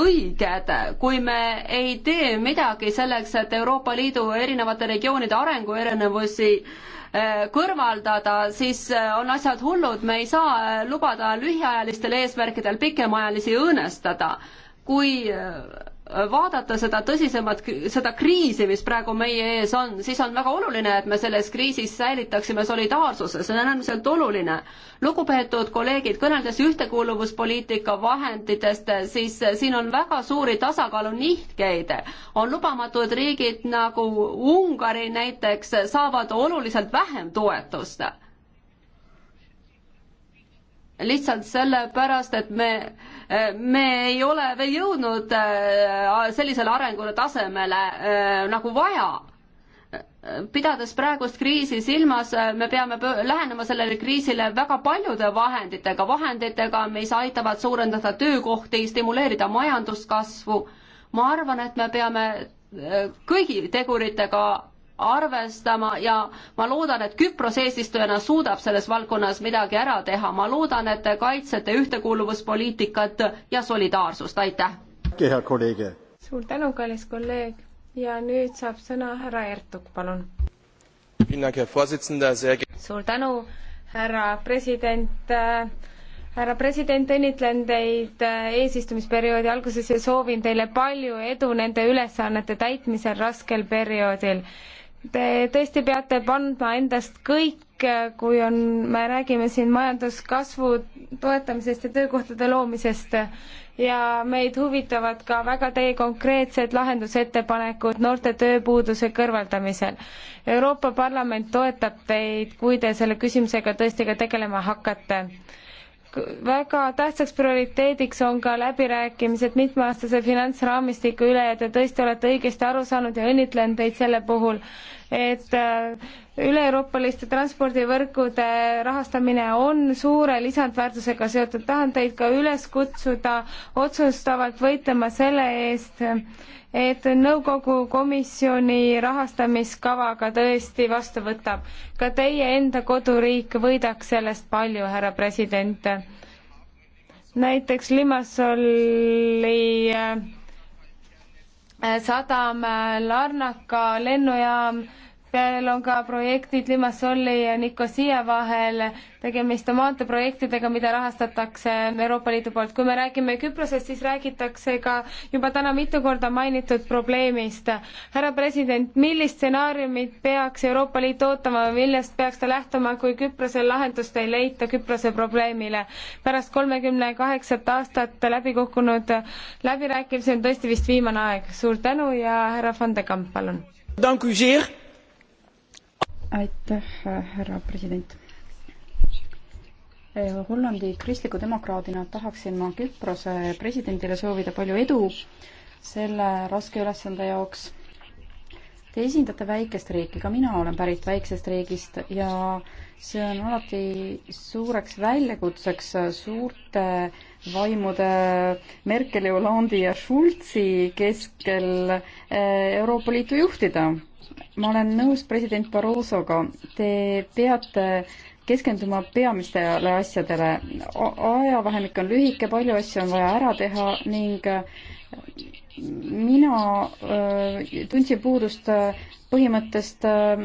õiged. kui me ei tee midagi selleks, et Euroopa Liidu erinevate regioonide arenguerinevusi äh, Äh, kõrvaldada, siis äh, on asjad hullud, me ei saa äh, lubada lühiajalistel eesmärkidel pikemaajalisi õõnestada. kui vaadata seda tõsisemat, seda kriisi, mis praegu meie ees on, siis on väga oluline, et me selles kriisis säilitaksime solidaarsuse, see on äärmiselt oluline. lugupeetud kolleegid, kõneldes ühtekuuluvuspoliitika vahenditest, siis siin on väga suuri tasakaalunihkeid. on lubamatu, et riigid nagu Ungari näiteks saavad oluliselt vähem toetust lihtsalt sellepärast, et me me ei ole veel jõudnud äh, sellisele arengule tasemele äh, nagu vaja pidades praegust kriisi silmas, äh, me peame lähenema sellele kriisile väga paljude vahenditega, vahenditega, mis aitavad suurendada töökohti, stimuleerida majanduskasvu. ma arvan, et me peame kõigi teguritega arvestama ja ma loodan, et Küpros eesistujana suudab selles valdkonnas midagi ära teha. ma loodan, et te kaitsete ühtekuuluvuspoliitikat ja solidaarsust, aitäh! suur tänu, kallis kolleeg ja nüüd saab sõna härra Ertug, palun. suur tänu, härra president härra president, õnnitlen teid äh, eesistumisperioodi alguses ja soovin teile palju edu nende ülesannete täitmisel raskel perioodil Te tõesti peate pandma endast kõik, kui on, me räägime siin majanduskasvu toetamisest ja töökohtade loomisest ja meid huvitavad ka väga teie konkreetsed lahendusettepanekud noorte tööpuuduse kõrvaldamisel. Euroopa Parlament toetab teid, kui te selle küsimusega tõesti ka tegelema hakkate väga tähtsaks prioriteediks on ka läbirääkimised mitmeaastase finantsraamistiku üle ja te tõesti olete õigesti aru saanud ja õnnitlen teid selle puhul, et äh, üle-euroopaliste transpordivõrkude rahastamine on suure lisandväärtusega seotud. tahan teid ka üles kutsuda otsustavalt võitlema selle eest, et nõukogu komisjoni rahastamiskavaga tõesti vastu võtab. ka teie enda koduriik võidaks sellest palju, härra president. näiteks Limassoli äh, sadam, Larnaka lennujaam peal on ka projektid Limassoli ja Nicosia vahel, tegemist on maanteeprojektidega, mida rahastatakse Euroopa Liidu poolt. kui me räägime Küprosest, siis räägitakse ka juba täna mitu korda mainitud probleemist. härra president, millist stsenaariumit peaks Euroopa Liit ootama, millest peaks ta lähtuma, kui Küprosel lahendust ei leita Küprose probleemile? pärast kolmekümne kaheksat aastat läbi kukkunud läbirääkimisi on tõesti vist viimane aeg. suur tänu ja härra Van de Kamp, palun! Dank u zeer aitäh, härra president. Eh, Hollandi kristliku demokraadina tahaksin ma Küprose presidendile soovida palju edu selle raske ülesande jaoks. Te esindate väikest riiki, ka mina olen pärit väiksest riigist ja see on alati suureks väljakutseks suurte vaimude Merkeli, Hollandi ja Schulzi keskel eh, Euroopa Liitu juhtida ma olen nõus president Barrosoga, te peate keskenduma peamistele asjadele. ajavahemik on lühike, palju asju on vaja ära teha ning mina äh, tundsin puudust äh, põhimõttest, äh,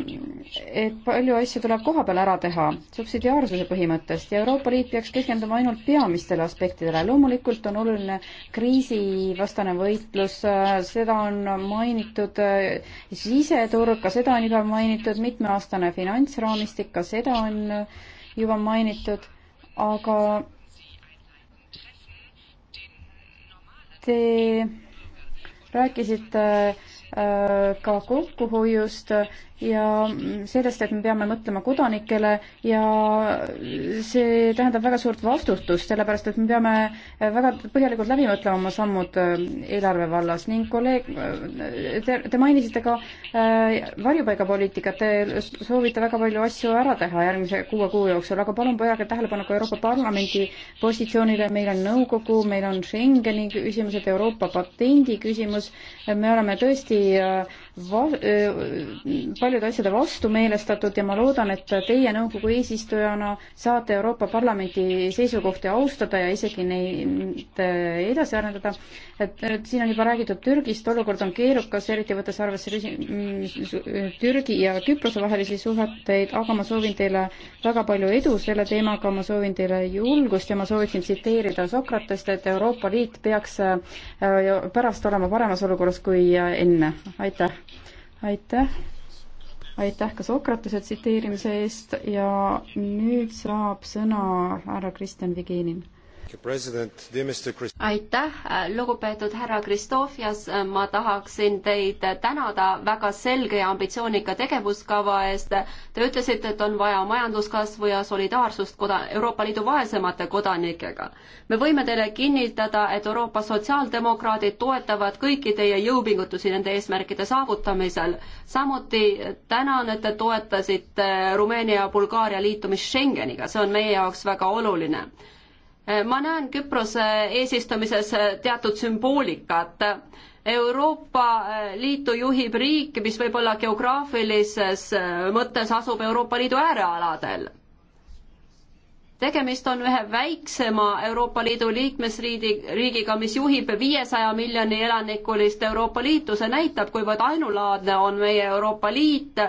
et palju asju tuleb kohapeal ära teha, subsidiaarsuse põhimõttest ja Euroopa Liit peaks keskenduma ainult peamistele aspektidele. loomulikult on oluline kriisivastane võitlus, seda on mainitud, siseturg, ka seda on juba mainitud, mitmeaastane finantsraamistik, ka seda on juba mainitud, aga te rääkisite äh, ka kokkuhoiust ja sellest, et me peame mõtlema kodanikele ja see tähendab väga suurt vastutust, sellepärast et me peame väga põhjalikult läbi mõtlema oma sammud äh, eelarve vallas ning kolleeg, äh, te, te mainisite ka äh, varjupaigapoliitikat, te soovite väga palju asju ära teha järgmise kuue kuu jooksul, aga palun pöörage tähelepanu ka Euroopa Parlamendi positsioonile, meil on nõukogu, meil on Schengeni küsimused, Euroopa patendi küsimus, me oleme tõesti äh, va-, paljude asjade vastu meelestatud ja ma loodan, et teie nõukogu eesistujana saate Euroopa Parlamendi seisukohti austada ja isegi neid äh, edasi arendada. et äh, siin on juba räägitud Türgist, olukord on keerukas, eriti võttes arvesse mm, äh, Türgi ja Küprose vahelisi suhteid, aga ma soovin teile väga palju edu selle teemaga, ma soovin teile julgust ja ma sooviksin tsiteerida Sokratest, et Euroopa Liit peaks pärast olema paremas olukorras kui enne. aitäh! aitäh, aitäh ka Sokratese tsiteerimise eest ja nüüd saab sõna härra Kristjan Vigenin aitäh, äh, lugupeetud härra Kristofjas, ma tahaksin teid tänada väga selge ja ambitsioonika tegevuskava eest. Te ütlesite, et on vaja majanduskasvu ja solidaarsust koda-, Euroopa Liidu vaesemate kodanikega. me võime teile kinnitada, et Euroopa sotsiaaldemokraadid toetavad kõiki teie jõupingutusi nende eesmärkide saavutamisel. samuti tänan, et te toetasite Rumeenia ja Bulgaaria liitumist Schengeniga, see on meie jaoks väga oluline Eh, ma näen Küprose eesistumises eh, teatud sümboolikat. Euroopa eh, Liitu juhib riik, mis võib-olla geograafilises mõttes asub Euroopa Liidu äärealadel. tegemist on ühe väiksema Euroopa Liidu liikmesriigi, riigiga, mis juhib viiesaja miljoni elanikulist Euroopa Liitu, see näitab, kuivõrd ainulaadne on meie Euroopa Liit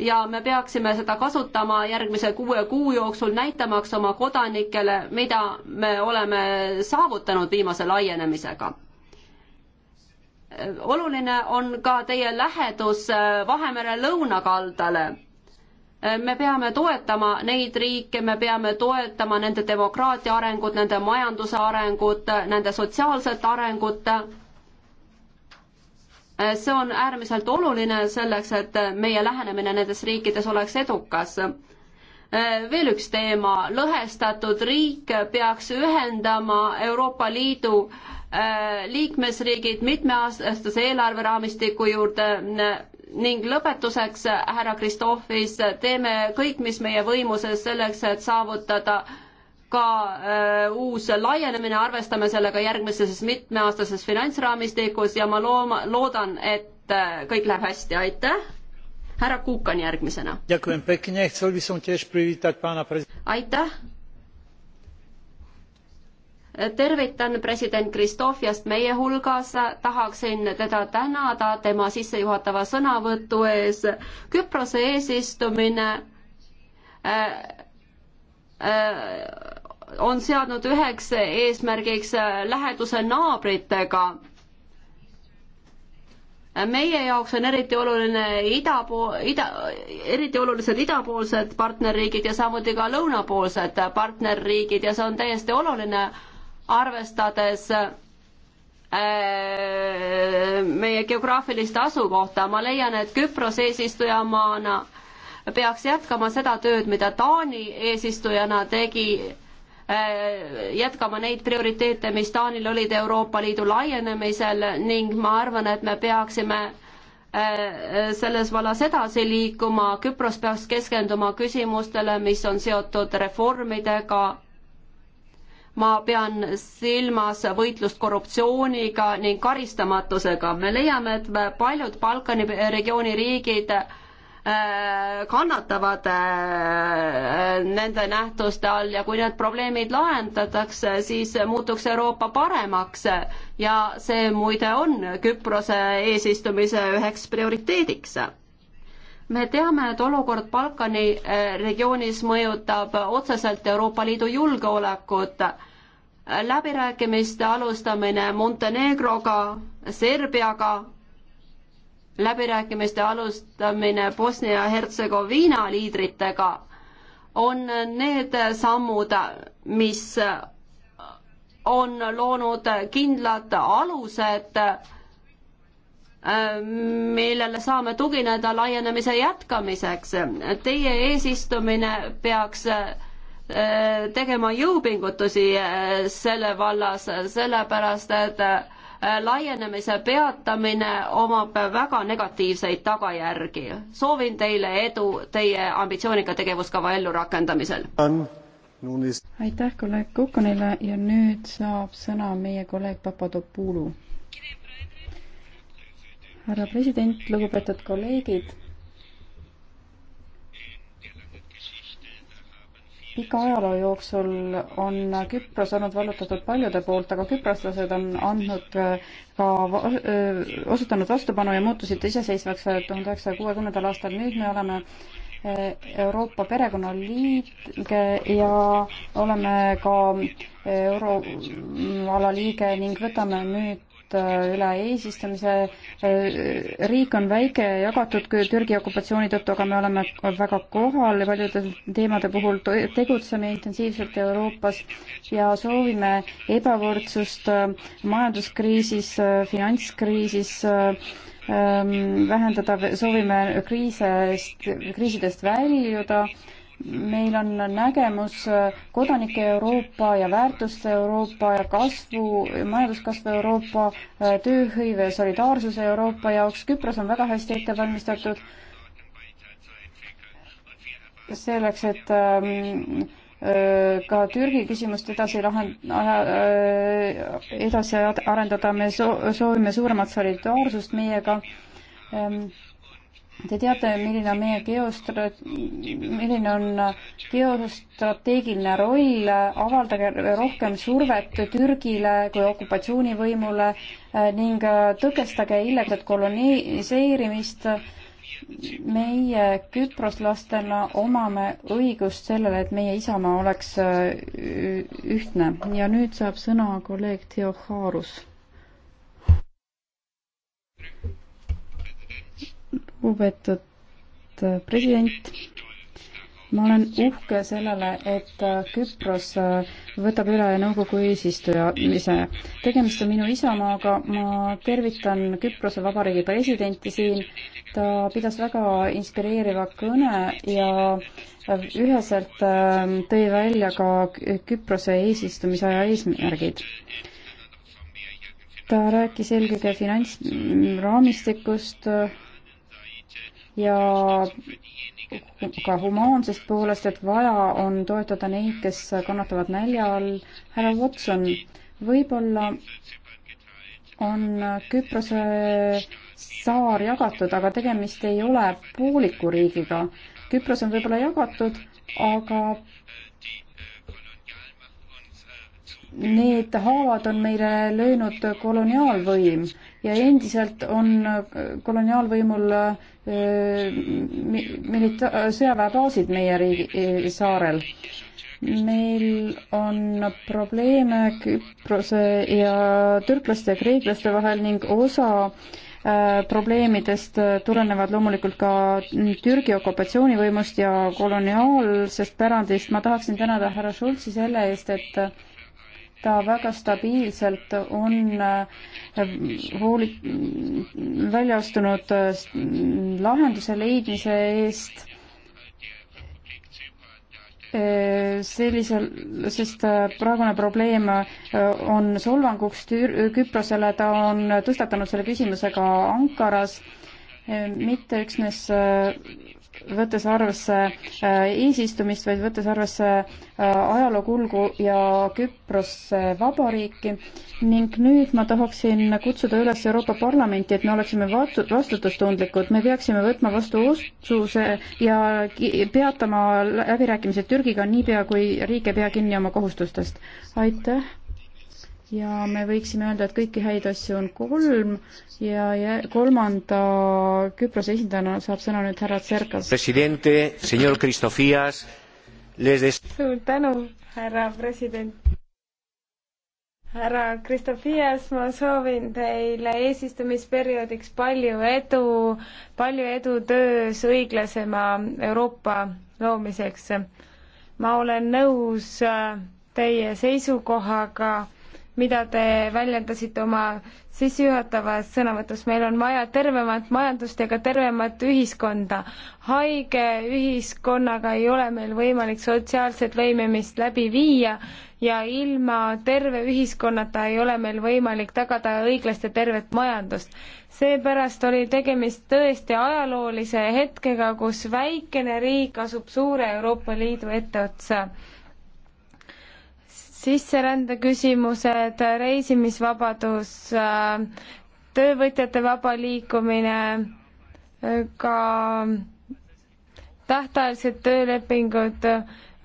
ja me peaksime seda kasutama järgmise kuue kuu jooksul, näitamaks oma kodanikele, mida me oleme saavutanud viimase laienemisega oluline on ka teie lähedus äh, Vahemere lõunakaldale. Äh, me peame toetama neid riike, me peame toetama nende demokraatia arengut, nende majanduse arengut, äh, nende sotsiaalset arengut Äh, see on äärmiselt oluline selleks, et meie lähenemine nendes riikides oleks edukas. Äh, veel üks teema, lõhestatud riik peaks ühendama Euroopa Liidu äh, liikmesriigid mitmeaastase eelarveraamistiku juurde ning lõpetuseks, härra Kristofis, teeme kõik, mis meie võimuses selleks, et saavutada ka äh, uus laienemine, arvestame sellega järgmises mitmeaastases finantsraamistikus ja ma looma, loodan, et äh, kõik läheb hästi, aitäh. härra Kukan järgmisena. aitäh. tervitan president Kristofjast meie hulgas, tahaksin teda tänada tema sissejuhatava sõnavõtu ees. Küprose eesistumine äh, äh, on seadnud üheks eesmärgiks äh, läheduse naabritega. meie jaoks on eriti oluline ida pool, ida, eriti olulised idapoolsed partnerriigid ja samuti ka lõunapoolsed partnerriigid ja see on täiesti oluline, arvestades äh, meie geograafilist asukohta, ma leian, et Küpros eesistujamaana peaks jätkama seda tööd, mida Taani eesistujana tegi Äh, jätkama neid prioriteete, mis Taanil olid Euroopa Liidu laienemisel ning ma arvan, et me peaksime äh, selles vallas edasi liikuma, Küpros peaks keskenduma küsimustele, mis on seotud reformidega, ma pean silmas võitlust korruptsiooniga ning karistamatusega. me leiame, et paljud Balkani regiooni riigid äh, Äh, kannatavad äh, nende nähtuste all ja kui need probleemid lahendatakse, siis muutuks Euroopa paremaks ja see muide on Küprose eesistumise üheks prioriteediks. me teame, et olukord Balkani äh, regioonis mõjutab otseselt Euroopa Liidu julgeolekut. läbirääkimiste alustamine Montenegroga, Serbiaga läbirääkimiste alustamine Bosnia-Hertsegoviina liidritega on need sammud, mis on loonud kindlad alused, millele saame tugineda laienemise jätkamiseks. Teie eesistumine peaks eh, tegema jõupingutusi eh, selle vallas, sellepärast et Äh, laienemise peatamine omab väga negatiivseid tagajärgi. soovin teile edu teie ambitsioonika tegevuskava ellurakendamisel. aitäh kolleeg Kukonile ja nüüd saab sõna meie kolleeg Papadopoulou. härra president, lugupeetud kolleegid pika ajaloo jooksul on Küpros olnud vallutatud paljude poolt, aga küproslased on andnud äh, ka, äh, osutanud vastupanu ja muutusid iseseisvaks äh, tuhande üheksasaja kuuekümnendal aastal. nüüd me oleme Euroopa Perekonnaliige ja oleme ka euroala liige ning võtame nüüd koostööd äh, üle eesistumise. Äh, riik on väike ja jagatud Türgi okupatsiooni tõttu, aga me oleme väga kohal paljude teemade puhul, tegutseme intensiivselt Euroopas ja soovime ebavõrdsust äh, majanduskriisis, finantskriisis ähm, vähendada, soovime kriisest, kriisidest väljuda meil on nägemus kodanike Euroopa ja väärtuste Euroopa ja kasvu, majanduskasvu Euroopa, tööhõive ja solidaarsuse Euroopa jaoks. Küpros on väga hästi ette valmistatud selleks, et ähm, ka Türgi küsimust edasi lahend-, äh, edasi arendada, me soovime suuremat solidaarsust meiega ähm, Te teate, milline on meie geostra-, milline on geostrateegiline roll, avaldage rohkem survet Türgile kui okupatsioonivõimule eh, ning eh, tõkestage illegaalset koloniseerimist. meie küproslastena omame õigust sellele, et meie isamaa oleks eh, ühtne ja nüüd saab sõna kolleeg Theo Haarus lugupeetud äh, president, ma olen uhke sellele, et äh, Küpros äh, võtab üle nõukogu eesistuja ise. tegemist on minu isamaaga, ma tervitan Küprose Vabariigi presidenti siin, ta pidas väga inspireeriva kõne ja üheselt ähm, tõi välja ka Küprose eesistumisaja eesmärgid. ta rääkis eelkõige finantsraamistikust, ja ka humaansest poolest, et vaja on toetada neid, kes kannatavad nälja all. härra Watson, võib-olla on Küprose saar jagatud, aga tegemist ei ole pooliku riigiga. Küpros on võib-olla jagatud, aga need haavad on meile löönud koloniaalvõim ja endiselt on koloniaalvõimul äh, Äh, milita-, sõjaväebaasid meie riigi äh, saarel. meil on probleeme Küprose ja türklaste ja kreeklaste vahel ning osa äh, probleemidest tulenevad loomulikult ka Türgi okupatsioonivõimust ja koloniaalsest pärandist. ma tahaksin tänada härra Schultzi selle eest, et ta väga stabiilselt on äh, hooli-, välja astunud äh, lahenduse leidmise eest äh, sellisel, sest praegune probleem on solvanguks Küprosele, ta on tõstatanud selle küsimuse ka Ankaras, mitte üksnes võttes arvesse äh, eesistumist, vaid võttes arvesse äh, ajaloo kulgu ja Küprose vabariiki ning nüüd ma tahaksin kutsuda üles Euroopa Parlamenti, et me oleksime vastutustundlikud, me peaksime võtma vastu otsuse ja peatama läbirääkimised Türgiga niipea, kui riik ei pea kinni oma kohustustest. aitäh ja me võiksime öelda, et kõiki häid asju on kolm ja, ja kolmanda Küprose esindajana saab sõna nüüd härra Tserkas. Des... suur tänu, härra president. härra Kristofias, ma soovin teile eesistumisperioodiks palju edu, palju edu töös õiglasema Euroopa loomiseks. ma olen nõus äh, teie seisukohaga mida te väljendasite oma sissejuhatavas sõnavõtus. meil on vaja tervemat majandust ja ka tervemat ühiskonda. haige ühiskonnaga ei ole meil võimalik sotsiaalset lõimimist läbi viia ja ilma terve ühiskonnata ei ole meil võimalik tagada õiglast ja tervet majandust. seepärast oli tegemist tõesti ajaloolise hetkega, kus väikene riik asub suure Euroopa Liidu etteotsa sisserände küsimused, reisimisvabadus, äh, töövõtjate vaba liikumine, äh, ka tähtajalised töölepingud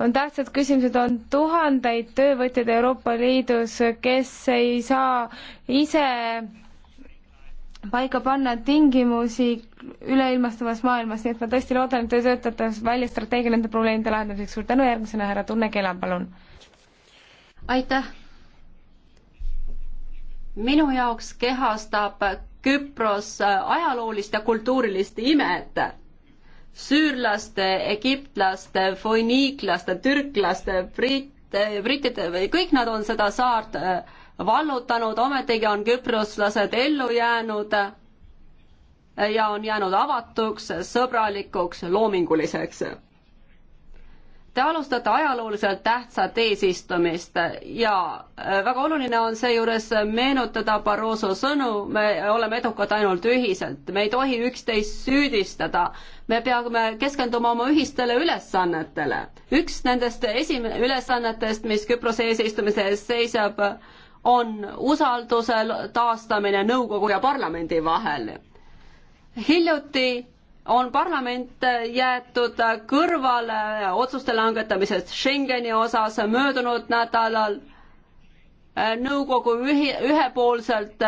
on tähtsad küsimused, on tuhandeid töövõtjaid Euroopa Liidus, kes ei saa ise paika panna tingimusi üleilmastuvas maailmas, nii et ma tõesti loodan, et te töötate välja strateegia nende probleemide lahendamiseks. suur tänu, järgmisena härra Tunne Kelam, palun aitäh! minu jaoks kehastab Küpros ajaloolist ja kultuurilist imet. süürlaste, egiptlaste, foniiklaste, türklaste, britte, brittide, kõik nad on seda saart äh, vallutanud, ometigi on küproslased ellu jäänud äh, ja on jäänud avatuks, sõbralikuks, loominguliseks Te alustate ajalooliselt tähtsat eesistumist ja äh, väga oluline on seejuures meenutada Barroso sõnu, me oleme edukad ainult ühiselt, me ei tohi üksteist süüdistada, me peame keskenduma oma ühistele ülesannetele. üks nendest esim-, ülesannetest, mis Küprose eesistumise ees seisab, on usalduse taastamine nõukogu ja parlamendi vahel. hiljuti on parlament jäetud kõrvale otsuste langetamisest Schengeni osas möödunud nädalal. nõukogu ühi, ühepoolselt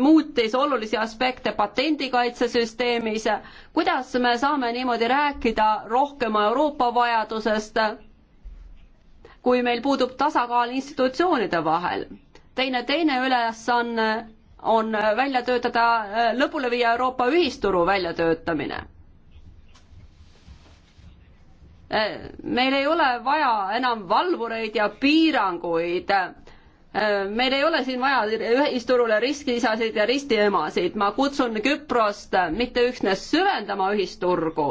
muutis olulisi aspekte patendikaitsesüsteemis. kuidas me saame niimoodi rääkida rohkema Euroopa vajadusest, kui meil puudub tasakaal institutsioonide vahel? teine, teine ülesanne on välja töötada, äh, lõpule viia Euroopa ühisturu väljatöötamine. Äh, meil ei ole vaja enam valvureid ja piiranguid äh, meil ei ole siin vaja ühisturule riskiisasid ja ristiemasid, ma kutsun Küprost mitte üksnes süvendama ühisturgu,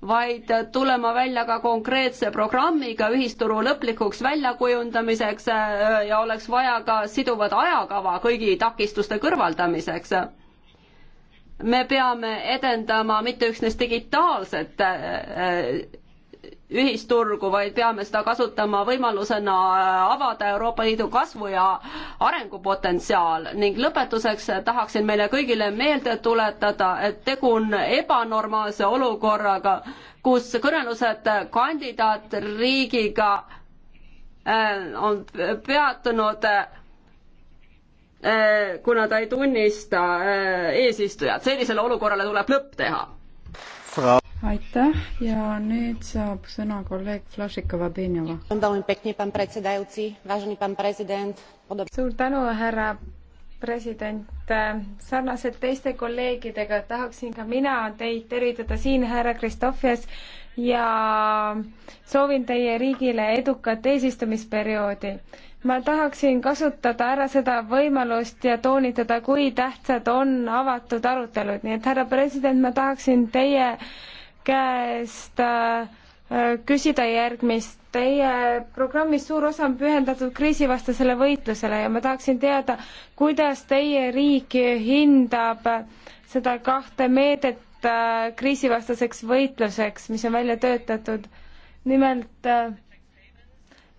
vaid tulema välja ka konkreetse programmiga ühisturu lõplikuks väljakujundamiseks äh, ja oleks vaja ka siduvat ajakava kõigi takistuste kõrvaldamiseks. me peame edendama mitte üksnes digitaalset äh, ühisturgu, vaid peame seda kasutama võimalusena avada Euroopa Liidu kasvu ja arengupotentsiaal ning lõpetuseks tahaksin meile kõigile meelde tuletada, et tegu on ebanormaalse olukorraga, kus kõnelused kandidaatriigiga äh, on peatunud äh, kuna ta ei tunnista äh, eesistujat, sellisele olukorrale tuleb lõpp teha aitäh ja nüüd saab sõna kolleeg Flašikova Benjova. suur tänu, härra president. sarnaselt teiste kolleegidega tahaksin ka mina teid tervitada siin, härra Kristofjas, ja soovin teie riigile edukat eesistumisperioodi ma tahaksin kasutada ära seda võimalust ja toonitada, kui tähtsad on avatud arutelud, nii et härra president, ma tahaksin teie käest äh, küsida järgmist. Teie programmis suur osa on pühendatud kriisivastasele võitlusele ja ma tahaksin teada, kuidas teie riik hindab seda kahte meedet äh, kriisivastaseks võitluseks, mis on välja töötatud. nimelt äh,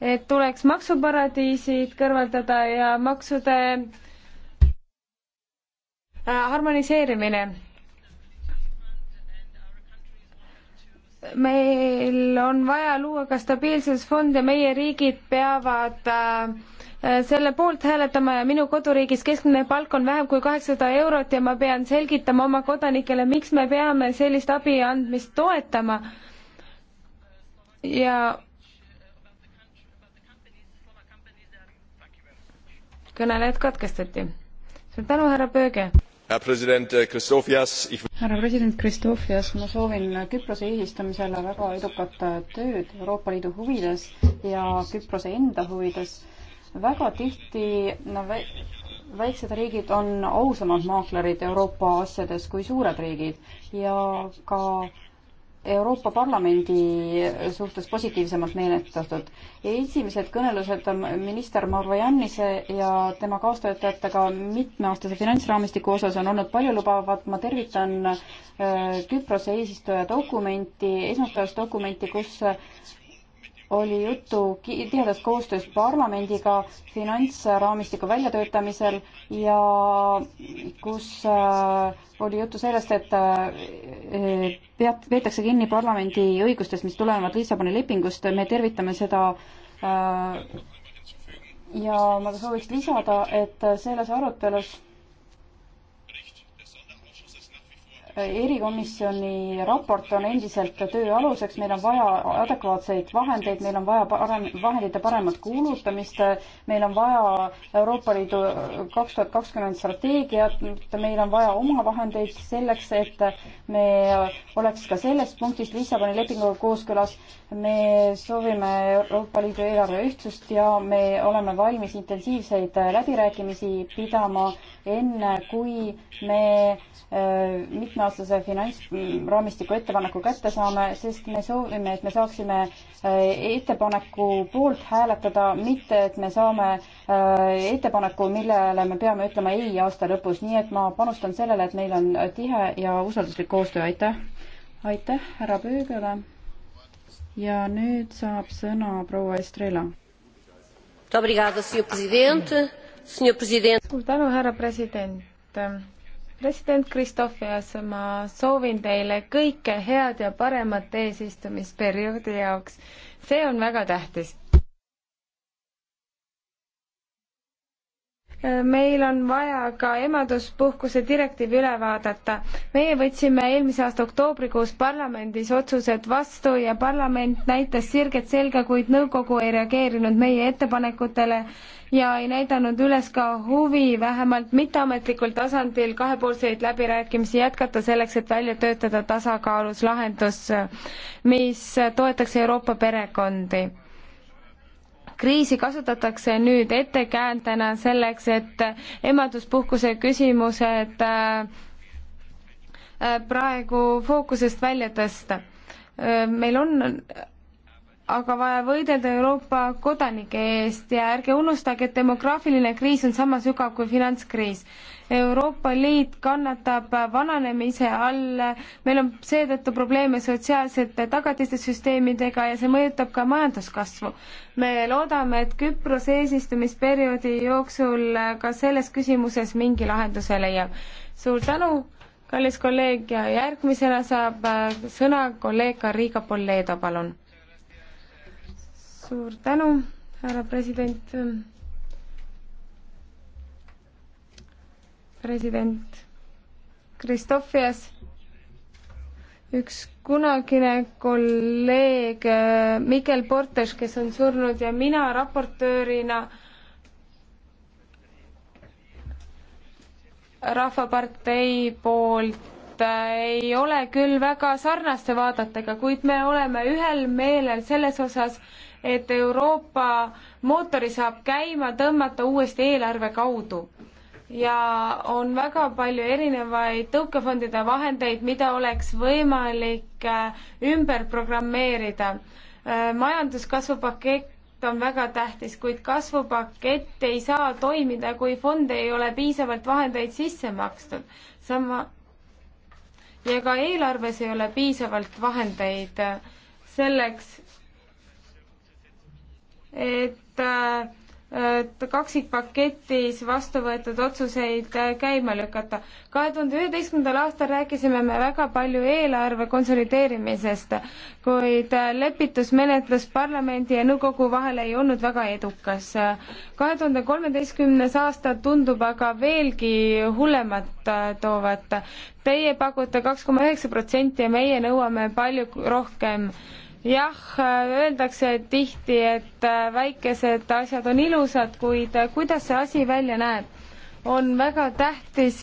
et tuleks maksuparadiisid kõrvaldada ja maksude äh, harmoniseerimine. meil on vaja luua ka stabiilsusfond ja meie riigid peavad äh, äh, selle poolt hääletama ja minu koduriigis keskmine palk on vähem kui kaheksasada eurot ja ma pean selgitama oma kodanikele, miks me peame sellist abi andmist toetama. ja kõnelejad katkestati. suur tänu, härra Pööge! Äh, härra president Kristofias ich... ma soovin äh, Küprose eesistumisele väga edukat äh, tööd Euroopa Liidu huvides ja Küprose enda huvides. väga tihti no, väiksed riigid on ausamad maaklerid Euroopa asjades kui suured riigid ja ka Euroopa Parlamendi suhtes positiivsemalt meelestatud. esimesed kõnelused on minister Marvajannise ja tema kaastöötajatega mitmeaastase finantsraamistiku osas on olnud paljulubavad. ma tervitan äh, Küprose eesistuja dokumenti, esmaspäevast dokumenti, kus äh, oli juttu tihedast koostööst parlamendiga finantsraamistiku väljatöötamisel ja kus äh, oli juttu sellest, et äh, peat-, peetakse kinni parlamendi õigustest, mis tulenevad Lissaboni lepingust, me tervitame seda äh, ja ma sooviks lisada, et selles arutelus erikomisjoni raport on endiselt töö aluseks, meil on vaja adekvaatseid vahendeid, meil on vaja parem, vahendite paremat kuulutamist, meil on vaja Euroopa Liidu kaks tuhat kakskümmend strateegiat, meil on vaja oma vahendeid selleks, et me oleks ka selles punktis Lissaboni lepinguga kooskõlas. me soovime Euroopa Liidu eelarve ühtsust ja me oleme valmis intensiivseid läbirääkimisi pidama enne kui me äh, mitmeaastase finantsraamistiku ettepaneku kätte saame, sest me soovime, et me saaksime äh, ettepaneku poolt hääletada, mitte et me saame äh, ettepaneku, millele me peame ütlema ei aasta lõpus, nii et ma panustan sellele, et meil on tihe ja usalduslik koostöö, aitäh! aitäh härra Pöögele ja nüüd saab sõna proua Estrela. Muito obrigada, senhor presidente suur tänu, härra president. president Kristofias, ma soovin teile kõike head ja paremat eesistumisperioodi jaoks. see on väga tähtis. meil on vaja ka emaduspuhkuse direktiiv üle vaadata. meie võtsime eelmise aasta oktoobrikuus parlamendis otsused vastu ja parlament näitas sirget selga, kuid nõukogu ei reageerinud meie ettepanekutele ja ei näidanud üles ka huvi vähemalt mitteametlikul tasandil kahepoolseid läbirääkimisi jätkata selleks, et välja töötada tasakaalus lahendus, mis toetaks Euroopa perekondi kriisi kasutatakse nüüd ettekäändena selleks, et emaduspuhkuse küsimused äh, praegu fookusest välja tõsta. Äh, meil on aga vaja võidelda Euroopa kodanike eest ja ärge unustage, et demograafiline kriis on sama sügav kui finantskriis. Euroopa Liit kannatab vananemise all, meil on seetõttu probleeme sotsiaalsete tagatiste süsteemidega ja see mõjutab ka majanduskasvu. me loodame, et Küprose eesistumisperioodi jooksul ka selles küsimuses mingi lahenduse leiab. suur tänu, kallis kolleeg ja järgmisena saab äh, sõna kolleeg Kariga Polledo, palun suur tänu, härra president. president Kristofias, üks kunagine kolleeg äh, Mikel Portes, kes on surnud ja mina raportöörina Rahvapartei poolt äh, ei ole küll väga sarnaste vaadetega, kuid me oleme ühel meelel selles osas, et Euroopa mootori saab käima tõmmata uuesti eelarve kaudu ja on väga palju erinevaid tõukefondide vahendeid, mida oleks võimalik äh, ümber programmeerida. Äh, majanduskasvu pakett on väga tähtis, kuid kasvupakett ei saa toimida, kui fond ei ole piisavalt vahendeid sisse makstud. sama ja ka eelarves ei ole piisavalt vahendeid äh, selleks, et kaksikpaketis vastu võetud otsuseid äh, käima lükata. kahe tuhande üheteistkümnendal aastal rääkisime me väga palju eelarve konsolideerimisest, kuid äh, lepitusmenetlus parlamendi ja nõukogu vahel ei olnud väga edukas. kahe tuhande kolmeteistkümnes aasta tundub aga veelgi hullemat äh, toovat. Teie pakute kaks koma üheksa protsenti ja meie nõuame palju rohkem jah, öeldakse tihti, et äh, väikesed asjad on ilusad, kuid äh, kuidas see asi välja näeb, on väga tähtis,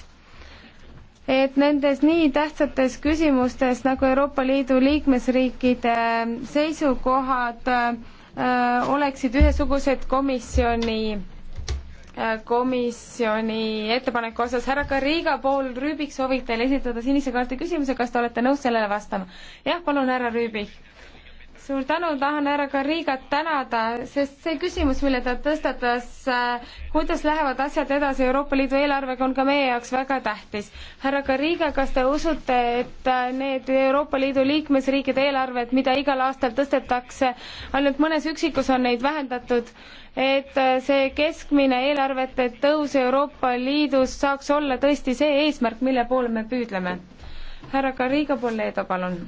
et nendes nii tähtsates küsimustes nagu Euroopa Liidu liikmesriikide äh, seisukohad äh, oleksid ühesugused komisjoni äh, komisjoni ettepaneku osas. härra Kariga pool, Rüübik soovib teile esitada sinise kaardi küsimuse, kas te olete nõus sellele vastama? jah, palun, härra Rüübik suur tänu, tahan härra Karigat tänada, sest see küsimus, mille ta tõstatas, äh, kuidas lähevad asjad edasi Euroopa Liidu eelarvega, on ka meie jaoks väga tähtis. härra Kariga, kas te usute, et äh, need Euroopa Liidu liikmesriikide eelarved, mida igal aastal tõstetakse, ainult mõnes üksikus on neid vähendatud, et äh, see keskmine eelarvete tõus Euroopa Liidus saaks olla tõesti see eesmärk, mille poole me püüdleme? härra Kariga Polledo, palun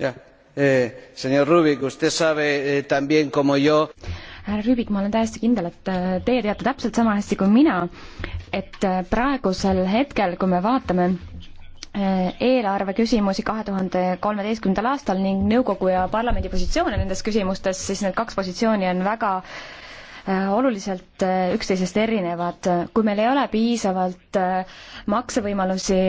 jah eh,, senor Rubik, usted sabe eh, también como yo härra Rüübik, ma olen täiesti kindel, et eh, teie teate täpselt sama hästi kui mina, et eh, praegusel hetkel, kui me vaatame eh, eelarve küsimusi kahe tuhande kolmeteistkümnendal aastal ning nõukogu ja parlamendi positsioone nendes küsimustes, siis need kaks positsiooni on väga oluliselt üksteisest erinevad. kui meil ei ole piisavalt maksevõimalusi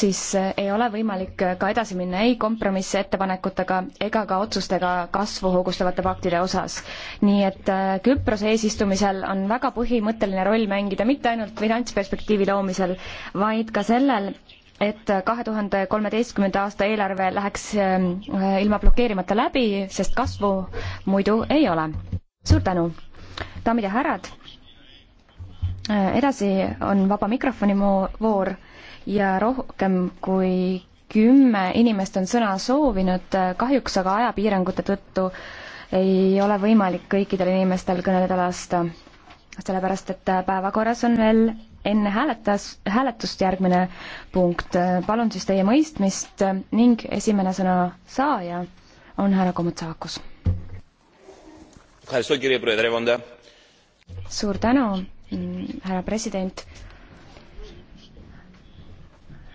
siis eh, ei ole võimalik eh, ka edasi minna ei kompromissettepanekutega ega ka otsustega kasvu hoogustavate paktide osas. nii et eh, Küprose eesistumisel on väga põhimõtteline roll mängida mitte ainult finantsperspektiivi loomisel, vaid ka sellel, et kahe tuhande kolmeteistkümnenda aasta eelarve läheks ilma blokeerimata läbi, sest kasvu muidu ei ole. suur tänu! daamid ja härrad, edasi on vaba mikrofoni voor ja rohkem kui kümme inimest on sõna soovinud, kahjuks aga ajapiirangute tõttu ei ole võimalik kõikidel inimestel kõneleda lasta. sellepärast, et päevakorras on veel enne hääletas, hääletust järgmine punkt. palun siis teie mõistmist ning esimene sõna saaja on härra Komotsakus. suur tänu, mm, härra president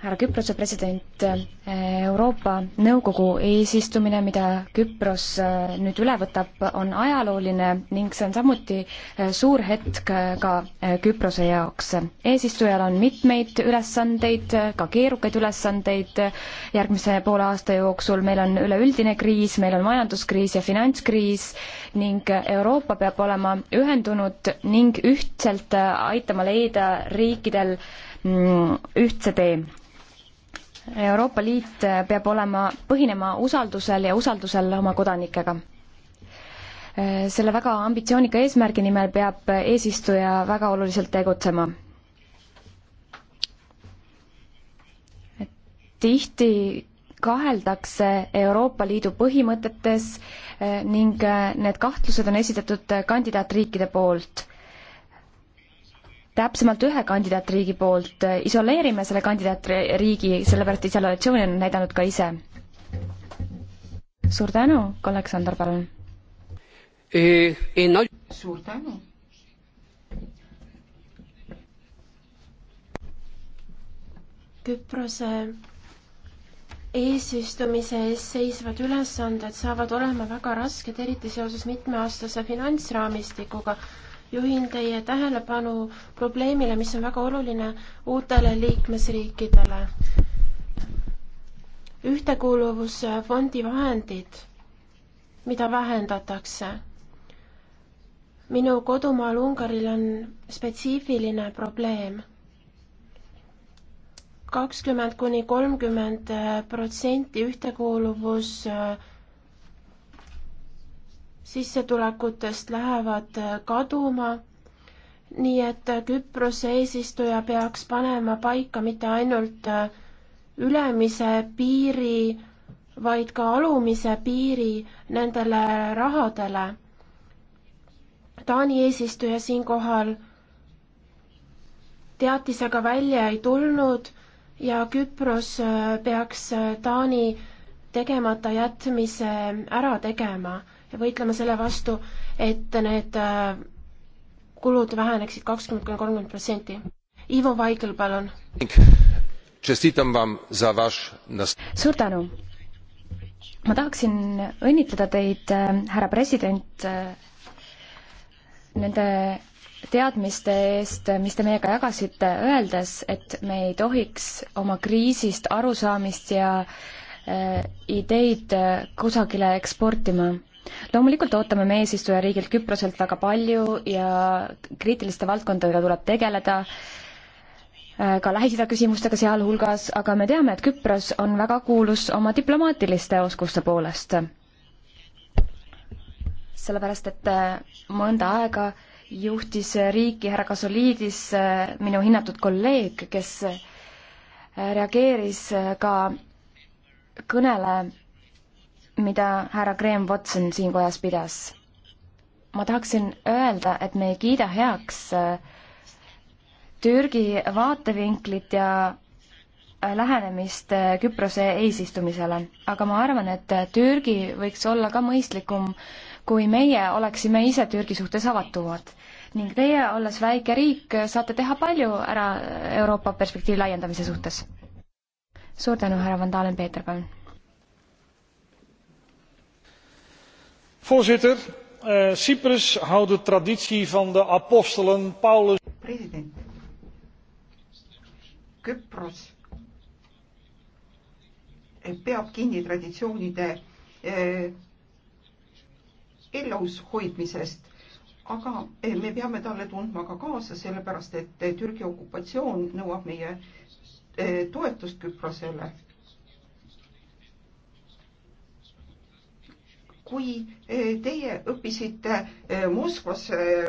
härra Küprose president, Euroopa Nõukogu eesistumine, mida Küpros äh, nüüd üle võtab, on ajalooline ning see on samuti äh, suur hetk äh, ka Küprose jaoks. eesistujal on mitmeid ülesandeid, ka keerukaid ülesandeid järgmise poole aasta jooksul, meil on üleüldine kriis, meil on majanduskriis ja finantskriis ning Euroopa peab olema ühendunud ning ühtselt aitama leida riikidel mm, ühtse tee Euroopa Liit peab olema, põhinema usaldusel ja usaldusel oma kodanikega. selle väga ambitsioonika eesmärgi nimel peab eesistuja väga oluliselt tegutsema. tihti kaheldakse Euroopa Liidu põhimõtetes ning need kahtlused on esitatud kandidaatriikide poolt täpsemalt ühe kandidaatriigi poolt, isoleerime selle kandidaatriigi, sellepärast isolatsiooni on näidanud ka ise. suur tänu, Aleksander, palun. suur tänu. Küprose eesistumise ees seisvad ülesanded saavad olema väga rasked, eriti seoses mitmeaastase finantsraamistikuga juhin teie tähelepanu probleemile, mis on väga oluline uutele liikmesriikidele. ühtekuuluvusfondi vahendid, mida vähendatakse. minu kodumaal Ungaril on spetsiifiline probleem kakskümmend kuni kolmkümmend protsenti ühtekuuluvus äh, sissetulekutest lähevad äh, kaduma. nii et äh, Küprose eesistuja peaks panema paika mitte ainult äh, ülemise piiri, vaid ka alumise piiri nendele rahadele. Taani eesistuja siinkohal teatisega välja ei tulnud ja Küpros peaks Taani tegemata jätmise ära tegema ja võitlema selle vastu, et need äh, kulud väheneksid kakskümmend kuni kolmkümmend protsenti. Ivo Vaigel, palun. suur tänu. ma tahaksin õnnitleda teid, äh, härra president, äh, nende teadmiste eest, mis te meiega jagasite, öeldes, et me ei tohiks oma kriisist arusaamist ja äh, ideid kusagile eksportima loomulikult ootame me eesistujariigilt Küproselt väga palju ja kriitiliste valdkondadega tuleb tegeleda, äh, ka Lähis-Ida küsimustega sealhulgas, aga me teame, et Küpros on väga kuulus oma diplomaatiliste oskuste poolest. sellepärast, et äh, mõnda aega juhtis äh, riiki härra Kasoliidis, minu hinnatud kolleeg, kes reageeris ka kõnele mida härra Graham Watson siin kojas pidas. ma tahaksin öelda, et me ei kiida heaks äh, Türgi vaatevinklit ja äh, lähenemist äh, Küprose eesistumisele, aga ma arvan, et Türgi võiks olla ka mõistlikum, kui meie oleksime ise Türgi suhtes avatumad ning teie, olles väike riik, saate teha palju ära Euroopa perspektiivi laiendamise suhtes. suur tänu, härra Van Dalen, Peeter, palun voorzitter eh, cyprus houdt de traditie van de apostelen paulus. president küpros eh, peab kinni traditsioonide eh, elus hoidmisest aga me peame talle tundma ka kaasa, sellepärast et Türgi okupatsioon nõuab meie toetust Küprosele kui e, teie õppisite e, Moskvas, e,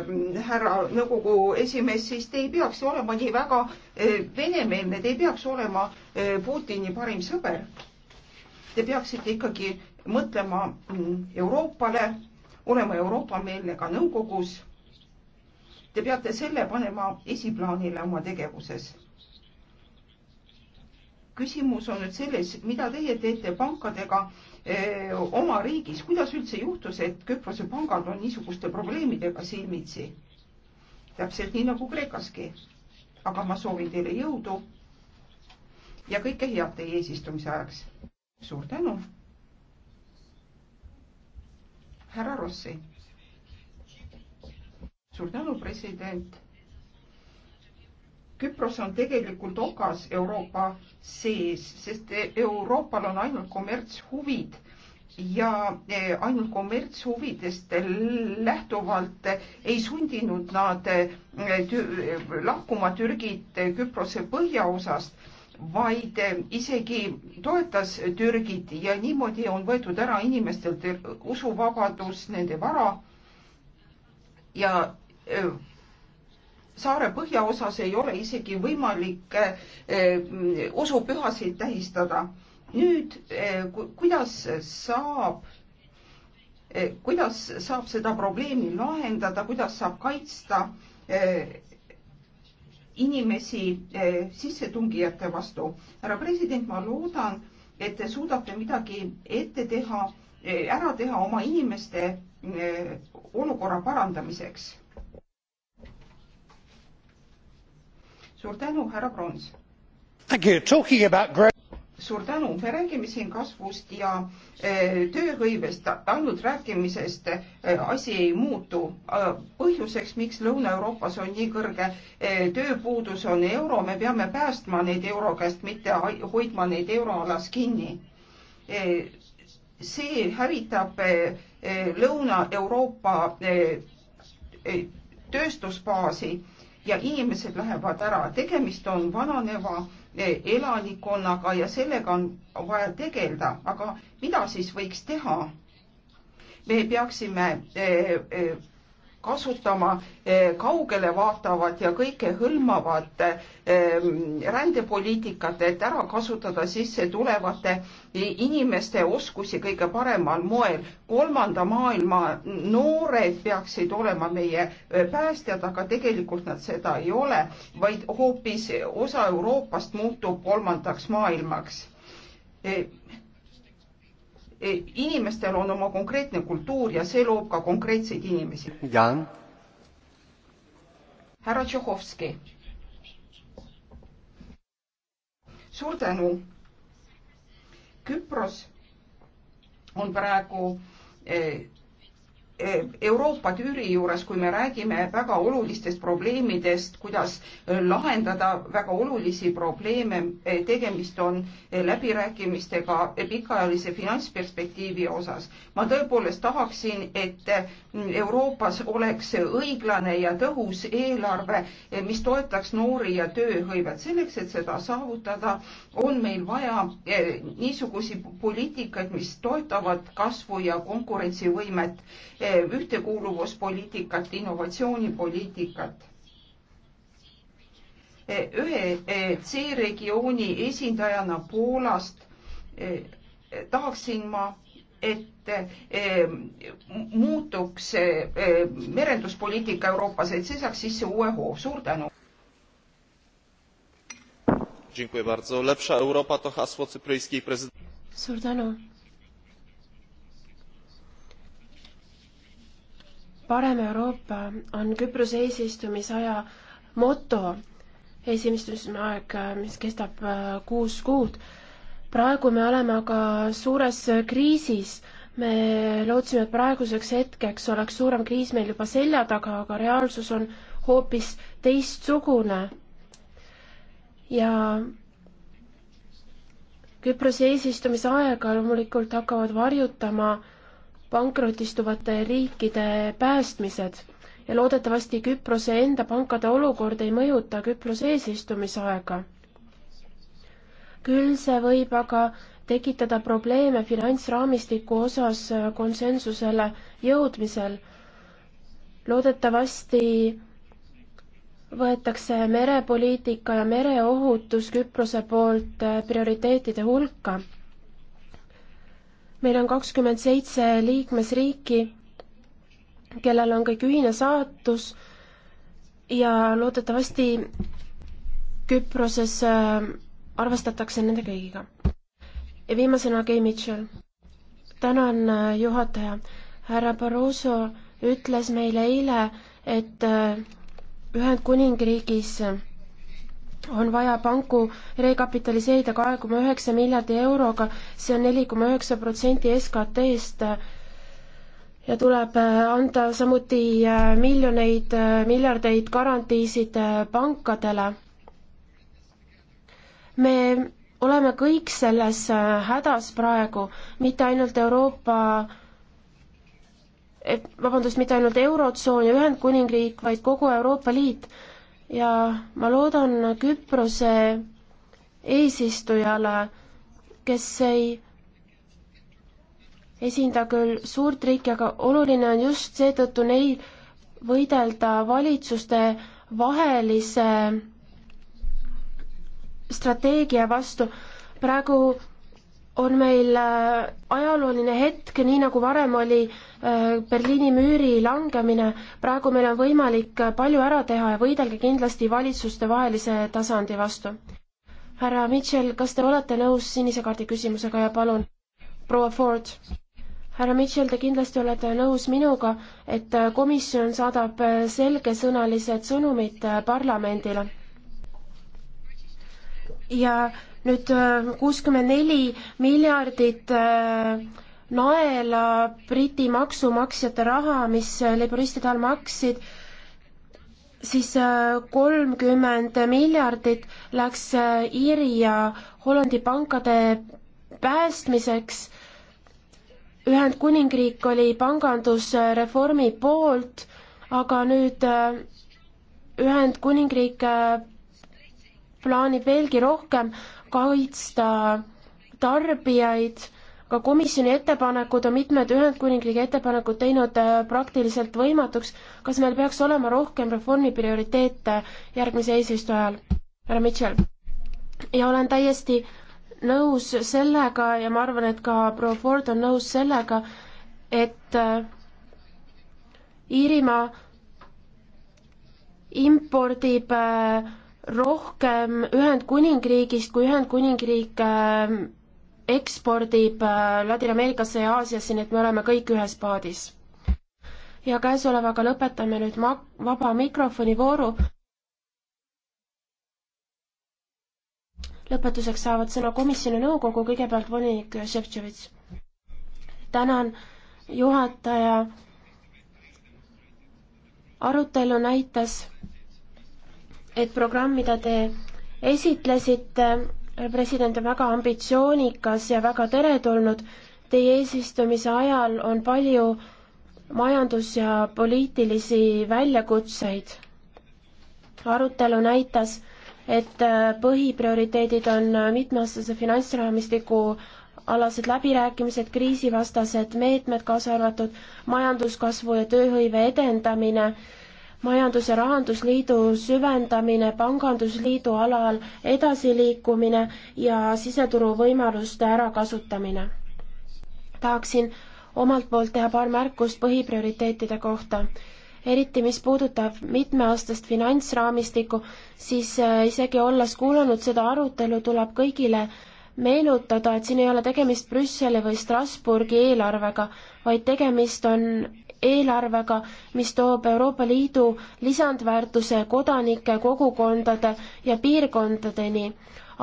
härra nõukogu esimees, siis te ei peaks olema nii väga venemeelne, te ei peaks olema Putini parim sõber. Te peaksite ikkagi mõtlema mm, Euroopale, olema Euroopa-meelne ka nõukogus. Te peate selle panema esiplaanile oma tegevuses küsimus on nüüd selles, mida teie teete pankadega, Eh, oma riigis, kuidas üldse juhtus, et Küprose pangad on niisuguste probleemidega silmitsi? täpselt nii nagu Kreekaski. aga ma soovin teile jõudu ja kõike head teie eesistumise ajaks. suur tänu. härra Rossi. suur tänu, president Küpros on tegelikult ogas Euroopa sees, sest e, Euroopal on ainult kommertshuvid ja e, ainult kommertshuvidest lähtuvalt ei sundinud nad e, lahkuma Türgit Küprose põhjaosast, vaid isegi toetas Türgit ja niimoodi on võetud ära inimestelt usuvabadus, nende vara ja saare põhjaosas ei ole isegi võimalik eh, mm, usupühasid tähistada. nüüd, eh, kuidas saab, eh, kuidas saab seda probleemi lahendada, kuidas saab kaitsta inimesi sissetungijate vastu? härra president, ma loodan, et te suudate midagi ette teha, ära teha oma inimeste olukorra parandamiseks suur tänu, härra Prons. suur tänu, me räägime siin kasvust ja eh, tööhõivest, ainult rääkimisest eh, asi ei muutu. Eh, põhjuseks, miks Lõuna-Euroopas on nii kõrge tööpuudus, on euro, me peame päästma neid euro käest, mitte hoidma neid euroalas kinni see hävitab Lõuna-Euroopa tööstusbaasi ja inimesed lähevad ära. tegemist on vananeva eh, elanikkonnaga ja sellega on vaja tegeleda, aga mida siis võiks teha? me peaksime eh, eh, kasutama eh, kaugele vaatavat ja kõikehõlmavat eh, rändepoliitikat, et ära kasutada sisse tulevate inimeste oskusi kõige paremal moel. kolmanda maailma noored peaksid olema meie eh, päästjad, aga tegelikult nad seda ei ole, vaid hoopis osa Euroopast muutub kolmandaks maailmaks inimestel on oma konkreetne kultuur ja see loob ka konkreetseid inimesi. Jan. härra Tšehhovski. suur tänu. Küpros on praegu eh, Eh, Euroopa tüüri juures, kui me räägime väga olulistest probleemidest, kuidas eh, lahendada väga olulisi probleeme, eh, tegemist on läbirääkimistega pikaajalise finantsperspektiivi osas. ma tõepoolest tahaksin, et Euroopas oleks õiglane ja tõhus eelarve, mis toetaks noori ja tööhõivet. selleks, et seda saavutada, on meil vaja niisugusi poliitikaid, mis toetavad kasvu ja konkurentsivõimet ühtekuuluvuspoliitikat, innovatsioonipoliitikat e, ühe e, C-regiooni esindajana Poolast e, tahaksin ma, et muutuks merenduspoliitika Euroopas, et see saaks sisse uue hoo. suur tänu. suur tänu. parem Euroopa on Küprose eesistumisaja moto, esimestusmäeg, äh, mis kestab äh, kuus kuud. praegu me oleme aga suures äh, kriisis. me lootsime, et praeguseks hetkeks oleks suurem kriis meil juba selja taga, aga reaalsus on hoopis teistsugune. ja Küprose eesistumise aega loomulikult hakkavad varjutama äh, pankrotistuvate riikide päästmised ja loodetavasti Küprose enda pankade olukord ei mõjuta Küprose eesistumisaega. küll see võib aga tekitada probleeme finantsraamistiku osas konsensusele jõudmisel. loodetavasti võetakse merepoliitika ja mereohutus Küprose poolt prioriteetide hulka meil on kakskümmend seitse liikmesriiki, kellel on kõik ühine saatus ja loodetavasti Küproses äh, arvestatakse nende kõigiga. ja viimasena Kei Mitchell. tänan, äh, juhataja. härra Barroso ütles meile eile, et äh, Ühendkuningriigis on vaja panku rekapitaliseerida kahe koma üheksa miljardi euroga, see on neli koma üheksa protsenti SKT-st ja tuleb äh, anda samuti äh, miljoneid, äh, miljardeid garantiisid pankadele. me oleme kõik selles hädas praegu, mitte ainult Euroopa eh, vabandust, mitte ainult Eurotsoon ja Ühendkuningriik, vaid kogu Euroopa Liit ja ma loodan Küprose eesistujale, kes ei esinda küll suurt riiki, aga oluline on just seetõttu neil võidelda valitsuste vahelise strateegia vastu. praegu on meil äh, ajalooline hetk, nii nagu varem oli äh, Berliini müüri langemine, praegu meil on võimalik äh, palju ära teha ja võidelge kindlasti valitsustevahelise tasandi vastu. härra Mitchell, kas te olete nõus sinise kaardi küsimusega ja palun, proua Ford? härra Mitchell, te kindlasti olete nõus minuga, et komisjon saadab selgesõnalised sõnumid parlamendile. ja äh, nüüd äh, kuuskümmend neli miljardit äh, naela Briti maksumaksjate raha, mis äh, laboristid all maksid, siis kolmkümmend miljardit läks Iiri ja Hollandi pankade päästmiseks. Ühendkuningriik oli pangandusreformi poolt, aga nüüd Ühendkuningriik plaanib veelgi rohkem kaitsta tarbijaid, ka komisjoni ettepanekud on mitmed Ühendkuningriigi ettepanekud teinud äh, praktiliselt võimatuks. kas meil peaks olema rohkem reformi prioriteete järgmise eesistuja ajal? härra Mitchell. ja olen täiesti nõus sellega ja ma arvan, et ka proua Ford on nõus sellega, et äh, Iirimaa impordib äh, rohkem Ühendkuningriigist, kui Ühendkuningriik ähm, ekspordib äh, Ladina-Ameerikasse ja Aasiasse, nii et me oleme kõik ühes paadis. ja käesolevaga lõpetame nüüd ma-, vaba mikrofoni vooru. lõpetuseks saavad sõna komisjoni nõukogu, kõigepealt volinik Šefčovitš. tänan, juhataja. arutelu näitas et programm, mida te esitlesite, president on väga ambitsioonikas ja väga teretulnud. Teie eesistumise ajal on palju majandus- ja poliitilisi väljakutseid. arutelu näitas, et äh, põhiprioriteedid on äh, mitmeaastase finantsraamistiku alased läbirääkimised, kriisivastased meetmed, kaasa arvatud majanduskasvu ja tööhõive edendamine majandus- ja rahandusliidu süvendamine, pangandusliidu alal edasiliikumine ja siseturu võimaluste ärakasutamine. tahaksin omalt poolt teha paar märkust põhiprioriteetide kohta. eriti, mis puudutab mitmeaastast finantsraamistikku, siis äh, isegi olles kuulanud seda arutelu, tuleb kõigile meenutada, et siin ei ole tegemist Brüsseli või Strasbourgi eelarvega, vaid tegemist on eelarvega, mis toob Euroopa Liidu lisandväärtuse kodanike, kogukondade ja piirkondadeni.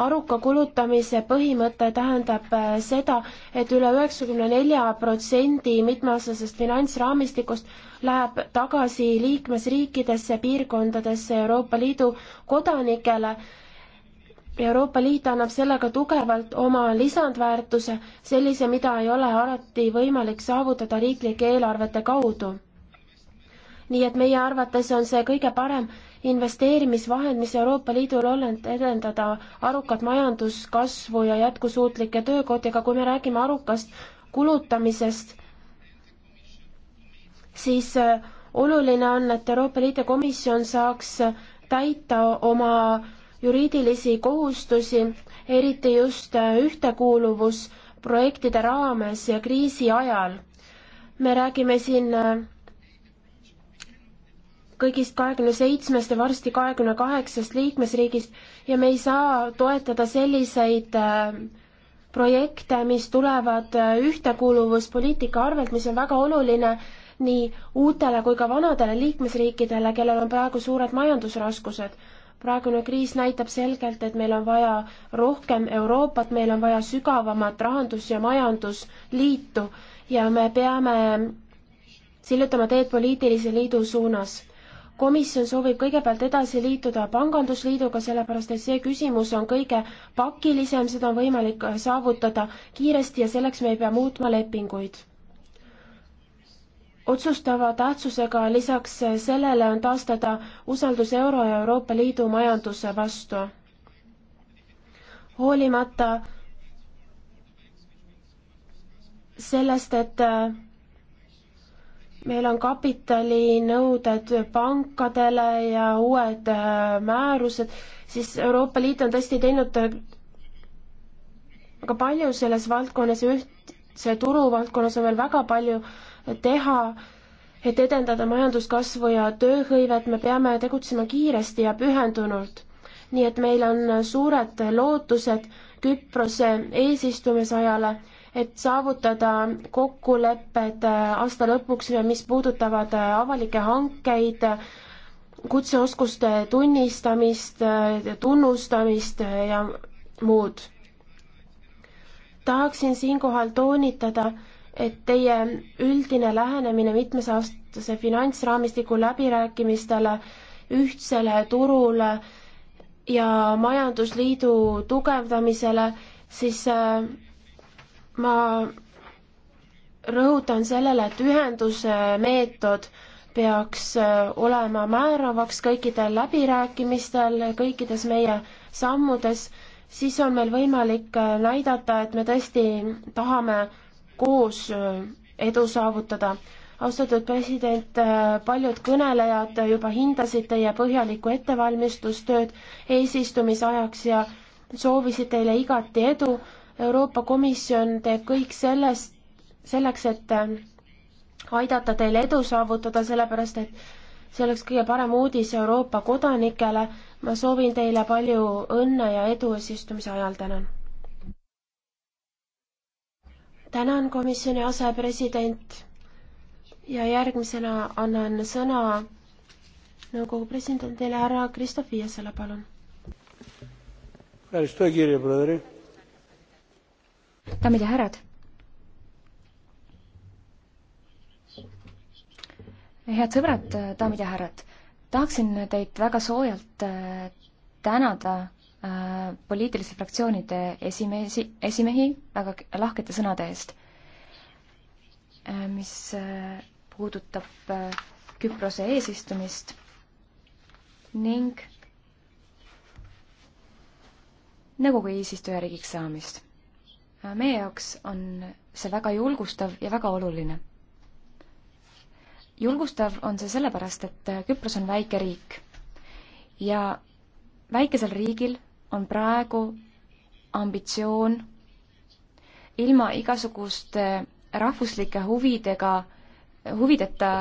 aruka kulutamise põhimõte tähendab äh, seda, et üle üheksakümne nelja protsendi mitmeaastasest finantsraamistikust läheb tagasi liikmesriikidesse, piirkondadesse Euroopa Liidu kodanikele Euroopa Liit annab sellega tugevalt oma lisandväärtuse, sellise, mida ei ole alati võimalik saavutada riiklike eelarvete kaudu. nii et meie arvates on see kõige parem investeerimisvahend, mis Euroopa Liidul on, et edendada arukat majanduskasvu ja jätkusuutlikke töökohti, aga kui me räägime arukast kulutamisest, siis äh, oluline on, et Euroopa Liidu komisjon saaks täita oma juriidilisi kohustusi, eriti just äh, ühtekuuluvusprojektide raames ja kriisi ajal. me räägime siin äh, kõigist kahekümne seitsmest ja varsti kahekümne kaheksast liikmesriigist ja me ei saa toetada selliseid äh, projekte, mis tulevad ühtekuuluvuspoliitika arvelt, mis on väga oluline nii uutele kui ka vanadele liikmesriikidele, kellel on praegu suured majandusraskused praegune kriis näitab selgelt, et meil on vaja rohkem Euroopat, meil on vaja sügavamat rahandus- ja majandusliitu ja me peame sillutama teed poliitilise liidu suunas. komisjon soovib kõigepealt edasi liituda Pangandusliiduga, sellepärast et see küsimus on kõige pakilisem, seda on võimalik saavutada kiiresti ja selleks me ei pea muutma lepinguid otsustava tähtsusega lisaks sellele on taastada usaldus euro ja Euroopa Liidu majanduse vastu. hoolimata sellest, et meil on kapitalinõuded pankadele ja uued äh, määrused, siis Euroopa Liit on tõesti teinud äh, väga palju selles valdkonnas ja ühtse turu valdkonnas on veel väga palju äh, teha, et edendada majanduskasvu ja tööhõivet, me peame tegutsema kiiresti ja pühendunult. nii et meil on suured lootused Küprose eesistumisajale, et saavutada kokkulepped aasta lõpuks, mis puudutavad avalikke hankeid, kutseoskuste tunnistamist, tunnustamist ja muud tahaksin siinkohal toonitada, et teie üldine lähenemine mitmesaastase finantsraamistiku läbirääkimistele, ühtsele turule ja majandusliidu tugevdamisele, siis äh, ma rõhutan sellele, et ühenduse meetod peaks äh, olema määravaks kõikidel läbirääkimistel, kõikides meie sammudes, siis on meil võimalik äh, näidata, et me tõesti tahame koos äh, edu saavutada. austatud president, äh, paljud kõnelejad juba hindasid teie põhjalikku ettevalmistustööd eesistumise ajaks ja soovisid teile igati edu. Euroopa Komisjon teeb kõik sellest, selleks, et äh, aidata teil edu saavutada, sellepärast et see oleks kõige parem uudis Euroopa kodanikele. ma soovin teile palju õnne ja edu eesistumise ajal, tänan tänan, komisjoni asepresident ja järgmisena annan sõna nõukogu presidendile härra Kristo Fiesele, palun. daamid ja härrad. head sõbrad, daamid ja härrad, tahaksin teid väga soojalt äh, tänada Äh, poliitiliste fraktsioonide esimeesi, esimehi väga lahkete sõnade eest, äh, mis äh, puudutab Küprose eesistumist ning nõukogu eesistujariigiks saamist. meie jaoks on see väga julgustav ja väga oluline. julgustav on see sellepärast, et Küpros on väike riik ja väikesel riigil on praegu ambitsioon ilma igasuguste rahvuslike huvidega, huvideta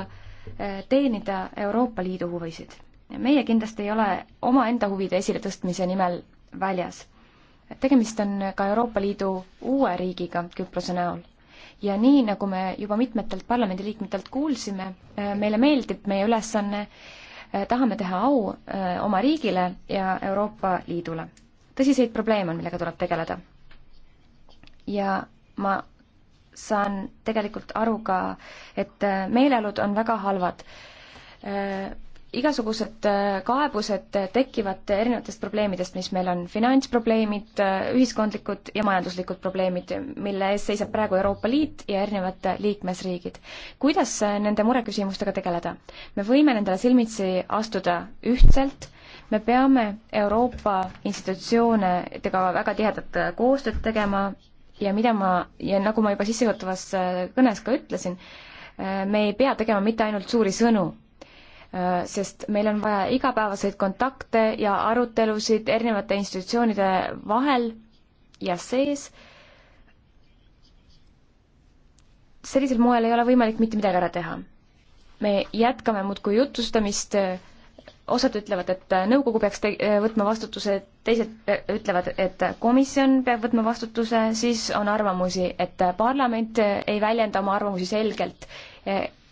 eh, teenida Euroopa Liidu huvisid. meie kindlasti ei ole omaenda huvide esiletõstmise nimel väljas. tegemist on ka Euroopa Liidu uue riigiga Küprose näol. ja nii, nagu me juba mitmetelt parlamendiliikmetelt kuulsime, eh, meile meeldib meie ülesanne Eh, tahame teha au eh, oma riigile ja Euroopa Liidule. tõsiseid probleeme on, millega tuleb tegeleda. ja ma saan tegelikult aru ka, et eh, meeleolud on väga halvad igasugused äh, kaebused äh, tekivad erinevatest probleemidest, mis meil on, finantsprobleemid, äh, ühiskondlikud ja majanduslikud probleemid, mille ees seisab praegu Euroopa Liit ja erinevad liikmesriigid. kuidas nende mureküsimustega tegeleda? me võime nendele silmitsi astuda ühtselt, me peame Euroopa institutsioonidega väga tihedat koostööd tegema ja mida ma, ja nagu ma juba sissejuhatavas kõnes ka ütlesin, me ei pea tegema mitte ainult suuri sõnu Äh, sest meil on vaja igapäevaseid kontakte ja arutelusid erinevate institutsioonide vahel ja sees. sellisel moel ei ole võimalik mitte midagi ära teha. me jätkame muudkui jutustamist, osad ütlevad, et nõukogu peaks te-, võtma vastutuse, teised äh, ütlevad, et komisjon peab võtma vastutuse, siis on arvamusi, et parlament ei väljenda oma arvamusi selgelt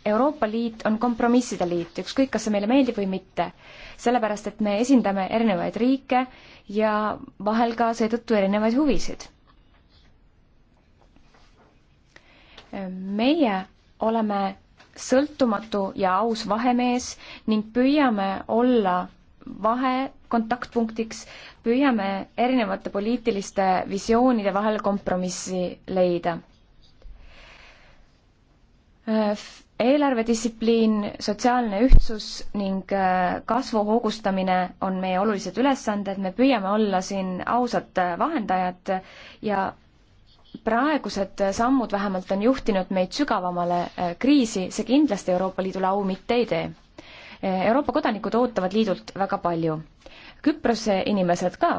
Euroopa Liit on kompromisside liit, ükskõik, kas see meile meeldib või mitte. sellepärast, et me esindame erinevaid riike ja vahel ka seetõttu erinevaid huvisid. meie oleme sõltumatu ja aus vahemees ning püüame olla vahe kontaktpunktiks, püüame erinevate poliitiliste visioonide vahel kompromissi leida äh, eelarvedistsipliin, sotsiaalne ühtsus ning äh, kasvu hoogustamine on meie olulised ülesanded, me püüame olla siin ausad äh, vahendajad ja praegused äh, sammud vähemalt on juhtinud meid sügavamale kriisi, see kindlasti Euroopa Liidule au mitte ei tee. Euroopa kodanikud ootavad liidult väga palju. Küprose inimesed ka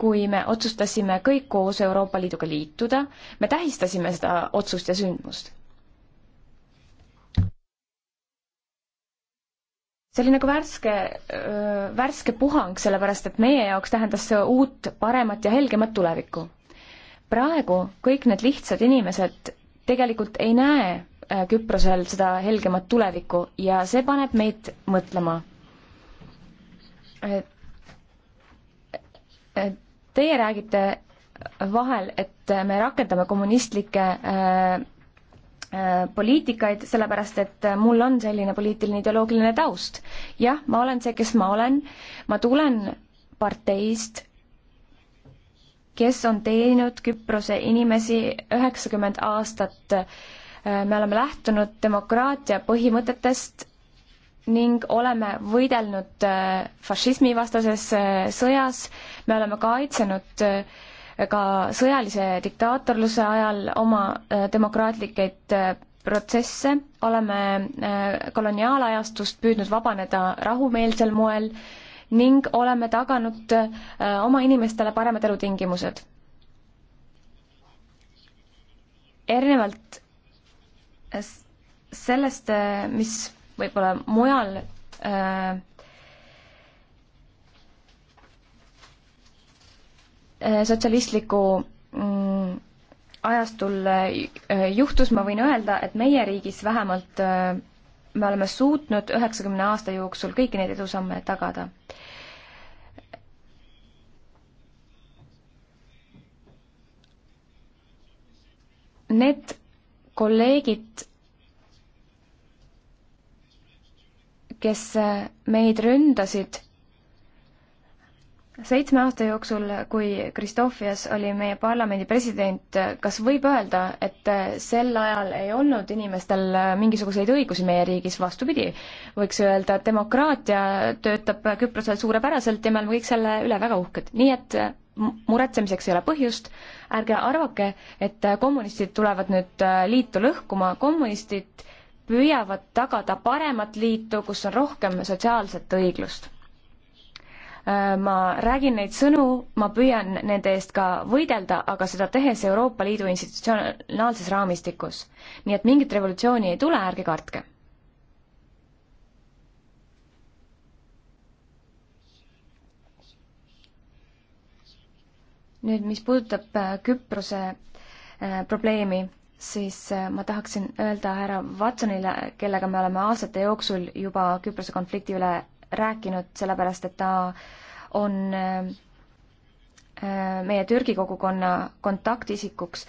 kui me otsustasime kõik koos Euroopa Liiduga liituda, me tähistasime seda otsust ja sündmust. see oli nagu värske, värske puhang, sellepärast et meie jaoks tähendas see uut, paremat ja helgemat tulevikku. praegu kõik need lihtsad inimesed tegelikult ei näe Küprosel seda helgemat tulevikku ja see paneb meid mõtlema. Teie räägite vahel, et me rakendame kommunistlikke äh, Äh, poliitikaid, sellepärast et mul on selline poliitiline ideoloogiline taust. jah, ma olen see, kes ma olen, ma tulen parteist, kes on teeninud Küprose inimesi üheksakümmend aastat. Äh, me oleme lähtunud demokraatia põhimõtetest ning oleme võidelnud äh, fašismivastases sõjas, me oleme kaitsenud ka ka sõjalise diktaatorluse ajal oma äh, demokraatlikke äh, protsesse, oleme äh, koloniaalajastust püüdnud vabaneda rahumeelsel moel ning oleme taganud oma inimestele paremad elutingimused. erinevalt sellest, mis võib-olla mujal Äh, sotsialistliku mm, ajastul äh, juhtus, ma võin öelda, et meie riigis vähemalt äh, me oleme suutnud üheksakümne aasta jooksul kõiki neid edusamme tagada. Need kolleegid, kes meid ründasid seitsme aasta jooksul, kui Kristofias oli meie parlamendi president, kas võib öelda, et sel ajal ei olnud inimestel mingisuguseid õigusi meie riigis, vastupidi, võiks öelda, et demokraatia töötab Küprosel suurepäraselt ja me oleme kõik selle üle väga uhked, nii et muretsemiseks ei ole põhjust, ärge arvake, et kommunistid tulevad nüüd liitu lõhkuma, kommunistid püüavad tagada paremat liitu, kus on rohkem sotsiaalset õiglust ma räägin neid sõnu, ma püüan nende eest ka võidelda, aga seda tehes Euroopa Liidu institutsionaalses raamistikus. nii et mingit revolutsiooni ei tule, ärge kartke nüüd, mis puudutab äh, Küprose äh, probleemi, siis äh, ma tahaksin öelda härra Watsonile, kellega me oleme aastate jooksul juba Küprose konflikti üle rääkinud, sellepärast et ta on äh, meie Türgi kogukonna kontaktisikuks.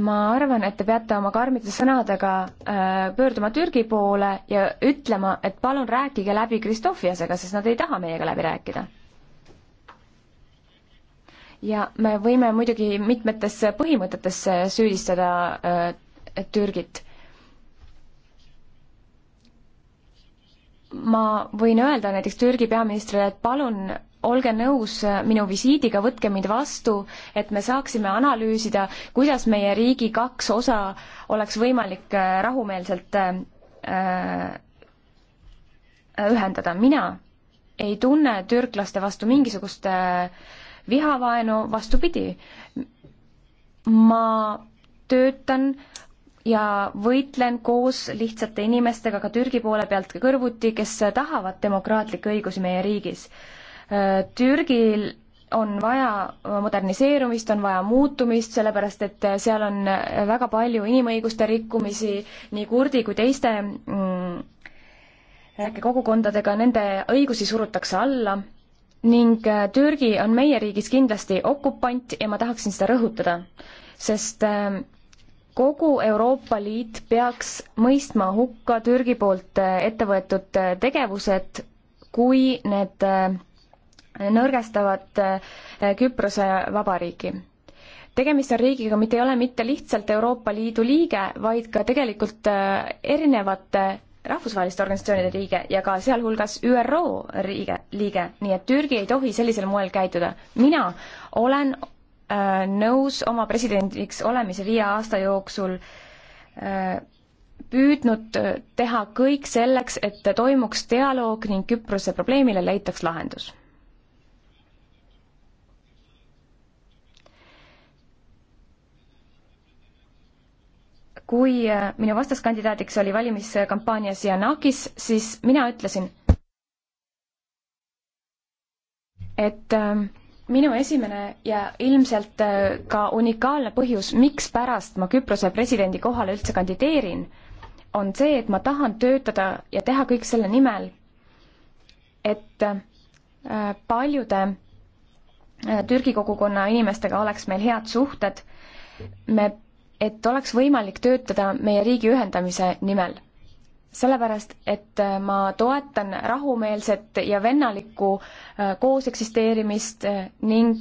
ma arvan, et te peate oma karmide sõnadega äh, pöörduma Türgi poole ja ütlema, et palun rääkige läbi Kristofiasega, sest nad ei taha meiega läbi rääkida ja me võime muidugi mitmetes põhimõtetes süüdistada äh, Türgit. ma võin öelda näiteks Türgi peaministrile, et palun olge nõus minu visiidiga, võtke mind vastu, et me saaksime analüüsida, kuidas meie riigi kaks osa oleks võimalik äh, rahumeelselt äh, äh, ühendada. mina ei tunne türklaste vastu mingisugust äh, vihavaenu, vastupidi, ma töötan ja võitlen koos lihtsate inimestega ka Türgi poole pealt kõrvuti, kes tahavad demokraatlikke õigusi meie riigis. Äh, Türgil on vaja moderniseerumist, on vaja muutumist, sellepärast et seal on väga palju inimõiguste rikkumisi nii kurdi kui teiste mm, kogukondadega, nende õigusi surutakse alla ning äh, Türgi on meie riigis kindlasti okupant ja ma tahaksin seda rõhutada, sest äh, kogu Euroopa Liit peaks mõistma hukka Türgi poolt äh, ette võetud äh, tegevused, kui need äh, nõrgestavad Küprose vabariiki. tegemist on riigiga, mida ei ole mitte lihtsalt Euroopa Liidu liige, vaid ka tegelikult erinevate rahvusvaheliste organisatsioonide liige ja ka sealhulgas ÜRO riige, liige, nii et Türgi ei tohi sellisel moel käituda. mina olen Äh, nõus oma presidendiks olemise viie aasta jooksul äh, püüdnud äh, teha kõik selleks, et toimuks dialoog ning Küprose probleemile leitaks lahendus. kui minu vastaskandidaadiks oli valimiskampaanias Janakis, siis mina ütlesin, et äh, minu esimene ja ilmselt äh, ka unikaalne põhjus, mikspärast ma Küprose presidendi kohale üldse kandideerin, on see, et ma tahan töötada ja teha kõik selle nimel, et äh, paljude äh, Türgi kogukonna inimestega oleks meil head suhted, me, et oleks võimalik töötada meie riigi ühendamise nimel sellepärast, et äh, ma toetan rahumeelset ja vennalikku äh, koos eksisteerimist äh, ning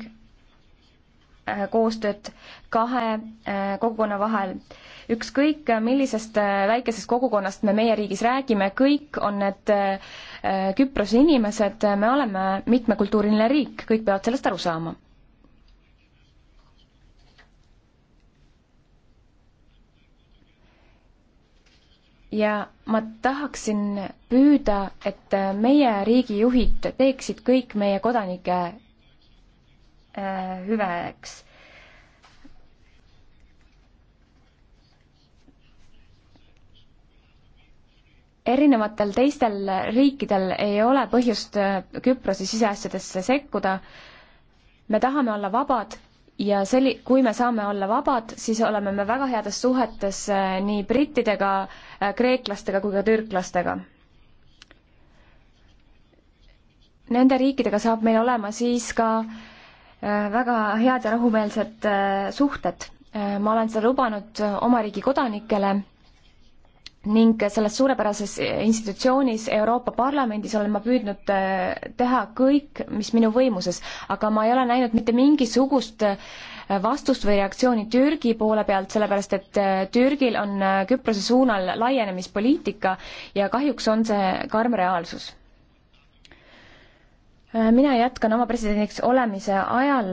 koostööd kahe kogukonna vahel. ükskõik, millisest väikesest kogukonnast me meie riigis räägime, kõik on need Küprose inimesed, me oleme mitmekultuuriline riik, kõik peavad sellest aru saama ja ma tahaksin püüda, et meie riigijuhid teeksid kõik meie kodanike äh, hüveks. erinevatel teistel riikidel ei ole põhjust äh, Küprose siseasjadesse sekkuda. me tahame olla vabad ja selli-, kui me saame olla vabad, siis oleme me väga heades suhetes äh, nii brittidega, äh, kreeklastega kui ka türklastega. Nende riikidega saab meil olema siis ka äh, väga head ja rahumeelsed suhted. ma olen seda lubanud oma riigi kodanikele ning selles suurepärases institutsioonis, Euroopa Parlamendis, olen ma püüdnud äh, teha kõik, mis minu võimuses, aga ma ei ole näinud mitte mingisugust äh, vastust või reaktsiooni Türgi poole pealt, sellepärast et äh, Türgil on Küprose suunal laienemispoliitika ja kahjuks on see karm reaalsus. mina jätkan oma presidendiks olemise ajal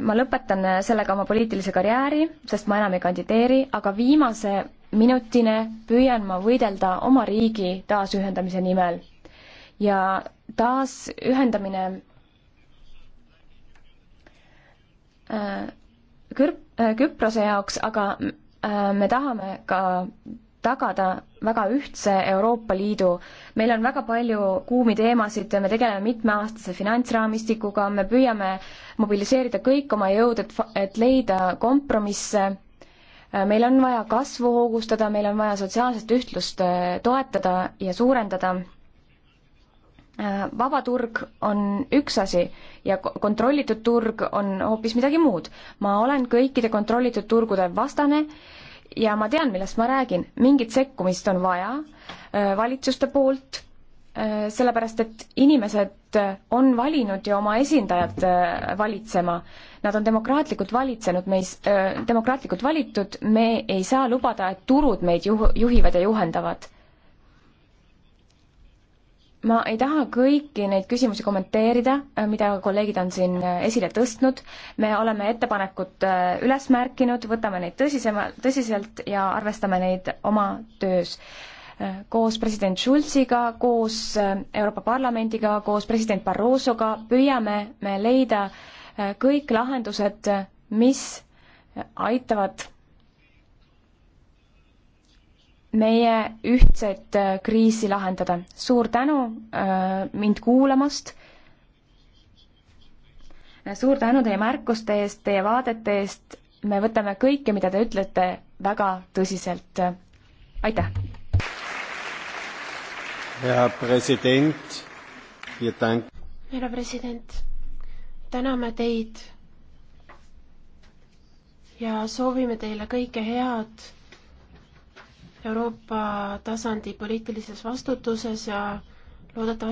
ma lõpetan sellega oma poliitilise karjääri, sest ma enam ei kandideeri, aga viimase minutine püüan ma võidelda oma riigi taasühendamise nimel. ja taasühendamine äh, Kür-, äh, Küprose jaoks, aga äh, me tahame ka tagada väga ühtse Euroopa Liidu. meil on väga palju kuumi teemasid, me tegeleme mitmeaastase finantsraamistikuga, me püüame mobiliseerida kõik oma jõud, et, et leida kompromisse Äh, meil on vaja kasvu hoogustada, meil on vaja sotsiaalset ühtlust äh, toetada ja suurendada. Äh, vaba turg on üks asi ja kontrollitud turg on hoopis midagi muud. ma olen kõikide kontrollitud turgude vastane ja ma tean, millest ma räägin. mingit sekkumist on vaja valitsuste poolt Äh, sellepärast, et inimesed äh, on valinud ju oma esindajad äh, valitsema. Nad on demokraatlikult valitsenud, me ei, demokraatlikult valitud, me ei saa lubada, et turud meid juh-, juhivad ja juhendavad. ma ei taha kõiki neid küsimusi kommenteerida, mida kolleegid on siin esile tõstnud, me oleme ettepanekud üles märkinud, võtame neid tõsisema, tõsiselt ja arvestame neid oma töös koos president Schulziga, koos äh, Euroopa Parlamendiga, koos president Barrosoga püüame me leida äh, kõik lahendused, äh, mis aitavad meie ühtset kriisi lahendada. suur tänu mind kuulamast. suur tänu teie märkuste eest, teie vaadete eest. me võtame kõike, mida te ütlete, väga tõsiselt. aitäh! härra president, täname teid ja soovime teile kõike head Euroopa tasandi poliitilises vastutuses ja loodetavasti